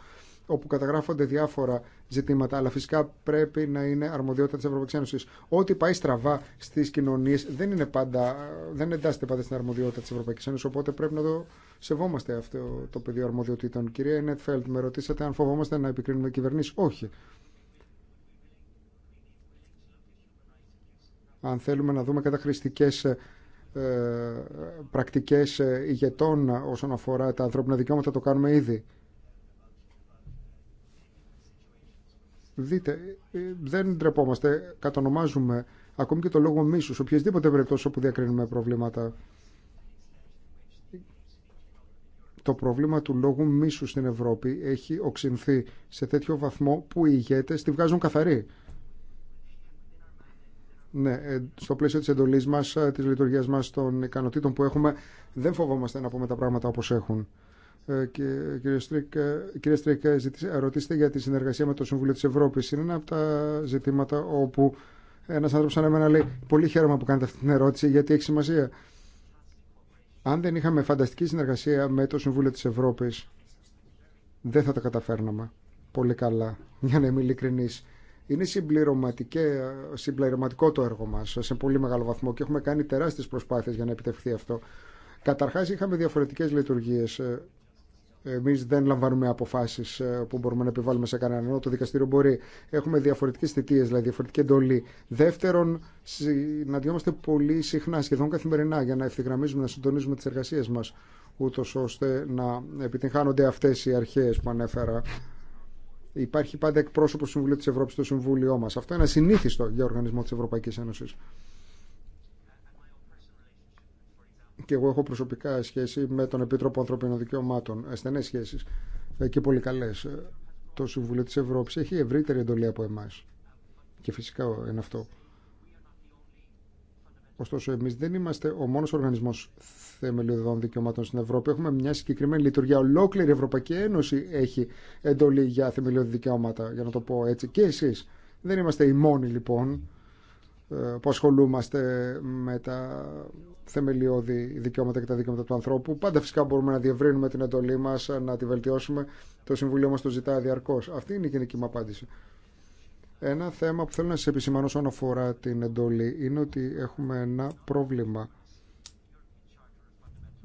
όπου καταγράφονται διάφορα ζητήματα, αλλά φυσικά πρέπει να είναι αρμοδιότητα τη Ευρωπαϊκή Ένωση. Ό,τι πάει στραβά στι κοινωνίε δεν, είναι πάντα, δεν εντάσσεται πάντα στην αρμοδιότητα τη Ευρωπαϊκή Ένωση, οπότε πρέπει να το σεβόμαστε αυτό το πεδίο αρμοδιοτήτων. Κυρία Νέτφελτ, με ρωτήσατε αν φοβόμαστε να επικρίνουμε κυβερνήσει. Όχι. Αν θέλουμε να δούμε καταχρηστικέ ε, πρακτικές ηγετών όσον αφορά τα ανθρώπινα δικαιώματα το κάνουμε ήδη. Δείτε, ε, δεν ντρεπόμαστε, κατονομάζουμε ακόμη και το λόγο μίσου, οποιασδήποτε περιπτώσει όπου διακρίνουμε προβλήματα. Το πρόβλημα του λόγου μίσου στην Ευρώπη έχει οξυνθεί σε τέτοιο βαθμό που οι ηγέτε τη βγάζουν καθαρή. Ναι, ε, στο πλαίσιο της εντολή μα, ε, τη λειτουργία μας, των ικανοτήτων που έχουμε, δεν φοβόμαστε να πούμε τα πράγματα όπω έχουν. Ε, ε, κύριε Στρίκ, ε, ρωτήστε για τη συνεργασία με το Συμβούλιο της Ευρώπης. Είναι ένα από τα ζητήματα όπου ένας άνθρωπος σαν εμένα λέει «Πολύ χαίρομαι που κάνετε αυτή την ερώτηση γιατί έχει σημασία». Αν δεν είχαμε φανταστική συνεργασία με το Συμβούλιο της Ευρώπης, δεν θα τα καταφέρναμε πολύ καλά, για να είμαι ειλικρινής. Είναι συμπληρωματικό το έργο μας σε πολύ μεγάλο βαθμό και έχουμε κάνει τεράστιες προσπάθειες για να επιτευχθεί αυτό. Καταρχάς είχαμε διαφορετικές λειτουργίες Εμεί δεν λαμβάνουμε αποφάσει ε, που μπορούμε να επιβάλλουμε σε κανέναν, ενώ το δικαστήριο μπορεί. Έχουμε διαφορετικέ θητείε, δηλαδή διαφορετική εντολή. Δεύτερον, συναντιόμαστε πολύ συχνά, σχεδόν καθημερινά, για να ευθυγραμμίζουμε, να συντονίζουμε τι εργασίε μα, ούτω ώστε να επιτυγχάνονται αυτέ οι αρχέ που ανέφερα. Υπάρχει πάντα εκπρόσωπο του Συμβουλίου τη Ευρώπη στο Συμβούλιο μα. Αυτό είναι ασυνήθιστο για οργανισμό τη Ευρωπαϊκή Ένωση. και εγώ έχω προσωπικά σχέση με τον Επίτροπο Ανθρωπίνων Δικαιωμάτων, ασθενέ ε, σχέσει ε, και πολύ καλέ. Ε, το Συμβούλιο τη Ευρώπη έχει ευρύτερη εντολή από εμά και φυσικά είναι αυτό. Ωστόσο, εμεί δεν είμαστε ο μόνο οργανισμό θεμελιωδών δικαιωμάτων στην Ευρώπη. Έχουμε μια συγκεκριμένη λειτουργία. Ολόκληρη η Ευρωπαϊκή Ένωση έχει εντολή για θεμελιώδη δικαιώματα, για να το πω έτσι. Και εσεί. Δεν είμαστε οι μόνοι, λοιπόν. Ε, που ασχολούμαστε με τα θεμελιώδη δικαιώματα και τα δικαιώματα του ανθρώπου. Πάντα φυσικά μπορούμε να διευρύνουμε την εντολή μα, να τη βελτιώσουμε. Το Συμβουλίο μα το ζητά διαρκώ. Αυτή είναι η γενική μου απάντηση. Ένα θέμα που θέλω να σα επισημάνω όσον αφορά την εντολή είναι ότι έχουμε ένα πρόβλημα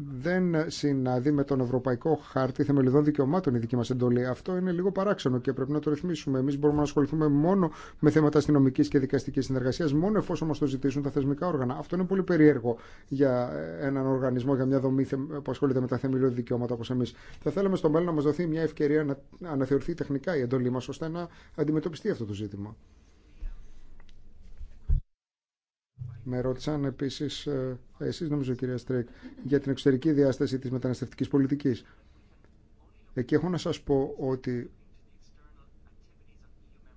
δεν συναδεί με τον Ευρωπαϊκό Χάρτη Θεμελιδών Δικαιωμάτων η δική μα εντολή. Αυτό είναι λίγο παράξενο και πρέπει να το ρυθμίσουμε. Εμεί μπορούμε να ασχοληθούμε μόνο με θέματα αστυνομική και δικαστική συνεργασία, μόνο εφόσον μα το ζητήσουν τα θεσμικά όργανα. Αυτό είναι πολύ περίεργο για ε, έναν οργανισμό, για μια δομή που ασχολείται με τα θεμελιώδη δικαιώματα όπω εμεί. Θα θέλαμε στο μέλλον να μα δοθεί μια ευκαιρία να αναθεωρηθεί τεχνικά η εντολή μα ώστε να αντιμετωπιστεί αυτό το ζήτημα. Με ρώτησαν επίση, ε, εσεί νομίζω, κυρία Στρέκ, για την εξωτερική διάσταση τη μεταναστευτική πολιτική. Εκεί έχω να σα πω ότι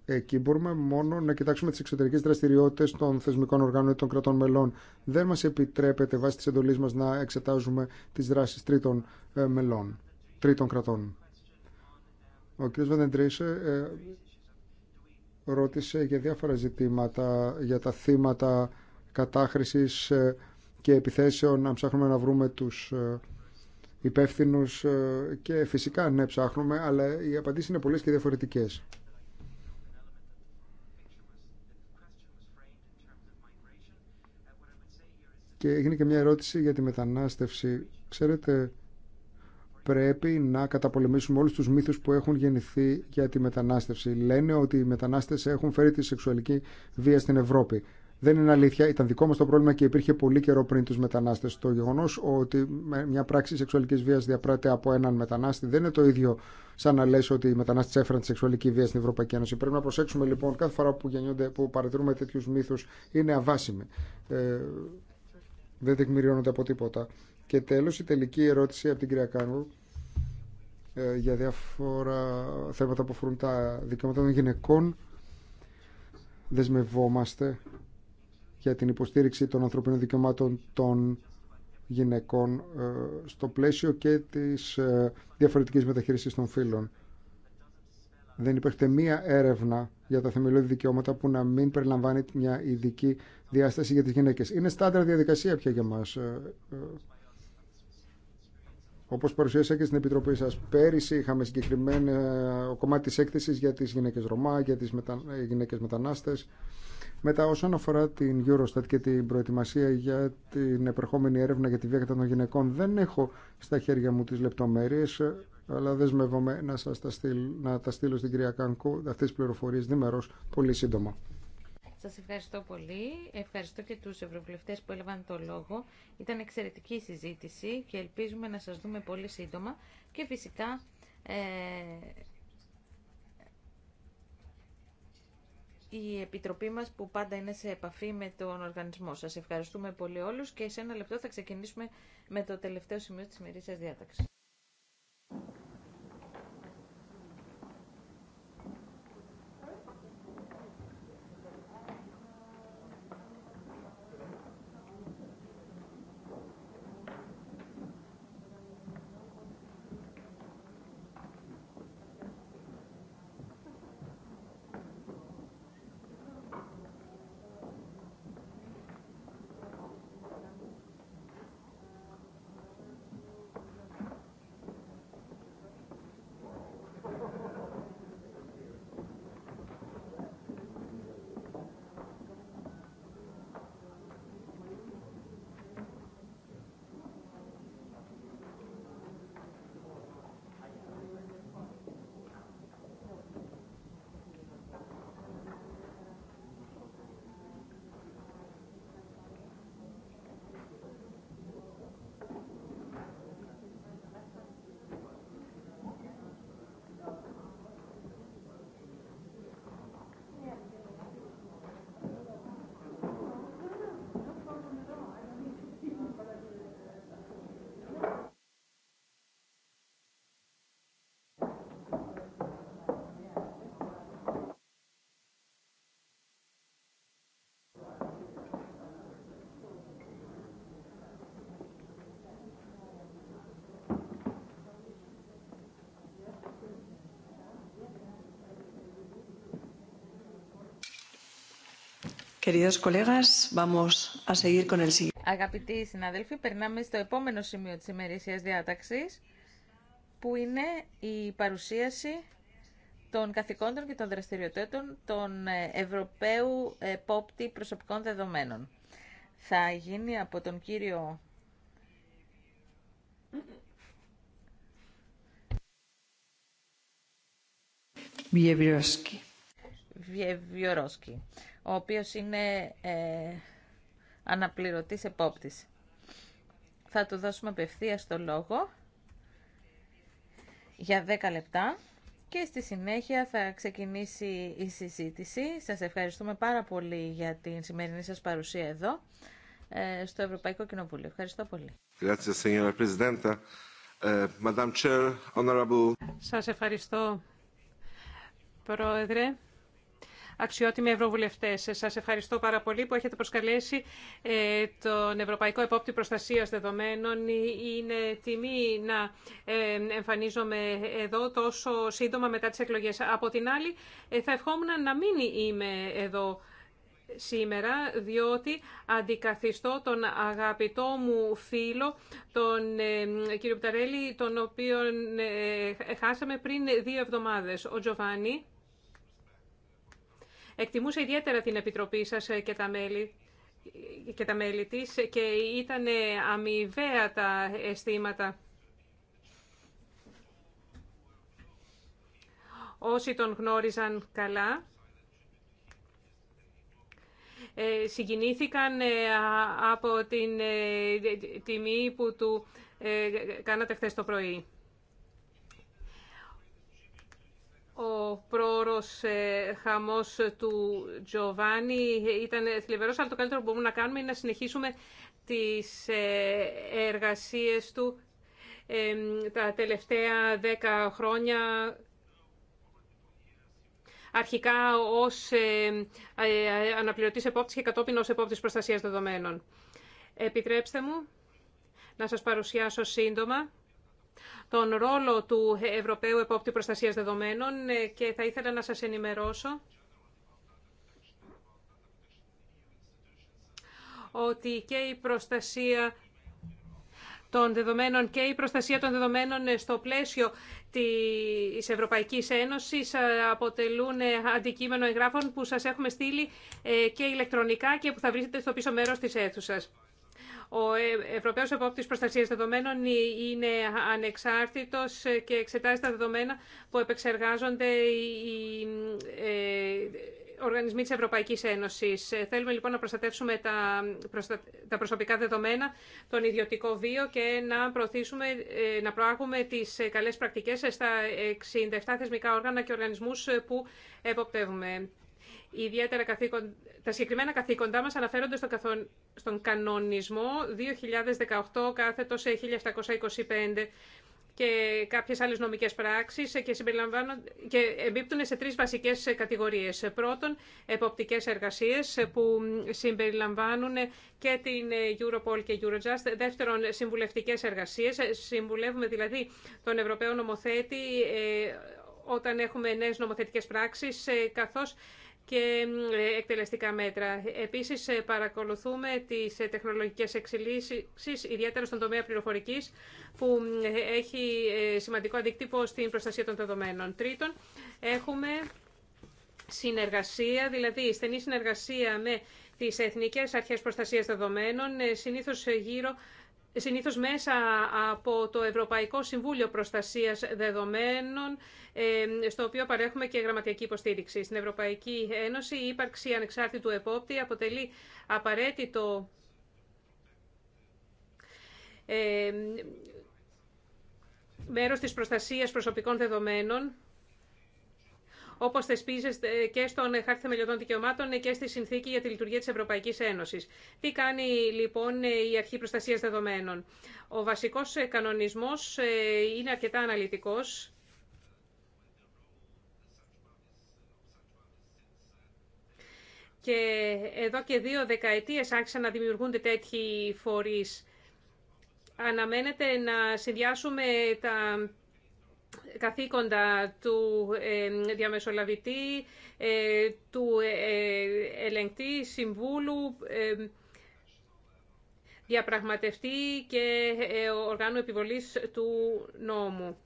εκεί μπορούμε μόνο να κοιτάξουμε τι εξωτερικέ δραστηριότητε των θεσμικών οργάνων ή των κρατών μελών. Δεν μα επιτρέπεται βάσει τη εντολή μα να εξετάζουμε τι δράσει ε, τρίτων κρατών. Ο κ. Βεντεντρίσε ε, ρώτησε για διάφορα ζητήματα, για τα θύματα κατάχρησης ε, και επιθέσεων, να ψάχνουμε να βρούμε τους ε, υπεύθυνου ε, και φυσικά ναι ψάχνουμε, αλλά οι απαντήσεις είναι πολλές και διαφορετικές. Και έγινε και μια ερώτηση για τη μετανάστευση. Ξέρετε, πρέπει να καταπολεμήσουμε όλους τους μύθους που έχουν γεννηθεί για τη μετανάστευση. Λένε ότι οι μετανάστες έχουν φέρει τη σεξουαλική βία στην Ευρώπη δεν είναι αλήθεια. Ήταν δικό μα το πρόβλημα και υπήρχε πολύ καιρό πριν του μετανάστε. Το γεγονό ότι μια πράξη σεξουαλική βία διαπράττει από έναν μετανάστη δεν είναι το ίδιο σαν να λε ότι οι μετανάστε έφεραν τη σεξουαλική βία στην Ευρωπαϊκή Ένωση. Πρέπει να προσέξουμε λοιπόν κάθε φορά που, γεννιούνται, που παρατηρούμε τέτοιου μύθου είναι αβάσιμοι. Ε, δεν τεκμηριώνονται από τίποτα. Και τέλο η τελική ερώτηση από την κυρία Κάνου ε, για διάφορα θέματα που αφορούν τα δικαιώματα των γυναικών δεσμευόμαστε για την υποστήριξη των ανθρωπίνων δικαιωμάτων των γυναικών ε, στο πλαίσιο και της ε, διαφορετικής μεταχείρισης των φύλων. Δεν υπάρχει μία έρευνα για τα θεμελιώδη δικαιώματα που να μην περιλαμβάνει μια ειδική διάσταση για τις γυναίκες. Είναι στάντρα διαδικασία πια για μας. Ε, Όπως παρουσίασα και στην Επιτροπή σας πέρυσι, είχαμε συγκεκριμένο κομμάτι της έκθεσης για τις γυναίκες Ρωμά, για τις μετα... γυναίκες μετανάστες. Μετά, όσον αφορά την Eurostat και την προετοιμασία για την επερχόμενη έρευνα για τη βία κατά των γυναικών, δεν έχω στα χέρια μου τις λεπτομέρειες, αλλά δεσμεύομαι να, σας τα, στείλ, να τα στείλω στην κυρία Κάνκο αυτέ τι πληροφορίε δήμερος πολύ σύντομα. Σας ευχαριστώ πολύ. Ευχαριστώ και τους ευρωβουλευτές που έλαβαν το λόγο. Ήταν εξαιρετική συζήτηση και ελπίζουμε να σας δούμε πολύ σύντομα. Και φυσικά ε, η Επιτροπή μας που πάντα είναι σε επαφή με τον οργανισμό. Σας ευχαριστούμε πολύ όλους και σε ένα λεπτό θα ξεκινήσουμε με το τελευταίο σημείο της ημερήσιας διάταξης. Αγαπητοί συναδέλφοι, περνάμε στο επόμενο σημείο της ημερήσιας διάταξης, που είναι η παρουσίαση των καθηκόντων και των δραστηριοτήτων των ε, Ευρωπαίου Επόπτη Προσωπικών Δεδομένων. Θα γίνει από τον κύριο... Βιεβιορόσκι. Βιεβιορόσκι ο οποίος είναι ε, αναπληρωτής επόπτης. Θα του δώσουμε απευθεία το λόγο για 10 λεπτά και στη συνέχεια θα ξεκινήσει η συζήτηση. Σας ευχαριστούμε πάρα πολύ για την σημερινή σας παρουσία εδώ ε, στο Ευρωπαϊκό Κοινοβούλιο. Ευχαριστώ πολύ. Ε, σας ευχαριστώ, Πρόεδρε αξιότιμοι ευρωβουλευτές. Σας ευχαριστώ πάρα πολύ που έχετε προσκαλέσει ε, τον Ευρωπαϊκό Επόπτη Προστασίας Δεδομένων. Είναι τιμή να ε, εμφανίζομαι εδώ τόσο σύντομα μετά τις εκλογές. Από την άλλη, ε, θα ευχόμουν να μην είμαι εδώ σήμερα, διότι αντικαθιστώ τον αγαπητό μου φίλο, τον κύριο Πταρέλη, τον οποίον ε, χάσαμε πριν δύο εβδομάδες. Ο Τζοβάνι Εκτιμούσα ιδιαίτερα την Επιτροπή σας ε, και τα μέλη και τα μέλη της ε, και ήταν ε, αμοιβαία τα αισθήματα. Όσοι τον γνώριζαν καλά, συγκινήθηκαν από την τιμή που του κάνατε χθες το πρωί. Ο πρόωρος ε, χαμός του Τζοβάνι ήταν θλιβερός, αλλά το καλύτερο που μπορούμε να κάνουμε είναι να συνεχίσουμε τις ε, εργασίες του τα τελευταία δέκα χρόνια αρχικά ως ε, αναπληρωτής επόπτης και κατόπιν ως επόπτης προστασίας δεδομένων. Επιτρέψτε μου να σας παρουσιάσω σύντομα τον ρόλο του Ευρωπαίου Επόπτη Προστασίας Δεδομένων ε, και θα ήθελα να σας ενημερώσω ότι και η προστασία των δεδομένων και η προστασία των δεδομένων ε, στο πλαίσιο της Ευρωπαϊκής Ένωσης ε, αποτελούν αντικείμενο εγγράφων που σας έχουμε στείλει και ηλεκτρονικά και που θα βρίσκεται στο πίσω μέρος της αίθουσας. Ο ε, Ευρωπαίος Επόπτης Προστασίας Δεδομένων είναι ανεξάρτητος και εξετάζει τα δεδομένα που επεξεργάζονται οι ε, οργανισμοί της Ευρωπαϊκής Ένωσης. Ε, θέλουμε λοιπόν να προστατεύσουμε τα, προσωπικά δεδομένα, τον ιδιωτικό βίο και να, προωθήσουμε, να προάγουμε τις καλές πρακτικές στα 67 θεσμικά όργανα και οργανισμούς που εποπτεύουμε ιδιαίτερα καθήκον, τα συγκεκριμένα καθήκοντά μας αναφέρονται στο στον κανονισμό 2018 σε 1725 και κάποιες άλλες νομικές πράξεις και, και εμπίπτουν σε τρεις βασικές κατηγορίες. Πρώτον, εποπτικές εργασίες που συμπεριλαμβάνουν και την Europol και Eurojust. Δεύτερον, συμβουλευτικές εργασίες. Συμβουλεύουμε δηλαδή τον Ευρωπαίο νομοθέτη ε, όταν έχουμε νέες νομοθετικές πράξεις, ε, καθώς και ε, εκτελεστικά μέτρα. Επίσης, ε, παρακολουθούμε τις ε, τεχνολογικές εξελίξεις, ιδιαίτερα στον τομέα πληροφορικής, που έχει σημαντικό αντίκτυπο στην προστασία των δεδομένων. Τρίτον, έχουμε συνεργασία, δηλαδή στενή συνεργασία με τις Εθνικές Αρχές Προστασίας Δεδομένων, συνήθω γύρω Συνήθως μέσα από το Ευρωπαϊκό Συμβούλιο Προστασίας Δεδομένων, στο οποίο παρέχουμε και γραμματική υποστήριξη. Στην Ευρωπαϊκή Ένωση η ύπαρξη ανεξάρτητου επόπτη αποτελεί απαραίτητο μέρος της προστασίας προσωπικών δεδομένων όπως θεσπίζεται και στον Χάρτη Θεμελιωδών Δικαιωμάτων και στη Συνθήκη για τη Λειτουργία της Ευρωπαϊκής Ένωσης. Τι κάνει λοιπόν η Αρχή Προστασίας Δεδομένων. Ο βασικός κανονισμός ε, είναι αρκετά αναλυτικός Και εδώ και δύο δεκαετίες άρχισαν να δημιουργούνται τέτοιοι φορείς. Αναμένεται να συνδυάσουμε τα καθήκοντα του ε, διαμεσολαβητή, ε, του ε, ελεγκτή, συμβούλου, διαπραγματευτή και οργάνου επιβολής του νόμου.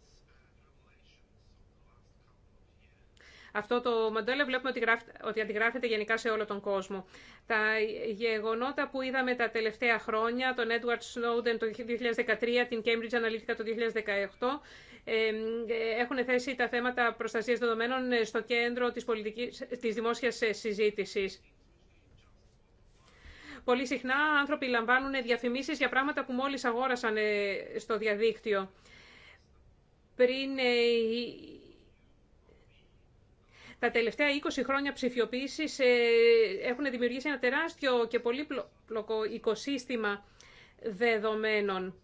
Αυτό το μοντέλο βλέπουμε ότι, ότι αντιγράφεται γενικά σε όλο τον κόσμο. Τα γεγονότα που είδαμε τα τελευταία χρόνια, τον Edward Snowden το 2013, την Cambridge Analytica το 2018, έχουν θέσει τα θέματα προστασίας δεδομένων στο κέντρο της, πολιτικής, της δημόσιας συζήτησης. Πολύ συχνά άνθρωποι λαμβάνουν διαφημίσεις για πράγματα που μόλις αγόρασαν ε, στο διαδίκτυο. Πριν ε, τα τελευταία 20 χρόνια ψηφιοποίηση ε, έχουν δημιουργήσει ένα τεράστιο και πολύπλοκο οικοσύστημα δεδομένων.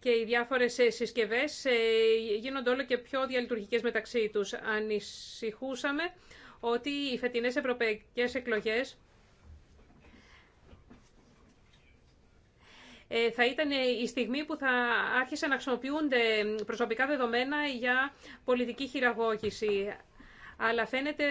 και οι διάφορες ε, συσκευές ε, γίνονται όλο και πιο διαλειτουργικές μεταξύ τους. Ανησυχούσαμε ότι οι φετινές ευρωπαϊκές εκλογές Ε, θα ήταν η στιγμή που θα άρχισαν να χρησιμοποιούνται προσωπικά δεδομένα για πολιτική χειραγώγηση. Αλλά φαίνεται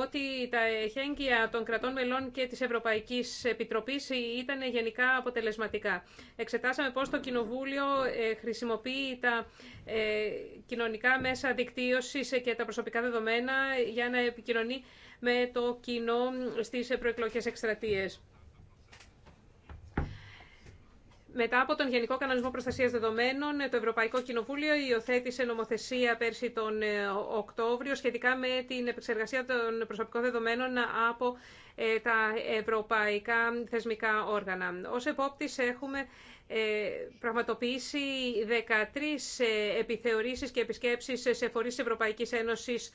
ότι τα εχέγγυα των κρατών μελών και της Ευρωπαϊκής Επιτροπής ήταν γενικά αποτελεσματικά. Εξετάσαμε πώς το Κοινοβούλιο ε, χρησιμοποιεί τα ε, κοινωνικά μέσα δικτύωσης και τα προσωπικά δεδομένα για να επικοινωνεί με το κοινό στις προεκλογικές εκστρατείες. Μετά από τον Γενικό Κανονισμό Προστασία Δεδομένων, το Ευρωπαϊκό Κοινοβούλιο υιοθέτησε νομοθεσία πέρσι τον ε, Οκτώβριο σχετικά με την επεξεργασία των προσωπικών δεδομένων από ε, τα ευρωπαϊκά θεσμικά όργανα. Ω επόπτη, έχουμε ε, πραγματοποιήσει 13 επιθεωρήσεις και επισκέψει σε φορεί της Ευρωπαϊκής Ένωσης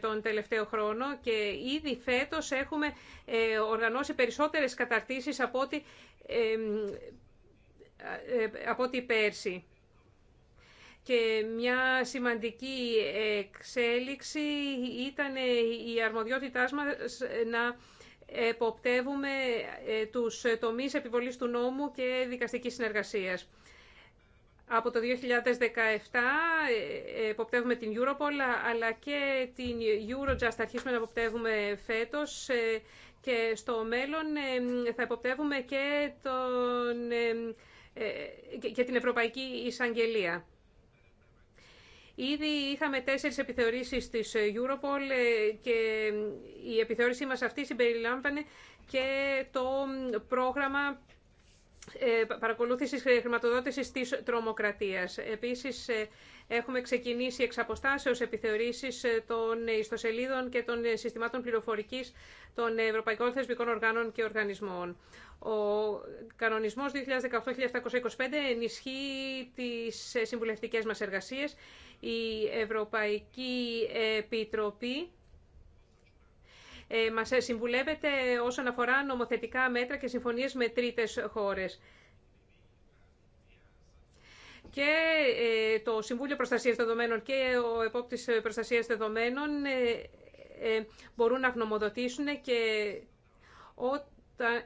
τον τελευταίο χρόνο και ήδη φέτο έχουμε οργανώσει περισσότερε καταρτήσει από ό,τι ε, από ό,τι πέρσι. Και μια σημαντική εξέλιξη ήταν ε, η αρμοδιότητά μας να εποπτεύουμε ε, τους τομείς επιβολής του νόμου και δικαστικής συνεργασίας. Από το 2017 εποπτεύουμε την Europol αλλά και την Eurojust αρχίσουμε να εποπτεύουμε φέτος και στο μέλλον θα εποπτεύουμε και τον για ε, την Ευρωπαϊκή Εισαγγελία. Ήδη είχαμε τέσσερις επιθεωρήσεις της Europol ε, και η επιθεώρησή μας αυτή συμπεριλάμβανε και το πρόγραμμα ε, παρακολούθησης χρηματοδότησης της τρομοκρατίας. Επίσης, Έχουμε ξεκινήσει εξ αποστάσεω επιθεωρήσεις ε, των ιστοσελίδων και των ε, συστημάτων πληροφορική των Ευρωπαϊκών Θεσμικών Οργάνων και Οργανισμών. Ο κανονισμός 2018-1725 ενισχύει τις ε, συμβουλευτικές μας εργασίες. Η Ευρωπαϊκή Επιτροπή μας συμβουλεύεται όσον αφορά νομοθετικά μέτρα και συμφωνίες με τρίτες χώρες και ε, το Συμβούλιο Προστασίας Δεδομένων και ο Επόπτης Προστασίας Δεδομένων ε, ε, μπορούν να γνωμοδοτήσουν και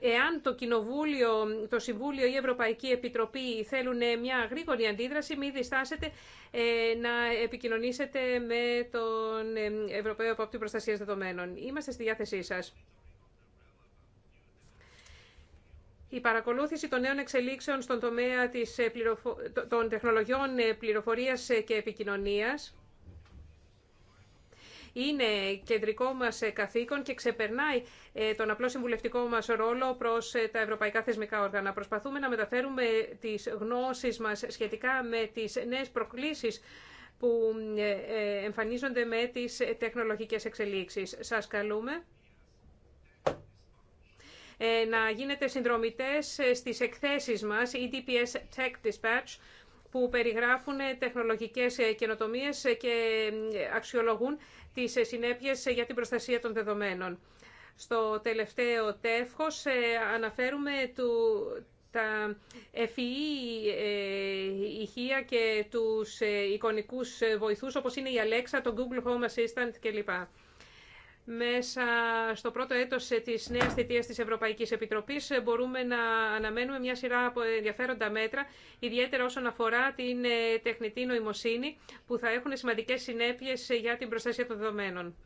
εάν το Κοινοβούλιο, το Συμβούλιο ή η Ευρωπαϊκή Επιτροπή θέλουν μια γρήγορη αντίδραση, μην διστάσετε να επικοινωνήσετε με τον Ευρωπαίο Επόπτη Προστασίας Δεδομένων. Είμαστε στη διάθεσή σας. Η παρακολούθηση των νέων εξελίξεων στον τομέα της ε, των τεχνολογιών ε, πληροφορίας ε, και επικοινωνίας είναι κεντρικό μας καθήκον και ξεπερνάει τον απλό συμβουλευτικό μας ρόλο προς τα ευρωπαϊκά θεσμικά όργανα. Προσπαθούμε να μεταφέρουμε τις γνώσεις μας σχετικά με τις νέες προκλήσεις που εμφανίζονται με τις τεχνολογικές εξελίξεις. Σας καλούμε ε, να γίνετε συνδρομητές ε, στις εκθέσεις μας, EDPS Tech Dispatch, που περιγράφουν τεχνολογικές ε, καινοτομίες και αξιολογούν τις συνέπειες για την προστασία των δεδομένων. Στο τελευταίο τεύχος αναφέρουμε του, τα FEE e, ηχεία και τους εικονικούς βοηθούς όπως είναι η Alexa, το Google Home Assistant κλπ μέσα στο πρώτο έτος της νέας θητείας της Ευρωπαϊκής Επιτροπής μπορούμε να αναμένουμε μια σειρά από ενδιαφέροντα μέτρα, ιδιαίτερα όσον αφορά την ε, τεχνητή νοημοσύνη, που θα έχουν σημαντικές συνέπειες για την προστασία των δεδομένων.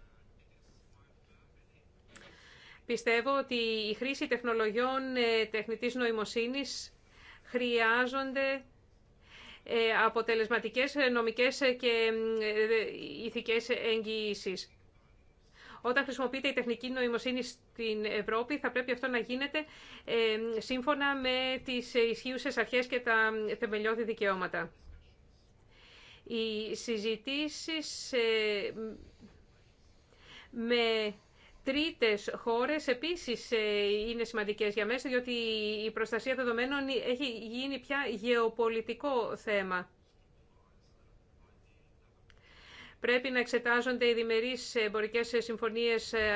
Πιστεύω ότι η χρήση τεχνολογιών ε, τεχνητής νοημοσύνης χρειάζονται ε, αποτελεσματικές νομικές και ηθικές εγγυήσεις. Όταν χρησιμοποιείται η τεχνική νοημοσύνη στην Ευρώπη, θα πρέπει αυτό να γίνεται σύμφωνα με τις ισχύουσες αρχές και τα θεμελιώδη δικαιώματα. Οι συζητήσεις με τρίτες χώρες επίσης ε, είναι σημαντικές για μέσα, διότι η προστασία δεδομένων έχει γίνει πια γεωπολιτικό θέμα. Πρέπει να εξετάζονται οι διμερείς εμπορικές συμφωνίες ε,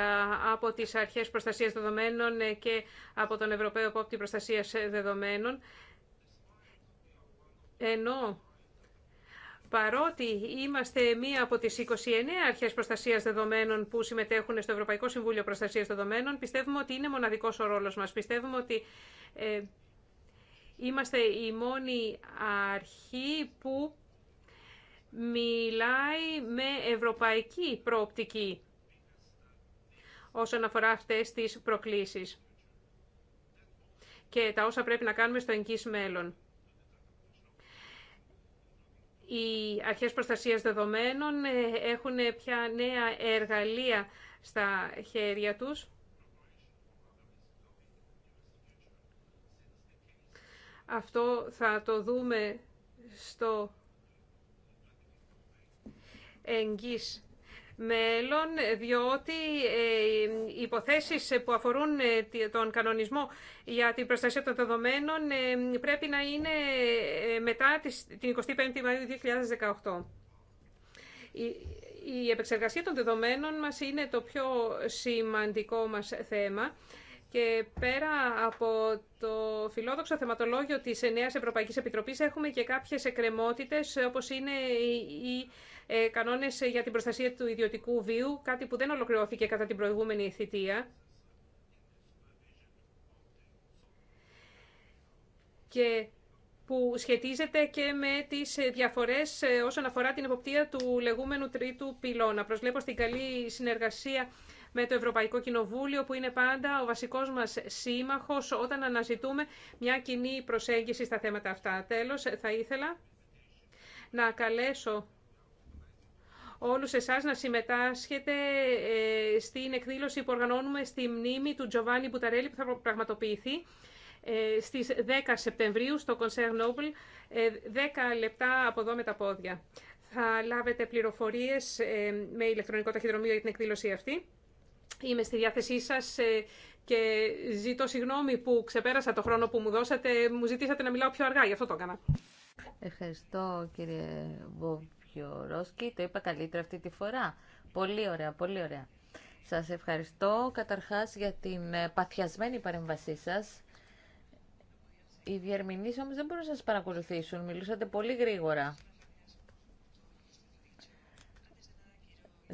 από τις αρχές προστασίας δεδομένων και από τον Ευρωπαίο Πόπτη Προστασίας Δεδομένων. Ενώ παρότι είμαστε μία από τις 29 αρχές προστασίας δεδομένων που συμμετέχουν στο Ευρωπαϊκό Συμβούλιο Προστασίας Δεδομένων, πιστεύουμε ότι είναι μοναδικός ο ρόλος μας. Πιστεύουμε ότι ε, είμαστε η μόνη αρχή που μιλάει με ευρωπαϊκή προοπτική όσον αφορά αυτές τις προκλήσεις και τα όσα πρέπει να κάνουμε στο εγγύς μέλλον. Οι αρχές προστασίας δεδομένων ε, έχουν πια νέα εργαλεία στα χέρια τους. Αυτό θα το δούμε στο εγγύς μέλλον, διότι ε, οι υποθέσεις που αφορούν ε, τον κανονισμό για την προστασία των δεδομένων ε, πρέπει να είναι μετά την 25η Μαΐου 2018. Η επεξεργασία των δεδομένων μας είναι το πιο σημαντικό μας θέμα και πέρα από το φιλόδοξο θεματολόγιο της Νέας Ευρωπαϊκής Επιτροπής έχουμε και κάποιες εκκρεμότητες όπως είναι η ε, κανόνες για την προστασία του ιδιωτικού βίου, κάτι που δεν ολοκληρώθηκε κατά την προηγούμενη θητεία. Και που σχετίζεται και με τις διαφορές ε, όσον αφορά την εποπτεία του λεγόμενου τρίτου πυλώνα. Προσβλέπω στην καλή συνεργασία με το Ευρωπαϊκό Κοινοβούλιο, που είναι πάντα ο βασικός μας σύμμαχος όταν αναζητούμε μια κοινή προσέγγιση στα θέματα αυτά. Τέλος, θα ήθελα να καλέσω όλους εσάς να συμμετάσχετε ε, στην εκδήλωση που οργανώνουμε στη μνήμη του Τζοβάνι Μπουταρέλη που θα πραγματοποιηθεί ε, στις 10 Σεπτεμβρίου στο Concert Noble, 10 ε, λεπτά από εδώ με τα πόδια. Θα λάβετε πληροφορίες με ηλεκτρονικό ταχυδρομείο για την εκδήλωση αυτή. Είμαι στη διάθεσή σας και ζητώ συγγνώμη που ξεπέρασα το χρόνο που μου δώσατε. Μου ζητήσατε να μιλάω πιο αργά, γι' αυτό το έκανα. Ευχαριστώ κύριε Βοβ ο Ρόσκι. Το είπα καλύτερα αυτή τη φορά. Πολύ ωραία, πολύ ωραία. Σας ευχαριστώ καταρχάς για την ε, παθιασμένη παρέμβασή σας. Οι διερμηνείς όμως δεν μπορούν να σας παρακολουθήσουν. Μιλούσατε πολύ γρήγορα.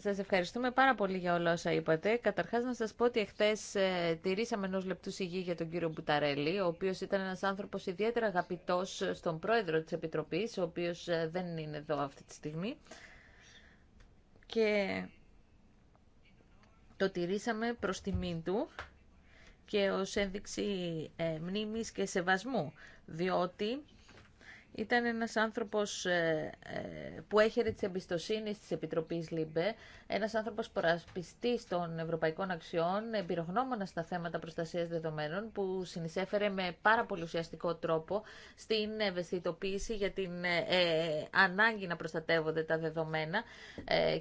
Σας ευχαριστούμε πάρα πολύ για όλα όσα είπατε. Καταρχάς να σας πω ότι εχθές ε, τηρήσαμε ενό λεπτού συγγύη για τον κύριο Μπουταρέλη, ο οποίος ήταν ένας άνθρωπος ιδιαίτερα αγαπητός στον πρόεδρο της Επιτροπής, ο οποίος ε, δεν είναι εδώ αυτή τη στιγμή. Και το τηρήσαμε προς τιμήν του και ω ένδειξη ε, μνήμη και σεβασμού, διότι ήταν ένας άνθρωπος ε, ε, που έχερε τις εμπιστοσύνη της Επιτροπής ΛΥΜΠΕ, ένας άνθρωπος προασπιστής των ευρωπαϊκών αξιών, εμπειρογνώμονα στα θέματα προστασίας δεδομένων, που συνεισέφερε με πάρα πολύ ουσιαστικό τρόπο στην ευαισθητοποίηση για την ε, ανάγκη να προστατεύονται τα δεδομένα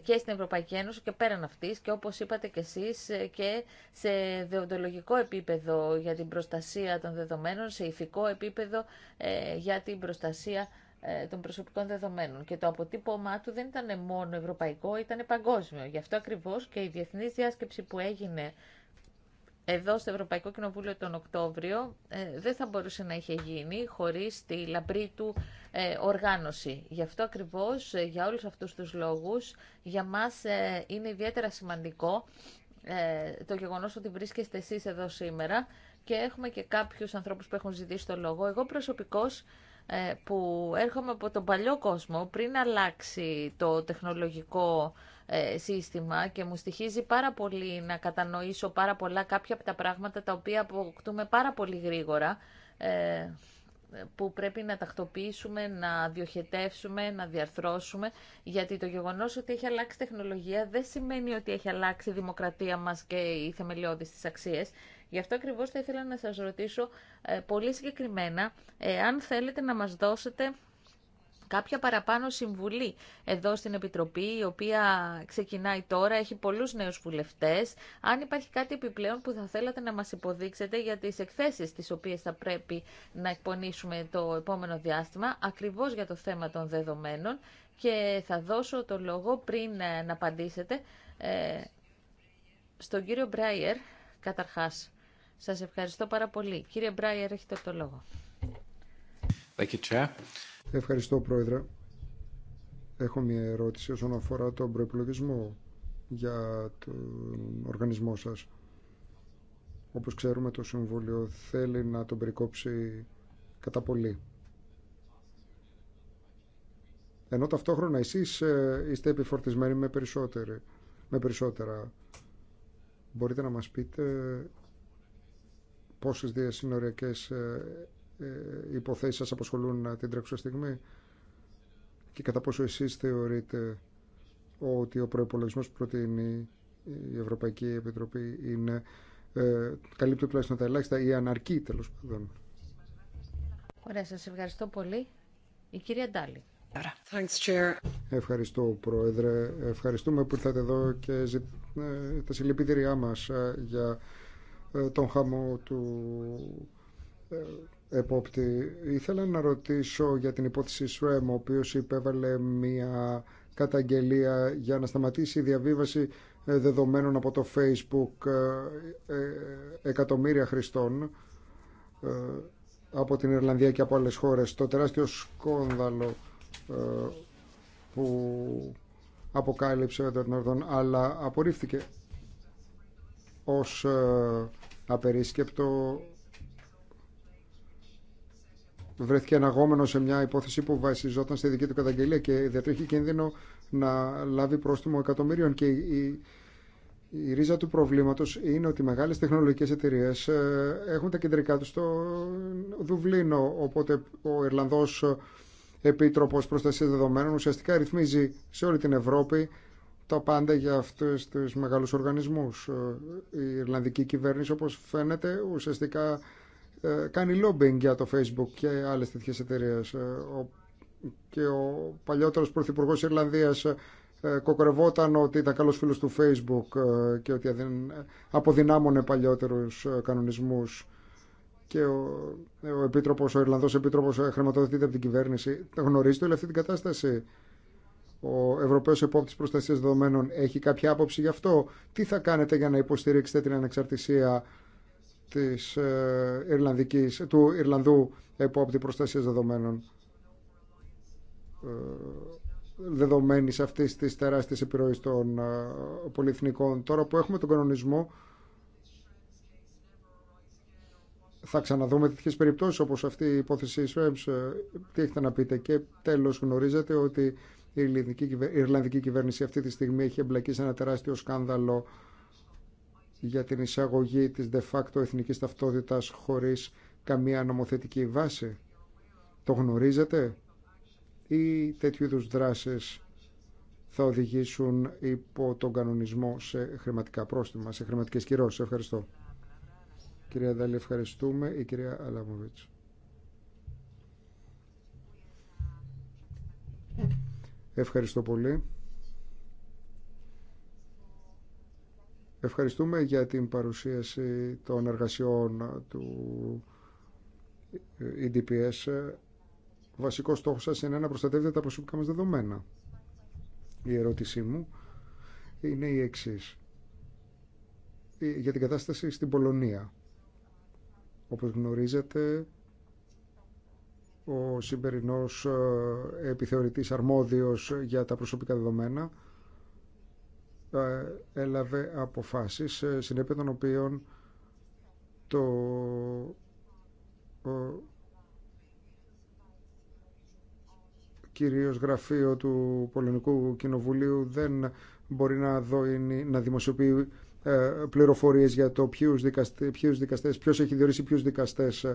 και στην Ευρωπαϊκή Ένωση και πέραν αυτής και όπως είπατε και εσείς και σε δεοντολογικό επίπεδο για την προστασία των δεδομένων, σε ηθικό επίπεδο ε, για την προστασία προστασία ε, των προσωπικών δεδομένων. Και το αποτύπωμά του δεν ήταν μόνο ευρωπαϊκό, ήταν παγκόσμιο. Γι' αυτό ακριβώ και η διεθνή διάσκεψη που έγινε εδώ στο Ευρωπαϊκό Κοινοβούλιο τον Οκτώβριο ε, δεν θα μπορούσε να είχε γίνει χωρίς τη λαμπρή του ε, οργάνωση. Γι' αυτό ακριβώς, για όλους αυτούς τους λόγους, για μας είναι ιδιαίτερα σημαντικό το γεγονός ότι βρίσκεστε εσείς εδώ σήμερα και έχουμε και κάποιους ανθρώπους που έχουν ζητήσει το λόγο. Εγώ προσωπικώς ε, που έρχομαι από τον παλιό κόσμο πριν αλλάξει το τεχνολογικό ε, σύστημα και μου στοιχίζει πάρα πολύ να κατανοήσω πάρα πολλά κάποια από τα πράγματα τα οποία αποκτούμε πάρα πολύ γρήγορα ε, που πρέπει να τακτοποιήσουμε, να διοχετεύσουμε, να διαρθρώσουμε, γιατί το γεγονός ότι έχει αλλάξει τεχνολογία δεν σημαίνει ότι έχει αλλάξει η δημοκρατία μας και οι θεμελιώδεις της αξίες. Γι' αυτό ακριβώ θα ήθελα να σα ρωτήσω ε, πολύ συγκεκριμένα ε, αν θέλετε να μα δώσετε κάποια παραπάνω συμβουλή εδώ στην Επιτροπή, η οποία ξεκινάει τώρα, έχει πολλούς νέους βουλευτές. Αν υπάρχει κάτι επιπλέον που θα θέλατε να μας υποδείξετε για τις εκθέσεις τις οποίες θα πρέπει να εκπονήσουμε το επόμενο διάστημα, ακριβώς για το θέμα των δεδομένων και θα δώσω το λόγο πριν ε, να απαντήσετε στον κύριο Μπράιερ, καταρχάς. Σας ευχαριστώ πάρα πολύ. Κύριε Μπράιερ, έχετε το λόγο. Thank you, Chair. Ευχαριστώ, Πρόεδρε. Έχω μια ερώτηση όσον αφορά τον προϋπολογισμό για τον οργανισμό σας. Όπως ξέρουμε, το Συμβούλιο θέλει να τον περικόψει κατά πολύ. Ενώ ταυτόχρονα εσείς ε, είστε επιφορτισμένοι με, με περισσότερα. Μπορείτε να μας πείτε πόσες διασυνοριακές ε, ε, υποθέσεις σας απασχολούν ε, την τρέχουσα στιγμή και κατά πόσο εσείς θεωρείτε ότι ο προπολογισμό που προτείνει η Ευρωπαϊκή Επιτροπή είναι ε, καλύπτει τουλάχιστον τα ελάχιστα ή αναρκεί τέλο πάντων. Ωραία, σας ευχαριστώ πολύ. Η κυρία Ντάλη. Thanks, Chair. Ευχαριστώ, Πρόεδρε. Ευχαριστούμε που ήρθατε εδώ και τα συλληπιτήριά μας για ε, τον χαμό του ε, επόπτη. Ήθελα να ρωτήσω για την υπόθεση ΣΡΕΜ, ο οποίος υπέβαλε μια καταγγελία για να σταματήσει η διαβίβαση ε, δεδομένων από το Facebook εκατομμύρια χρηστών από την Ιρλανδία και από άλλες χώρες. Το τεράστιο σκόνδαλο που αποκάλυψε ο Edward αλλά απορρίφθηκε ως απερίσκεπτο βρέθηκε αναγόμενο σε μια υπόθεση που βασιζόταν στη δική του καταγγελία και διατρέχει κίνδυνο να λάβει πρόστιμο εκατομμύριων και η, η ρίζα του προβλήματος είναι ότι μεγάλες τεχνολογικές εταιρείες ε, έχουν τα κεντρικά τους στο Δουβλίνο, οπότε ο Ιρλανδός Επίτροπος Προστασίας Δεδομένων ουσιαστικά ρυθμίζει σε όλη την Ευρώπη τα πάντα για αυτούς τους μεγάλους οργανισμούς. Ε, η Ιρλανδική κυβέρνηση, όπως φαίνεται, ουσιαστικά ε, κάνει λόμπινγκ για το Facebook και άλλες τέτοιες εταιρείε ε, Και ο παλιότερος πρωθυπουργός Ιρλανδίας κοκορευόταν ότι ήταν καλός φίλος του Facebook και ότι αποδυνάμωνε παλιότερους κανονισμούς και ο, ο, επίτροπος, ο Ιρλανδός Επίτροπος χρηματοδοτείται από την κυβέρνηση. Γνωρίζετε όλη αυτή την κατάσταση. Ο Ευρωπαίος Επόπτης Προστασίας Δεδομένων έχει κάποια άποψη γι' αυτό. Τι θα κάνετε για να υποστηρίξετε την ανεξαρτησία της ε, Ιρλανδικής, του Ιρλανδού Επόπτη Προστασίας Δεδομένων ε, δεδομένης αυτής της τεράστιας επιρροής των ε, πολυεθνικών. Τώρα που έχουμε τον κανονισμό θα ξαναδούμε τέτοιε περιπτώσεις όπως αυτή η υπόθεση Σρέμς. Τι έχετε να πείτε και τέλος γνωρίζετε ότι η Ιρλανδική κυβέρνηση αυτή τη στιγμή έχει εμπλακεί σε ένα τεράστιο σκάνδαλο για την εισαγωγή της de facto εθνικής ταυτότητας χωρίς καμία νομοθετική βάση. Το γνωρίζετε ή τέτοιου είδου δράσεις θα οδηγήσουν υπό τον κανονισμό σε χρηματικά πρόστιμα, σε χρηματικές κυρώσεις. Ευχαριστώ. Κυρία Δάλη, ευχαριστούμε. Η κυρία Αλάμοβιτς. Ευχαριστώ πολύ. Ευχαριστούμε για την παρουσίαση των εργασιών του EDPS. Ε, Βασικό στόχος σας είναι να προστατεύετε τα προσωπικά μας δεδομένα. Η ερώτησή μου είναι η εξής. Ε, για την κατάσταση στην Πολωνία. Όπως γνωρίζετε, ο σημερινός ε, επιθεωρητής αρμόδιος για τα προσωπικά δεδομένα ε, έλαβε αποφάσεις ε, συνέπεια των οποίων το κυρίως γραφείο του Πολωνικού Κοινοβουλίου δεν μπορεί να, δω, να δημοσιοποιεί πληροφορίες για το ποιους δικαστές, ποιους δικαστές ποιος έχει διορίσει ποιους δικαστές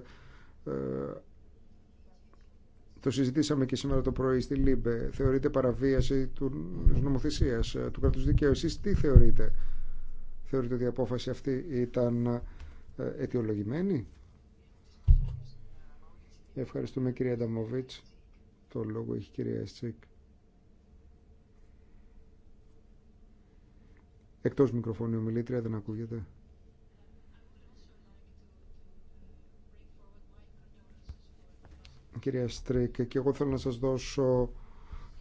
το συζητήσαμε και σήμερα το πρωί στη ΛΥΜΠΕ. Θεωρείται παραβίαση του νομοθεσία ε, του κράτου δικαίου. Εσεί τι θεωρείτε, Θεωρείτε ότι η απόφαση αυτή ήταν ε, αιτιολογημένη. Ευχαριστούμε κυρία Νταμόβιτς. Το λόγο έχει κυρία Εστσίκ. Εκτός μικροφωνίου μιλήτρια δεν ακούγεται. κυρία Στρίκ και εγώ θέλω να σας δώσω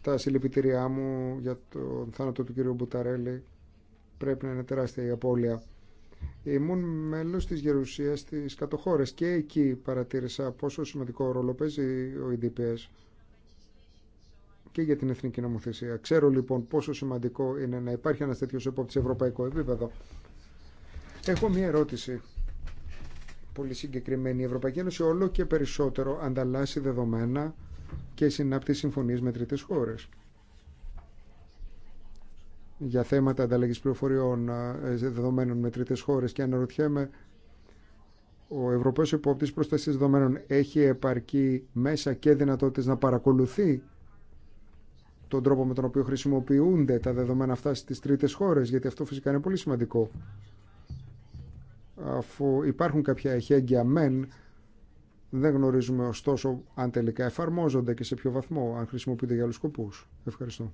τα συλληπιτήριά μου για τον θάνατο του κυρίου Μπουταρέλη. Πρέπει να είναι τεράστια η απώλεια. Ήμουν μέλος της Γερουσίας της κατοχώρες και εκεί παρατήρησα πόσο σημαντικό ρόλο παίζει ο EDPS και για την εθνική νομοθεσία. Ξέρω λοιπόν πόσο σημαντικό είναι να υπάρχει ένα τέτοιο επόπτη σε ευρωπαϊκό επίπεδο. Έχω μία ερώτηση πολύ συγκεκριμένη. Η Ευρωπαϊκή Ένωση όλο και περισσότερο ανταλλάσσει δεδομένα και συνάπτει συμφωνίες με τρίτες χώρες για θέματα ανταλλαγής πληροφοριών ε, δεδομένων με τρίτες χώρες και αναρωτιέμαι ο Ευρωπαίος Υπόπτης Προστασίας Δεδομένων έχει επαρκή μέσα και δυνατότητες να παρακολουθεί τον τρόπο με τον οποίο χρησιμοποιούνται τα δεδομένα αυτά στις τρίτες χώρες γιατί αυτό φυσικά είναι πολύ σημαντικό αφού υπάρχουν κάποια εχέγγυα μεν, δεν γνωρίζουμε ωστόσο αν τελικά εφαρμόζονται και σε ποιο βαθμό, αν χρησιμοποιείται για άλλου σκοπού. Ευχαριστώ.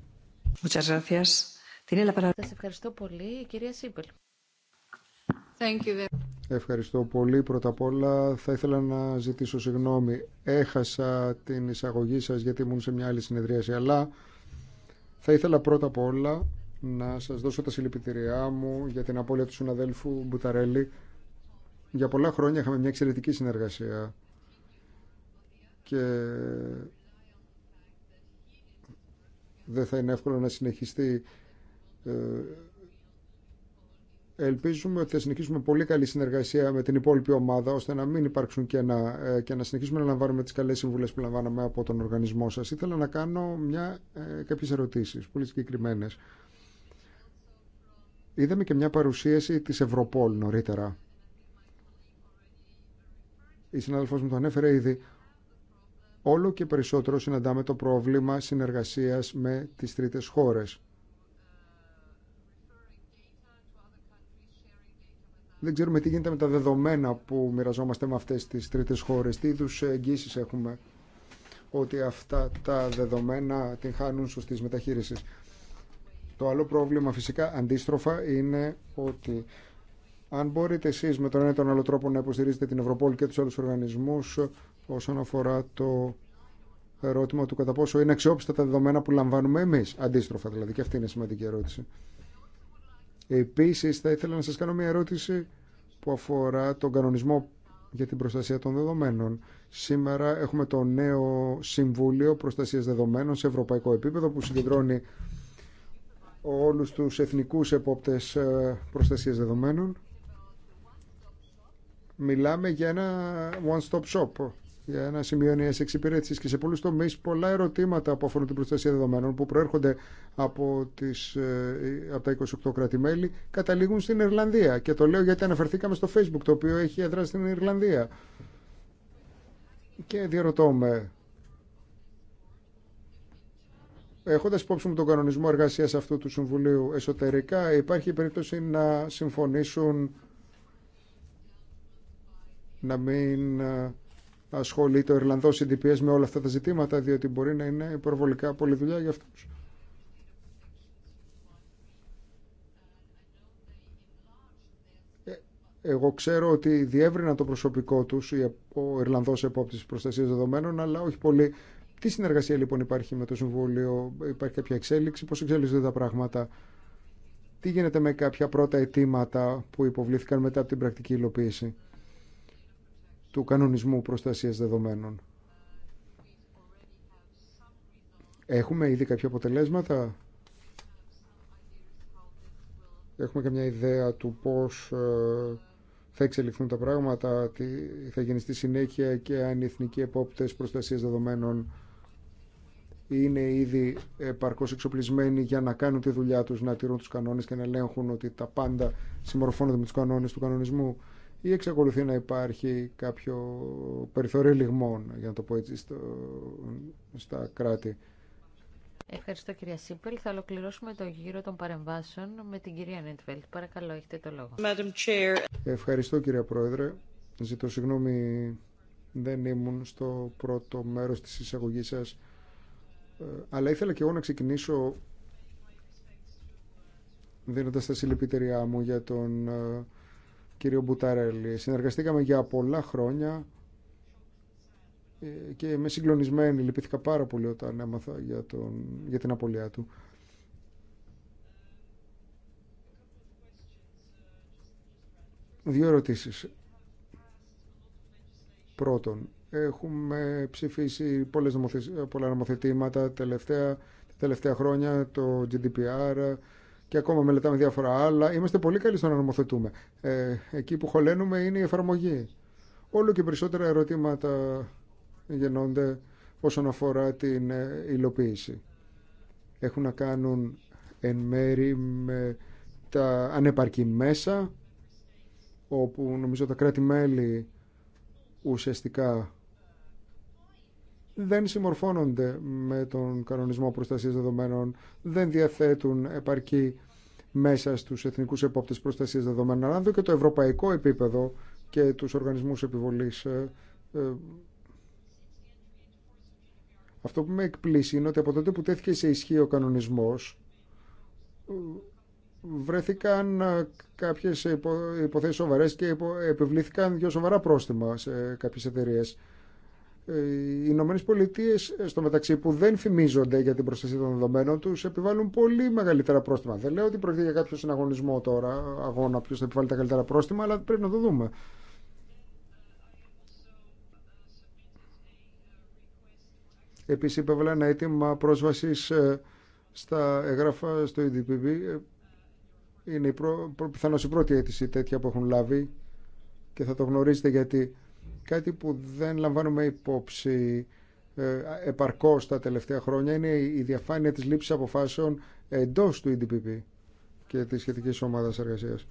Σα ευχαριστώ πολύ, κυρία Σίπελ. Thank you. Ευχαριστώ πολύ. Πρώτα απ' όλα θα ήθελα να ζητήσω συγγνώμη. Έχασα την εισαγωγή σας γιατί ήμουν σε μια άλλη συνεδρίαση, αλλά θα ήθελα πρώτα απ' όλα να σας δώσω τα συλληπιτηριά μου για την απώλεια του συναδέλφου Μπουταρέλη για πολλά χρόνια είχαμε μια εξαιρετική συνεργασία και δεν θα είναι εύκολο να συνεχιστεί. Ε, ελπίζουμε ότι θα συνεχίσουμε πολύ καλή συνεργασία με την υπόλοιπη ομάδα ώστε να μην υπάρξουν και και, ε, και να συνεχίσουμε να λαμβάνουμε τις καλές συμβουλές που λαμβάναμε από τον οργανισμό σας. Ήθελα να κάνω μια, ε, κάποιες ερωτήσεις, πολύ συγκεκριμένε. Είδαμε και μια παρουσίαση της Ευρωπόλ νωρίτερα η συνάδελφό μου το ανέφερε ήδη, όλο και περισσότερο συναντάμε το πρόβλημα συνεργασίας με τις τρίτες χώρες. Δεν ξέρουμε τι γίνεται με τα δεδομένα που μοιραζόμαστε με αυτές τις τρίτες χώρες. Τι είδου εγγύσεις έχουμε ότι αυτά τα δεδομένα την χάνουν σωστής μεταχείρισης. Το άλλο πρόβλημα φυσικά αντίστροφα είναι ότι αν μπορείτε εσεί με τον ένα ή τον άλλο τρόπο να υποστηρίζετε την Ευρωπόλη και τους άλλου οργανισμούς όσον αφορά το ερώτημα του κατά πόσο είναι αξιόπιστα τα δεδομένα που λαμβάνουμε εμεί, Αντίστροφα δηλαδή και αυτή είναι σημαντική ερώτηση. Επίση, θα ήθελα να σα κάνω μια ερώτηση που αφορά τον κανονισμό για την προστασία των δεδομένων. Σήμερα έχουμε το νέο Συμβούλιο Προστασίας Δεδομένων σε ευρωπαϊκό επίπεδο που συγκεντρώνει όλους τους εθνικούς επόπτες ε, προστασίας δεδομένων Μιλάμε για ένα one-stop shop, για ένα σημείο ενιαία εξυπηρέτηση και σε πολλού τομεί πολλά ερωτήματα που αφορούν την προστασία δεδομένων που προέρχονται από, τις, ε, από τα 28 κράτη-μέλη καταλήγουν στην Ιρλανδία. Και το λέω γιατί αναφερθήκαμε στο Facebook το οποίο έχει έδρα στην Ιρλανδία. Και διαρωτώ με, έχοντας υπόψη μου τον κανονισμό εργασίας αυτού του Συμβουλίου εσωτερικά, υπάρχει περίπτωση να συμφωνήσουν να μην ε, ασχολείται ο Ιρλανδό CDPS με όλα αυτά τα ζητήματα, διότι μπορεί να είναι υπερβολικά πολλή δουλειά για αυτούς. Ε, εγώ ξέρω ότι διεύρυναν το προσωπικό του ο Ιρλανδό επόπτη προστασία δεδομένων, αλλά όχι πολύ. Τι συνεργασία λοιπόν υπάρχει με το Συμβούλιο, υπάρχει κάποια εξέλιξη, πώ εξελίσσονται τα πράγματα, τι γίνεται με κάποια πρώτα αιτήματα που υποβλήθηκαν μετά από την πρακτική υλοποίηση του κανονισμού προστασίας δεδομένων. Έχουμε ήδη κάποια αποτελέσματα. Έχουμε καμιά ιδέα του πώς ε, θα εξελιχθούν τα πράγματα, τι θα γίνει στη συνέχεια και αν οι εθνικοί επόπτες προστασίας δεδομένων είναι ήδη επαρκώς εξοπλισμένοι για να κάνουν τη δουλειά τους, να τηρούν τους κανόνες και να ελέγχουν ότι τα πάντα συμμορφώνονται με τους κανόνες του κανονισμού ή εξακολουθεί να υπάρχει κάποιο περιθώριο λιγμών, για να το πω έτσι, στα κράτη. Ευχαριστώ κυρία Σίπελ. Θα ολοκληρώσουμε το γύρο των παρεμβάσεων με την κυρία Νίτβελτ. Παρακαλώ, έχετε το λόγο. Ευχαριστώ κυρία Πρόεδρε. Ζητώ συγγνώμη, δεν ήμουν στο πρώτο μέρος της εισαγωγής σας. Ε, αλλά ήθελα και εγώ να ξεκινήσω δίνοντας τα συλληπιτεριά μου για τον ε, κύριο Μπουταρέλη. Συνεργαστήκαμε για πολλά χρόνια ε, και είμαι συγκλονισμένη. Λυπήθηκα πάρα πολύ όταν έμαθα για, την απολία του. Δύο ερωτήσεις. Πρώτον, έχουμε ψηφίσει πολλά νομοθετήματα τελευταία, τελευταία χρόνια, το GDPR, και ακόμα μελετάμε διάφορα άλλα. Είμαστε πολύ καλοί στο να νομοθετούμε. Ε, εκεί που χωλένουμε είναι η εφαρμογή. Όλο και περισσότερα ερωτήματα γεννώνται όσον αφορά την ε, υλοποίηση. Έχουν να κάνουν εν μέρη με τα ανεπαρκή μέσα, όπου νομίζω τα κράτη-μέλη ουσιαστικά δεν συμμορφώνονται με τον κανονισμό προστασίας δεδομένων, δεν διαθέτουν επαρκή μέσα στους εθνικούς επόπτες προστασίας δεδομένων, αλλά και το ευρωπαϊκό επίπεδο και τους οργανισμούς επιβολής. Ε, ε, αυτό που με εκπλήσει είναι ότι από τότε που τέθηκε σε ισχύ ο κανονισμός, βρέθηκαν ε, κάποιες υποθέσεις σοβαρές και επιβλήθηκαν δύο σοβαρά πρόστιμα σε κάποιες εταιρείες ε, οι Ηνωμένε Πολιτείε, ε, στο μεταξύ που δεν φημίζονται για την προστασία των δεδομένων του, επιβάλλουν πολύ μεγαλύτερα πρόστιμα. Δεν λέω ότι πρόκειται για κάποιο συναγωνισμό τώρα, αγώνα, ποιο θα επιβάλλει τα καλύτερα πρόστιμα, αλλά πρέπει να το δούμε. Επίση, υπέβαλα ένα αίτημα πρόσβαση ε, στα εγγράφα στο EDPB. Είναι πιθανώ η πρώτη αίτηση τέτοια που έχουν λάβει και θα το γνωρίζετε γιατί Κάτι που δεν λαμβάνουμε υπόψη ε, επαρκώς τα τελευταία χρόνια είναι η διαφάνεια της λήψης αποφάσεων εντός του EDPP και της σχετικής ομάδας εργασίας.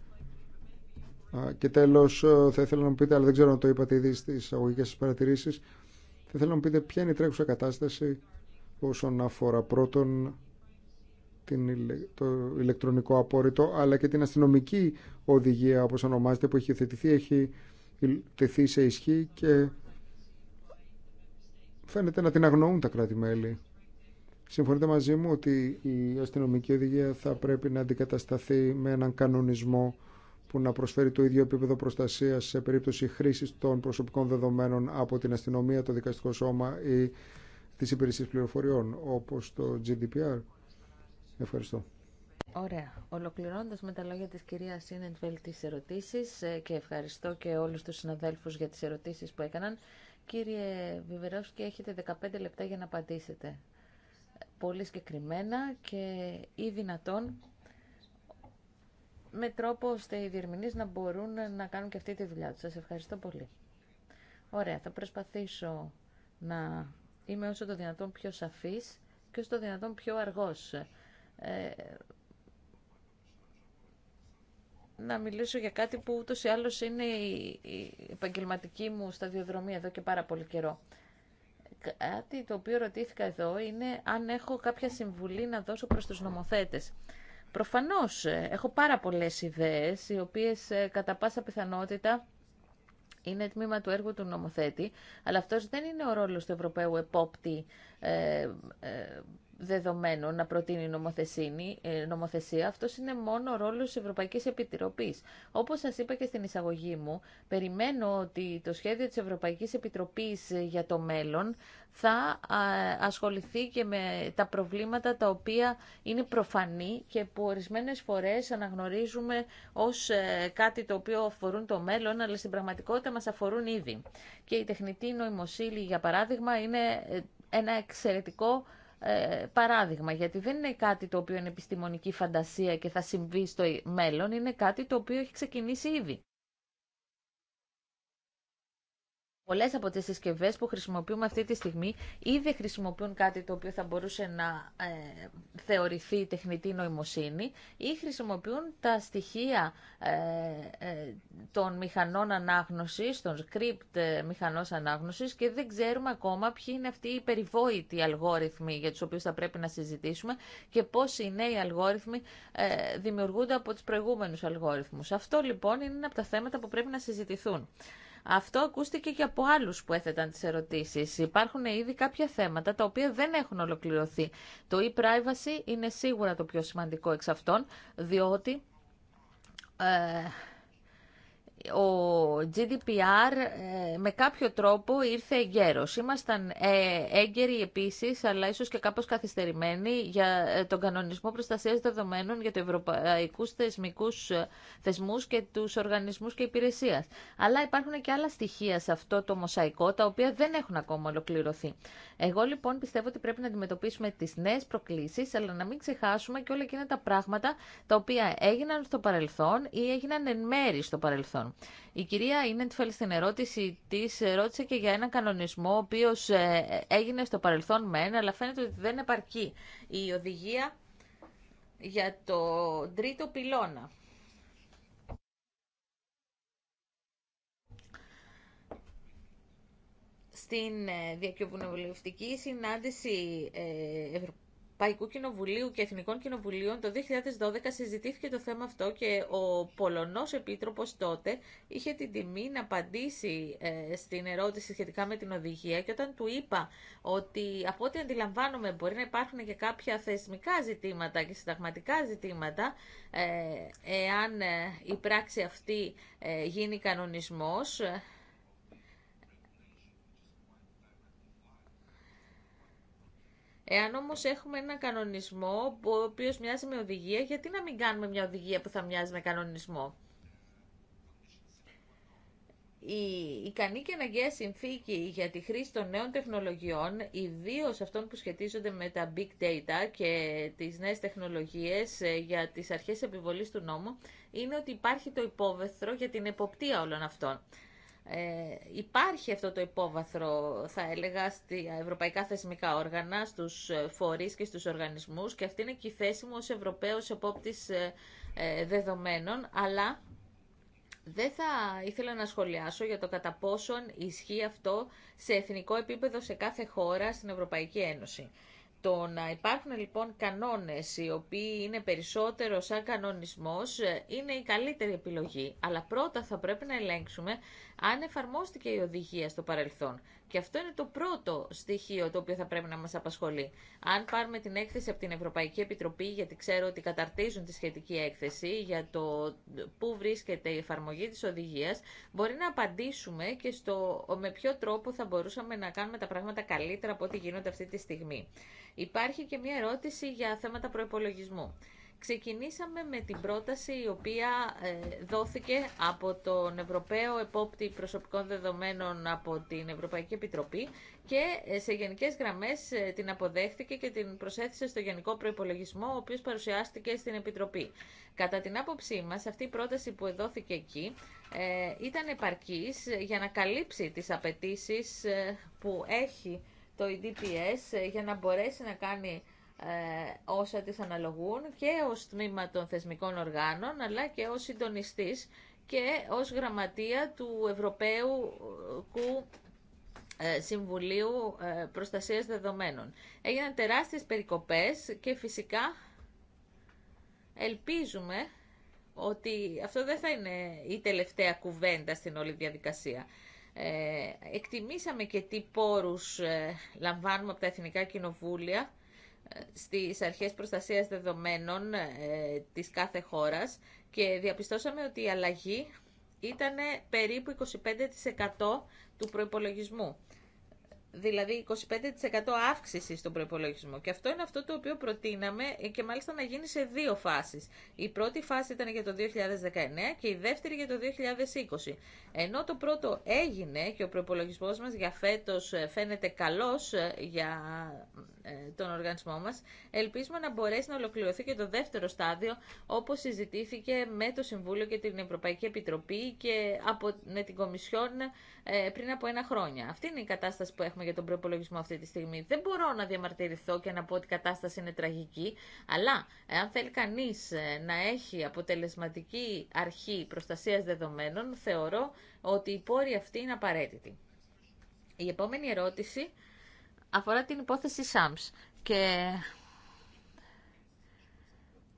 Και τέλος ε, θα ήθελα να μου πείτε, αλλά δεν ξέρω αν το είπατε ήδη στις αγωγικές σας παρατηρήσεις, θα ήθελα να μου πείτε ποια είναι η τρέχουσα κατάσταση όσον αφορά πρώτον την, το ηλεκτρονικό απόρριτο αλλά και την αστυνομική οδηγία όπως ονομάζεται που έχει θετηθεί έχει τεθεί σε ισχύ και φαίνεται να την αγνοούν τα κράτη-μέλη. Συμφωνείτε μαζί μου ότι η αστυνομική οδηγία θα πρέπει να αντικατασταθεί με έναν κανονισμό που να προσφέρει το ίδιο επίπεδο προστασίας σε περίπτωση χρήσης των προσωπικών δεδομένων από την αστυνομία, το δικαστικό σώμα ή τις υπηρεσίες πληροφοριών, όπως το GDPR. Ευχαριστώ. Ωραία. ολοκληρώνοντα με τα λόγια της κυρία Σίνεντβελ τις ερωτήσεις ε, και ευχαριστώ και όλους τους συναδέλφους για τις ερωτήσεις που έκαναν. Κύριε Βιβερόσκη, έχετε 15 λεπτά για να απαντήσετε. Πολύ συγκεκριμένα και ή δυνατόν με τρόπο ώστε οι διερμηνείς να μπορούν να κάνουν και αυτή τη δουλειά του Σας ευχαριστώ πολύ. Ωραία, θα προσπαθήσω να είμαι όσο το δυνατόν πιο σαφής και όσο το δυνατόν πιο αργός. Ε, να μιλήσω για κάτι που ούτως ή άλλως είναι η, επαγγελματική μου σταδιοδρομή εδώ και πάρα πολύ καιρό. Κάτι το οποίο ρωτήθηκα εδώ είναι αν έχω κάποια συμβουλή να δώσω προς τους νομοθέτες. Προφανώς ε, έχω πάρα πολλές ιδέες, οι οποίες ε, κατά πάσα πιθανότητα είναι τμήμα του έργου του νομοθέτη, αλλά αυτός δεν είναι ο ρόλος του Ευρωπαίου επόπτη ε, δεδομένο να προτείνει ε, νομοθεσία. Αυτός είναι μόνο ο ρόλος της Ευρωπαϊκής Επιτροπής. Όπως σας είπα και στην εισαγωγή μου, περιμένω ότι το σχέδιο της Ευρωπαϊκής Επιτροπής ε, για το μέλλον θα ασχοληθεί και με τα προβλήματα τα οποία είναι προφανή και που ορισμένες φορές αναγνωρίζουμε ως ε, κάτι το οποίο αφορούν το μέλλον, αλλά στην πραγματικότητα μας αφορούν ήδη. Και η τεχνητή νοημοσύνη, για παράδειγμα, είναι ένα εξαιρετικό ε, παράδειγμα, γιατί δεν είναι κάτι το οποίο είναι επιστημονική φαντασία και θα συμβεί στο μέλλον, είναι κάτι το οποίο έχει ξεκινήσει ήδη. Πολλές από τις συσκευέ που χρησιμοποιούμε αυτή τη στιγμή ήδη χρησιμοποιούν κάτι το οποίο θα μπορούσε να ε, θεωρηθεί τεχνητή νοημοσύνη ή χρησιμοποιούν τα στοιχεία ε, ε, των μηχανών ανάγνωσης, των script ε, μηχανό ανάγνωσης και δεν ξέρουμε ακόμα ποιοι είναι αυτοί οι περιβόητοι αλγόριθμοι για τους οποίους θα πρέπει να συζητήσουμε και πώς οι νέοι αλγόριθμοι ε, δημιουργούνται από τους προηγούμενους αλγόριθμους. Αυτό λοιπόν είναι ένα από τα θέματα που πρέπει να συζητηθούν. Αυτό ακούστηκε και από άλλους που έθεταν τις ερωτήσεις. Υπάρχουν ήδη κάποια θέματα τα οποία δεν έχουν ολοκληρωθεί. Το e-privacy είναι σίγουρα το πιο σημαντικό εξ αυτών, διότι... Ε, ο GDPR ε, με κάποιο τρόπο ήρθε εγκαίρος. Ήμασταν ε, έγκαιροι επίσης, αλλά ίσως και κάπως καθυστερημένοι, για ε, τον κανονισμό προστασίας δεδομένων για τους ευρωπαϊκούς θεσμικούς θεσμούς και τους οργανισμούς και υπηρεσίας. Αλλά υπάρχουν και άλλα στοιχεία σε αυτό το μοσαϊκό, τα οποία δεν έχουν ακόμα ολοκληρωθεί. Εγώ λοιπόν πιστεύω ότι πρέπει να αντιμετωπίσουμε τις νέες προκλήσεις, αλλά να μην ξεχάσουμε και όλα εκείνα τα πράγματα τα οποία έγιναν στο παρελθόν ή έγιναν εν μέρη στο παρελθόν. Η κυρία Ίνεντφελ στην ερώτηση της ρώτησε και για έναν κανονισμό ο οποίος ε, έγινε στο παρελθόν με ένα, αλλά φαίνεται ότι δεν επαρκεί η οδηγία για το τρίτο πυλώνα. Στην ε, διακοινοβουλευτική συνάντηση ε, Παϊκού Κοινοβουλίου και Εθνικών Κοινοβουλίων το 2012 συζητήθηκε το θέμα αυτό και ο Πολωνός Επίτροπος τότε είχε την τιμή να απαντήσει ε, στην ερώτηση σχετικά με την οδηγία και όταν του είπα ότι από ό,τι αντιλαμβάνομαι μπορεί να υπάρχουν και κάποια θεσμικά ζητήματα και συνταγματικά ζητήματα ε, εάν ε, η πράξη αυτή ε, γίνει κανονισμός Εάν όμω έχουμε ένα κανονισμό ο οποίο μοιάζει με οδηγία, γιατί να μην κάνουμε μια οδηγία που θα μοιάζει με κανονισμό. Η ικανή και αναγκαία συνθήκη για τη χρήση των νέων τεχνολογιών, ιδίω αυτών που σχετίζονται με τα big data και τις νέες τεχνολογίες ε, για τις αρχές επιβολής του νόμου, είναι ότι υπάρχει το υπόβεθρο για την εποπτεία όλων αυτών. Ε, υπάρχει αυτό το υπόβαθρο, θα έλεγα, στα ευρωπαϊκά θεσμικά όργανα, στους ε, φορείς και στους οργανισμούς και αυτή είναι και η θέση μου ως Ευρωπαίος επόπτης ε, ε, δεδομένων, αλλά δεν θα ήθελα να σχολιάσω για το κατά πόσον ισχύει αυτό σε εθνικό επίπεδο σε κάθε χώρα στην Ευρωπαϊκή Ένωση. Το να υπάρχουν λοιπόν κανόνες οι οποίοι είναι περισσότερο σαν κανονισμός είναι η καλύτερη επιλογή, αλλά πρώτα θα πρέπει να ελέγξουμε αν εφαρμόστηκε η οδηγία στο παρελθόν. Και αυτό είναι το πρώτο στοιχείο το οποίο θα πρέπει να μας απασχολεί. Αν πάρουμε την έκθεση από την Ευρωπαϊκή Επιτροπή, γιατί ξέρω ότι καταρτίζουν τη σχετική έκθεση για το πού βρίσκεται η εφαρμογή της οδηγίας, μπορεί να απαντήσουμε και στο με ποιο τρόπο θα μπορούσαμε να κάνουμε τα πράγματα καλύτερα από ό,τι γίνονται αυτή τη στιγμή. Υπάρχει και μια ερώτηση για θέματα προπολογισμού. Ξεκινήσαμε με την πρόταση η οποία ε, δόθηκε από τον Ευρωπαίο Επόπτη Προσωπικών Δεδομένων από την Ευρωπαϊκή Επιτροπή και ε, σε γενικές γραμμές ε, την αποδέχθηκε και την προσέθεσε στο Γενικό Προϋπολογισμό, ο οποίος παρουσιάστηκε στην Επιτροπή. Κατά την άποψή μας, αυτή η πρόταση που δόθηκε εκεί ήταν επαρκής για να καλύψει τις απαιτήσει που έχει το EDPS για να μπορέσει να κάνει ε, όσα τις αναλογούν και ως τμήμα των θεσμικών οργάνων αλλά και ως συντονιστής και ως γραμματεία του Ευρωπαίου ε, Συμβουλίου ε, Προστασίας Δεδομένων. Έγιναν τεράστιες περικοπές και φυσικά ελπίζουμε ότι αυτό δεν θα είναι η τελευταία κουβέντα στην όλη διαδικασία. Εκτιμήσαμε και τι πόρους λαμβάνουμε από τα Εθνικά Κοινοβούλια στις αρχές προστασίας δεδομένων ε, της κάθε χώρας και διαπιστώσαμε ότι η αλλαγή ήταν περίπου 25% του προϋπολογισμού δηλαδή 25% αύξηση στον προπολογισμό. Και αυτό είναι αυτό το οποίο προτείναμε ε, και μάλιστα να γίνει σε δύο φάσεις. Η πρώτη φάση ήταν για το 2019 και η δεύτερη για το 2020. Ενώ το πρώτο έγινε και ο προπολογισμό μας για φέτος ε, φαίνεται καλός ε, για τον οργανισμό μας, ελπίζουμε να μπορέσει να ολοκληρωθεί και το δεύτερο στάδιο όπως συζητήθηκε με το Συμβούλιο και την Ευρωπαϊκή Επιτροπή και από, με την Κομισιόν πριν από ένα χρόνια. Αυτή είναι η κατάσταση που έχουμε έχουμε για τον προπολογισμό αυτή τη στιγμή. Δεν μπορώ να διαμαρτυρηθώ και να πω ότι η κατάσταση είναι τραγική, αλλά αν θέλει κανεί ε, να έχει αποτελεσματική αρχή προστασία δεδομένων, θεωρώ ότι η πόρη αυτή είναι απαραίτητη. Η επόμενη ερώτηση αφορά την υπόθεση ΣΑΜΣ και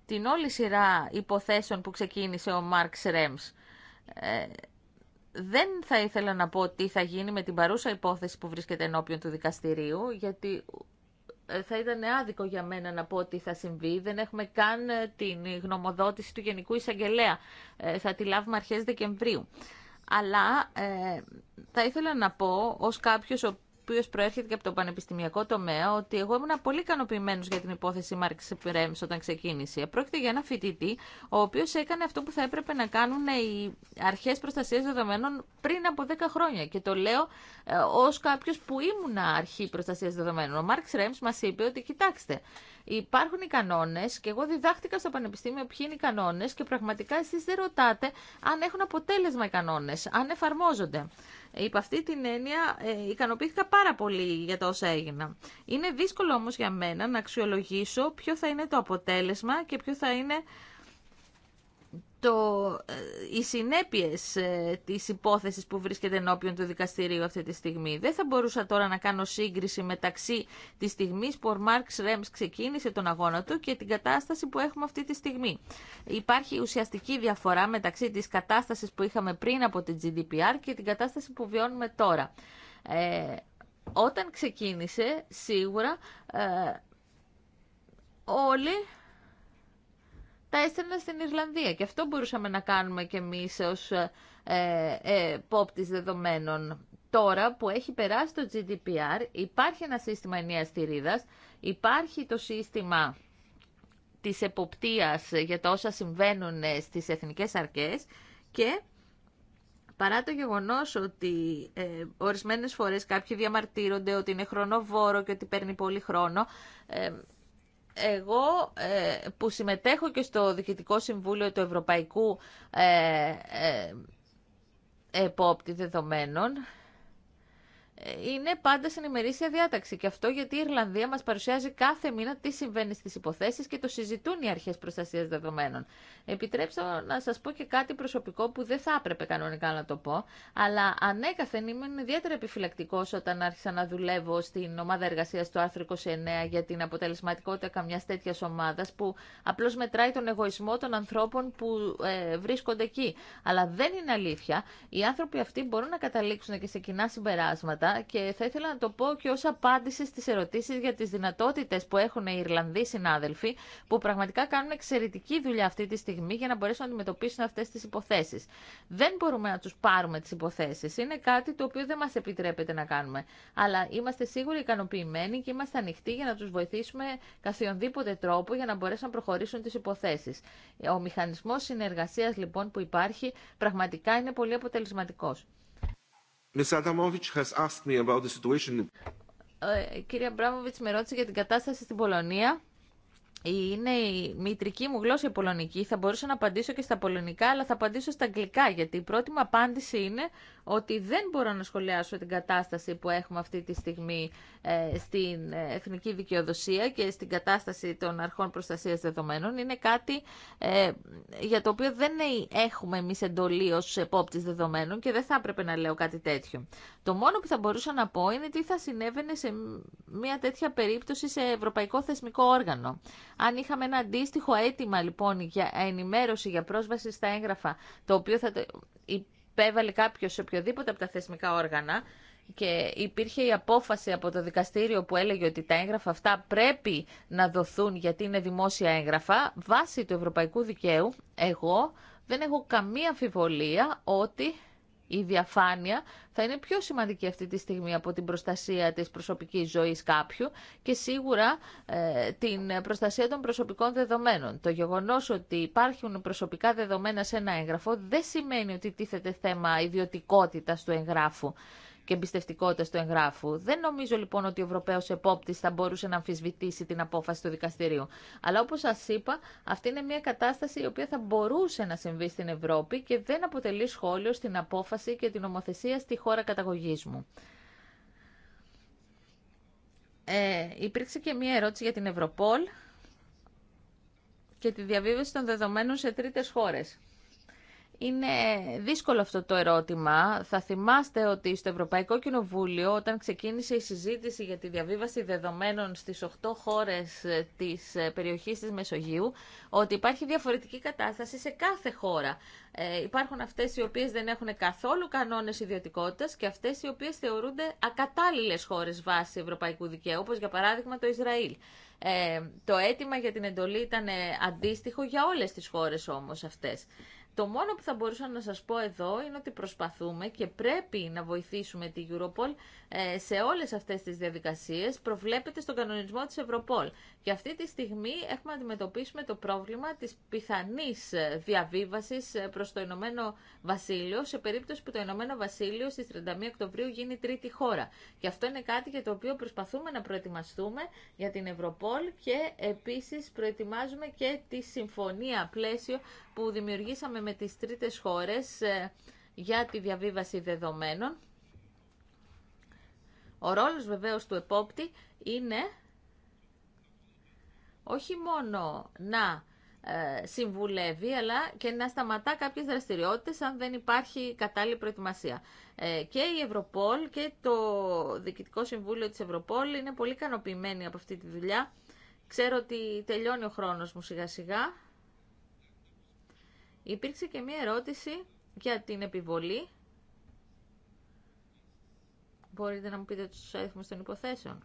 την όλη σειρά υποθέσεων που ξεκίνησε ο Μάρξ Ρέμς. Ε, δεν θα ήθελα να πω τι θα γίνει με την παρούσα υπόθεση που βρίσκεται ενώπιον του δικαστηρίου, γιατί ε, θα ήταν άδικο για μένα να πω τι θα συμβεί. Δεν έχουμε καν ε, την γνωμοδότηση του Γενικού Εισαγγελέα. Ε, θα τη λάβουμε αρχές Δεκεμβρίου. Αλλά θα ήθελα να πω ως κάποιος ο οποίο προέρχεται και από το πανεπιστημιακό τομέα, ότι εγώ ήμουν πολύ ικανοποιημένο για την υπόθεση Μάρξ Ρέμ όταν ξεκίνησε. Πρόκειται για ένα φοιτητή, ο οποίο έκανε αυτό που θα έπρεπε να κάνουν οι αρχέ προστασία δεδομένων πριν από 10 χρόνια. Και το λέω ε, ω κάποιο που ήμουν αρχή προστασία δεδομένων. Ο Μάρξ Ρέμ μα είπε ότι, κοιτάξτε, υπάρχουν οι κανόνε και εγώ διδάχτηκα στο πανεπιστήμιο ποιοι είναι οι κανόνε και πραγματικά εσεί δεν ρωτάτε αν έχουν αποτέλεσμα οι κανόνε, αν εφαρμόζονται. Υπ' αυτή την έννοια ε, ικανοποιήθηκα πάρα πολύ για τα όσα έγινα. Είναι δύσκολο όμως για μένα να αξιολογήσω ποιο θα είναι το αποτέλεσμα και ποιο θα είναι το, ε, οι συνέπειες ε, της υπόθεσης που βρίσκεται ενώπιον του δικαστηρίου αυτή τη στιγμή. Δεν θα μπορούσα τώρα να κάνω σύγκριση μεταξύ της στιγμής που ο Μάρξ Ρέμς ξεκίνησε τον αγώνα του και την κατάσταση που έχουμε αυτή τη στιγμή. Υπάρχει ουσιαστική διαφορά μεταξύ της κατάστασης που είχαμε πριν από την GDPR και την κατάσταση που βιώνουμε τώρα. Ε, όταν ξεκίνησε, σίγουρα, ε, όλοι τα έστελνα στην Ιρλανδία. Και αυτό μπορούσαμε να κάνουμε κι εμεί ω ε, ε δεδομένων. Τώρα που έχει περάσει το GDPR υπάρχει ένα σύστημα ενιαία στηρίδα, υπάρχει το σύστημα της εποπτείας για τα όσα συμβαίνουν ε, στις εθνικές αρκές και παρά το γεγονός ότι ε, ορισμένες φορές κάποιοι διαμαρτύρονται ότι είναι χρονοβόρο και ότι παίρνει πολύ χρόνο, ε, εγώ ε, που συμμετέχω και στο Διοικητικό Συμβούλιο του Ευρωπαϊκού ε, ε, Επόπτη Δεδομένων είναι πάντα στην ημερήσια διάταξη. Και αυτό γιατί η Ιρλανδία μα παρουσιάζει κάθε μήνα τι συμβαίνει στι υποθέσει και το συζητούν οι αρχέ προστασία δεδομένων. Επιτρέψτε να σα πω και κάτι προσωπικό που δεν θα έπρεπε κανονικά να το πω, αλλά ανέκαθεν ήμουν ιδιαίτερα επιφυλακτικό όταν άρχισα να δουλεύω στην ομάδα εργασία του άρθρου 29 για την αποτελεσματικότητα καμιά τέτοια ομάδα που απλώ μετράει τον εγωισμό των ανθρώπων που ε, βρίσκονται εκεί. Αλλά δεν είναι αλήθεια. Οι άνθρωποι αυτοί μπορούν να καταλήξουν και σε κοινά συμπεράσματα και θα ήθελα να το πω και ως απάντηση στις ερωτήσεις για τις δυνατότητες που έχουν οι Ιρλανδοί συνάδελφοι που πραγματικά κάνουν εξαιρετική δουλειά αυτή τη στιγμή για να μπορέσουν να αντιμετωπίσουν αυτές τις υποθέσεις. Δεν μπορούμε να τους πάρουμε τις υποθέσεις. Είναι κάτι το οποίο δεν μας επιτρέπεται να κάνουμε. Αλλά είμαστε σίγουροι ικανοποιημένοι και είμαστε ανοιχτοί για να τους βοηθήσουμε καθιονδήποτε τρόπο για να μπορέσουν να προχωρήσουν τις υποθέσεις. Ο μηχανισμός συνεργασίας λοιπόν που υπάρχει πραγματικά είναι πολύ αποτελεσματικός. Ms. Ε, κυρία με ρώτησε για την κατάσταση στην Πολωνία. Είναι η μητρική μου γλώσσα η πολωνική. Θα μπορούσα να απαντήσω και στα πολωνικά, αλλά θα απαντήσω στα αγγλικά, γιατί η πρώτη μου απάντηση είναι ότι δεν μπορώ να σχολιάσω την κατάσταση που έχουμε αυτή τη στιγμή ε, στην ε, εθνική δικαιοδοσία και στην κατάσταση των αρχών προστασίας δεδομένων. Είναι κάτι ε, για το οποίο δεν έχουμε εμεί εντολή ω επόπτη δεδομένων και δεν θα έπρεπε να λέω κάτι τέτοιο. Το μόνο που θα μπορούσα να πω είναι τι θα συνέβαινε σε μια τέτοια περίπτωση σε ευρωπαϊκό θεσμικό όργανο. Αν είχαμε ένα αντίστοιχο αίτημα λοιπόν για ενημέρωση για πρόσβαση στα έγγραφα, το οποίο θα το υπέβαλε κάποιο σε οποιοδήποτε από τα θεσμικά όργανα και υπήρχε η απόφαση από το δικαστήριο που έλεγε ότι τα έγγραφα αυτά πρέπει να δοθούν γιατί είναι δημόσια έγγραφα, βάσει του ευρωπαϊκού δικαίου, εγώ δεν έχω καμία αμφιβολία ότι η διαφάνεια θα είναι πιο σημαντική αυτή τη στιγμή από την προστασία της προσωπικής ζωής κάποιου και σίγουρα ε, την προστασία των προσωπικών δεδομένων. Το γεγονός ότι υπάρχουν προσωπικά δεδομένα σε ένα έγγραφο δεν σημαίνει ότι τίθεται θέμα ιδιωτικότητας του εγγράφου και εμπιστευτικότητα του εγγράφου. Δεν νομίζω λοιπόν ότι ο Ευρωπαίο Επόπτη θα μπορούσε να αμφισβητήσει την απόφαση του δικαστηρίου. Αλλά όπω σα είπα, αυτή είναι μια κατάσταση η οποία θα μπορούσε να συμβεί στην Ευρώπη και δεν αποτελεί σχόλιο στην απόφαση και την ομοθεσία στη χώρα καταγωγή μου. Ε, υπήρξε και μία ερώτηση για την Ευρωπόλ και τη διαβίβαση των δεδομένων σε τρίτες χώρες. Είναι δύσκολο αυτό το ερώτημα. Θα θυμάστε ότι στο Ευρωπαϊκό Κοινοβούλιο, όταν ξεκίνησε η συζήτηση για τη διαβίβαση δεδομένων στις 8 χώρες της ε, περιοχής της Μεσογείου, ότι υπάρχει διαφορετική κατάσταση σε κάθε χώρα. Ε, υπάρχουν αυτές οι οποίες δεν έχουν καθόλου κανόνες ιδιωτικότητας και αυτές οι οποίες θεωρούνται ακατάλληλες χώρες βάσει ευρωπαϊκού δικαίου, όπως για παράδειγμα το Ισραήλ. Ε, το αίτημα για την εντολή ήταν ε, αντίστοιχο για όλες τις χώρες όμως αυτές. Το μόνο που θα μπορούσα να σας πω εδώ είναι ότι προσπαθούμε και πρέπει να βοηθήσουμε τη Europol ε, σε όλες αυτές τις διαδικασίες προβλέπεται στον κανονισμό της Ευρωπόλ. Και αυτή τη στιγμή έχουμε να αντιμετωπίσουμε το πρόβλημα της πιθανής ε, διαβίβασης ε, προς το Ηνωμένο Βασίλειο σε περίπτωση που το Ηνωμένο Βασίλειο στις 31 Οκτωβρίου γίνει τρίτη χώρα. Και αυτό είναι κάτι για το οποίο προσπαθούμε να προετοιμαστούμε για την Ευρωπόλ και επίσης προετοιμάζουμε και τη συμφωνία πλαίσιο που δημιουργήσαμε με τις τρίτες χώρες ε, για τη διαβίβαση δεδομένων. Ο ρόλος βεβαίως του επόπτη είναι όχι μόνο να ε, συμβουλεύει αλλά και να σταματά κάποιες δραστηριότητες αν δεν υπάρχει κατάλληλη προετοιμασία. Ε, και η Ευρωπόλ και το Διοικητικό Συμβούλιο της Ευρωπόλ είναι πολύ ικανοποιημένοι από αυτή τη δουλειά. Ξέρω ότι τελειώνει ο χρόνος μου σιγά σιγά. Υπήρξε και μία ερώτηση για την επιβολή. Μπορείτε να μου πείτε τους αριθμούς των υποθέσεων.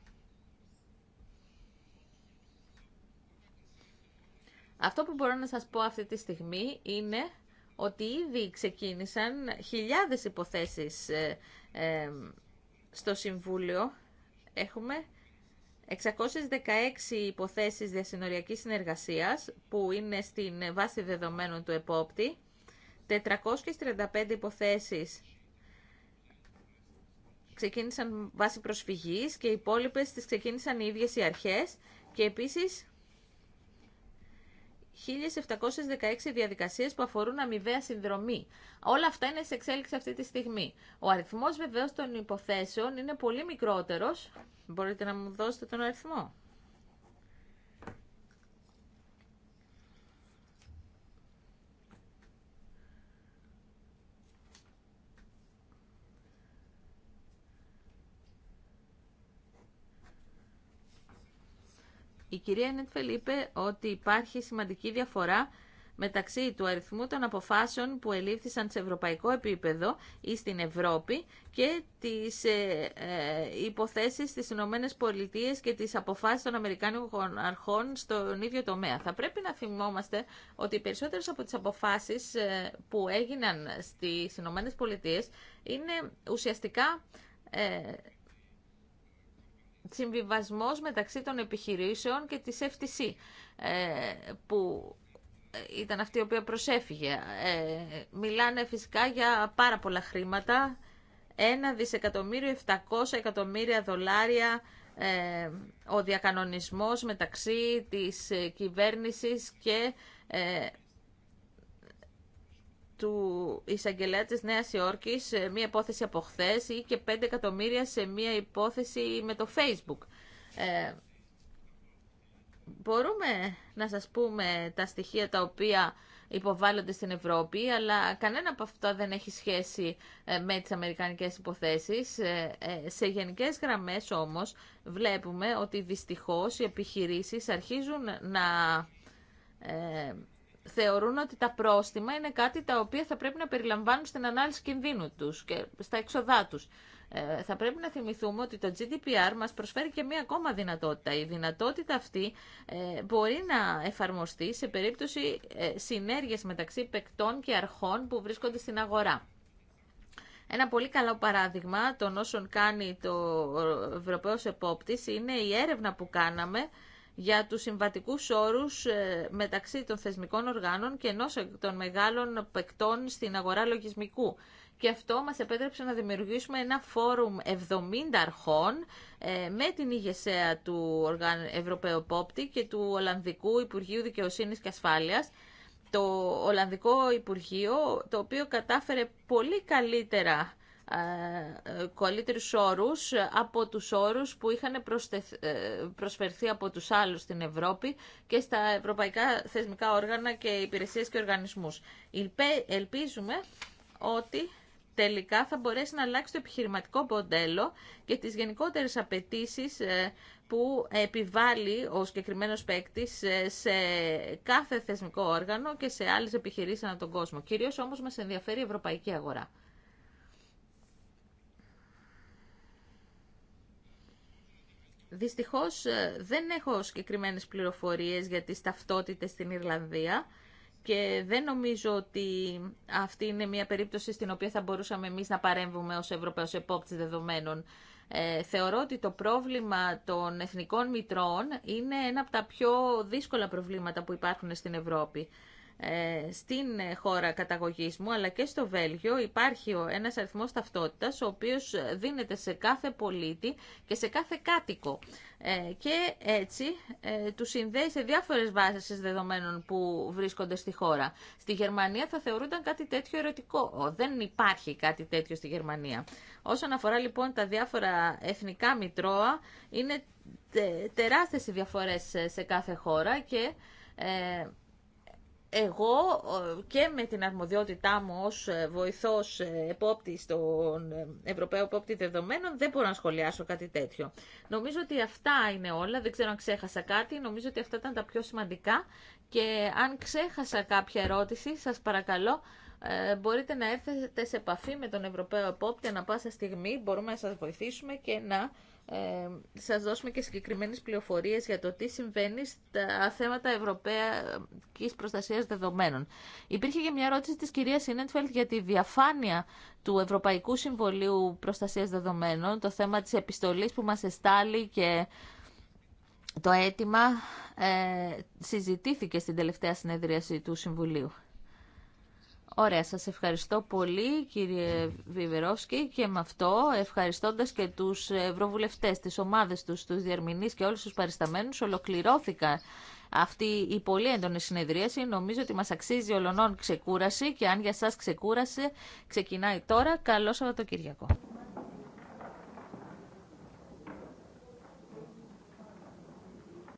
Αυτό που μπορώ να σας πω αυτή τη στιγμή είναι ότι ήδη ξεκίνησαν χιλιάδες υποθέσεις ε, ε, στο Συμβούλιο. Έχουμε 616 υποθέσεις διασυνοριακής συνεργασίας που είναι στην βάση δεδομένων του επόπτη, 435 υποθέσεις ξεκίνησαν βάση προσφυγής και οι υπόλοιπες τις ξεκίνησαν οι ίδιες οι αρχές και επίσης 1.716 διαδικασίες που αφορούν αμοιβαία συνδρομή. Όλα αυτά είναι σε εξέλιξη αυτή τη στιγμή. Ο αριθμός βεβαίως των υποθέσεων είναι πολύ μικρότερος. Μπορείτε να μου δώσετε τον αριθμό. Η κυρία Νέτφελ είπε ότι υπάρχει σημαντική διαφορά μεταξύ του αριθμού των αποφάσεων που ελήφθησαν σε ευρωπαϊκό επίπεδο ή στην Ευρώπη και τις ε, ε, υποθέσεις στις Ηνωμένε Πολιτείες και τις αποφάσεις των Αμερικάνικων αρχών στον ίδιο τομέα. Θα πρέπει να θυμόμαστε ότι οι περισσότερες από τις αποφάσεις ε, που έγιναν στις Ηνωμένε Πολιτείε είναι ουσιαστικά ε, συμβιβασμός μεταξύ των επιχειρήσεων και της FTC ε, που ήταν αυτή η οποία προσέφυγε. Ε, μιλάνε φυσικά για πάρα πολλά χρήματα, 1 δισεκατομμύριο 700 εκατομμύρια δολάρια ε, ο διακανονισμός μεταξύ της κυβέρνησης και του εισαγγελέα της Νέας Υόρκης μία υπόθεση από χθε ή και 5 εκατομμύρια σε μία υπόθεση με το Facebook. Ε, μπορούμε να σας πούμε τα στοιχεία τα οποία υποβάλλονται στην Ευρώπη, αλλά κανένα από αυτά δεν έχει σχέση ε, με τις αμερικανικές υποθέσεις. Ε, ε, σε γενικές γραμμές όμως βλέπουμε ότι δυστυχώς οι επιχειρήσεις αρχίζουν να θεωρούν ότι τα πρόστιμα είναι κάτι τα οποία θα πρέπει να περιλαμβάνουν στην ανάλυση κινδύνου τους και στα εξοδά τους. Ε, θα πρέπει να θυμηθούμε ότι το GDPR μας προσφέρει και μία ακόμα δυνατότητα. Η δυνατότητα αυτή ε, μπορεί να εφαρμοστεί σε περίπτωση ε, συνέργειας μεταξύ παικτών και αρχών που βρίσκονται στην αγορά. Ένα πολύ καλό παράδειγμα των όσων κάνει το ε, Ευρωπαίος Επόπτης είναι η έρευνα που κάναμε για τους συμβατικούς όρους ε, μεταξύ των θεσμικών οργάνων και ενός των μεγάλων παικτών στην αγορά λογισμικού. Και αυτό μας επέτρεψε να δημιουργήσουμε ένα φόρουμ 70 αρχών ε, με την ηγεσία του Ευρωπαίου Πόπτη και του Ολλανδικού Υπουργείου Δικαιοσύνης και Ασφάλειας, το Ολλανδικό Υπουργείο, το οποίο κατάφερε πολύ καλύτερα ε, καλύτερους όρους από τους όρους που είχαν ε, προσφερθεί από τους άλλους στην Ευρώπη και στα ευρωπαϊκά θεσμικά όργανα και υπηρεσίες και οργανισμούς. Ελπίζουμε ότι τελικά θα μπορέσει να αλλάξει το επιχειρηματικό μοντέλο και τις γενικότερες απαιτήσει ε, που επιβάλλει ο συγκεκριμένος παίκτη σε κάθε θεσμικό όργανο και σε άλλες επιχειρήσεις ανά τον κόσμο. Κυρίως όμως μας ενδιαφέρει η ευρωπαϊκή αγορά. Δυστυχώς ε, δεν έχω συγκεκριμένες πληροφορίες για τις ταυτότητες στην Ιρλανδία και δεν νομίζω ότι αυτή είναι μια περίπτωση στην οποία θα μπορούσαμε εμείς να παρέμβουμε ως Ευρωπαίος Επόπτης Δεδομένων. Ε, θεωρώ ότι το πρόβλημα των εθνικών μητρών είναι ένα από τα πιο δύσκολα προβλήματα που υπάρχουν στην Ευρώπη. Ε, στην χώρα καταγωγής μου αλλά και στο Βέλγιο υπάρχει ένας αριθμός ταυτότητας ο οποίος δίνεται σε κάθε πολίτη και σε κάθε κάτοικο ε, και έτσι ε, του συνδέει σε διάφορες βάσεις δεδομένων που βρίσκονται στη χώρα. Στη Γερμανία θα θεωρούνταν κάτι τέτοιο ερωτικό. Δεν υπάρχει κάτι τέτοιο στη Γερμανία. Όσον αφορά λοιπόν τα διάφορα εθνικά μητρώα είναι τεράστιες οι διαφορές σε κάθε χώρα και εγώ και με την αρμοδιότητά μου ως ε, βοηθός ε, επόπτης των ε, Ευρωπαίων Επόπτη Δεδομένων δεν μπορώ να σχολιάσω κάτι τέτοιο. Νομίζω ότι αυτά είναι όλα, δεν ξέρω αν ξέχασα κάτι, νομίζω ότι αυτά ήταν τα πιο σημαντικά και αν ξέχασα κάποια ερώτηση σας παρακαλώ μπορείτε να έρθετε σε επαφή με τον Ευρωπαίο Επόπτη ανα πάσα στιγμή, μπορούμε να σας βοηθήσουμε και να ε, σας δώσουμε και συγκεκριμένες πληροφορίες για το τι συμβαίνει στα θέματα ευρωπαϊκής προστασίας δεδομένων. Υπήρχε και μια ερώτηση της κυρίας Σίνεντφελτ για τη διαφάνεια του Ευρωπαϊκού Συμβολίου Προστασίας Δεδομένων, το θέμα της επιστολής που μας εστάλει και το αίτημα ε, συζητήθηκε στην τελευταία συνεδρίαση του Συμβουλίου. Ωραία, σας ευχαριστώ πολύ κύριε Βιβερόσκη και με αυτό ευχαριστώντας και τους ευρωβουλευτές, τις ομάδες τους, τους διαρμηνείς και όλους τους παρισταμένους Ολοκληρώθηκα αυτή η πολύ έντονη συνεδρίαση. Νομίζω ότι μας αξίζει ολονών ξεκούραση και αν για σας ξεκούρασε ξεκινάει τώρα. Καλό Σαββατοκύριακο.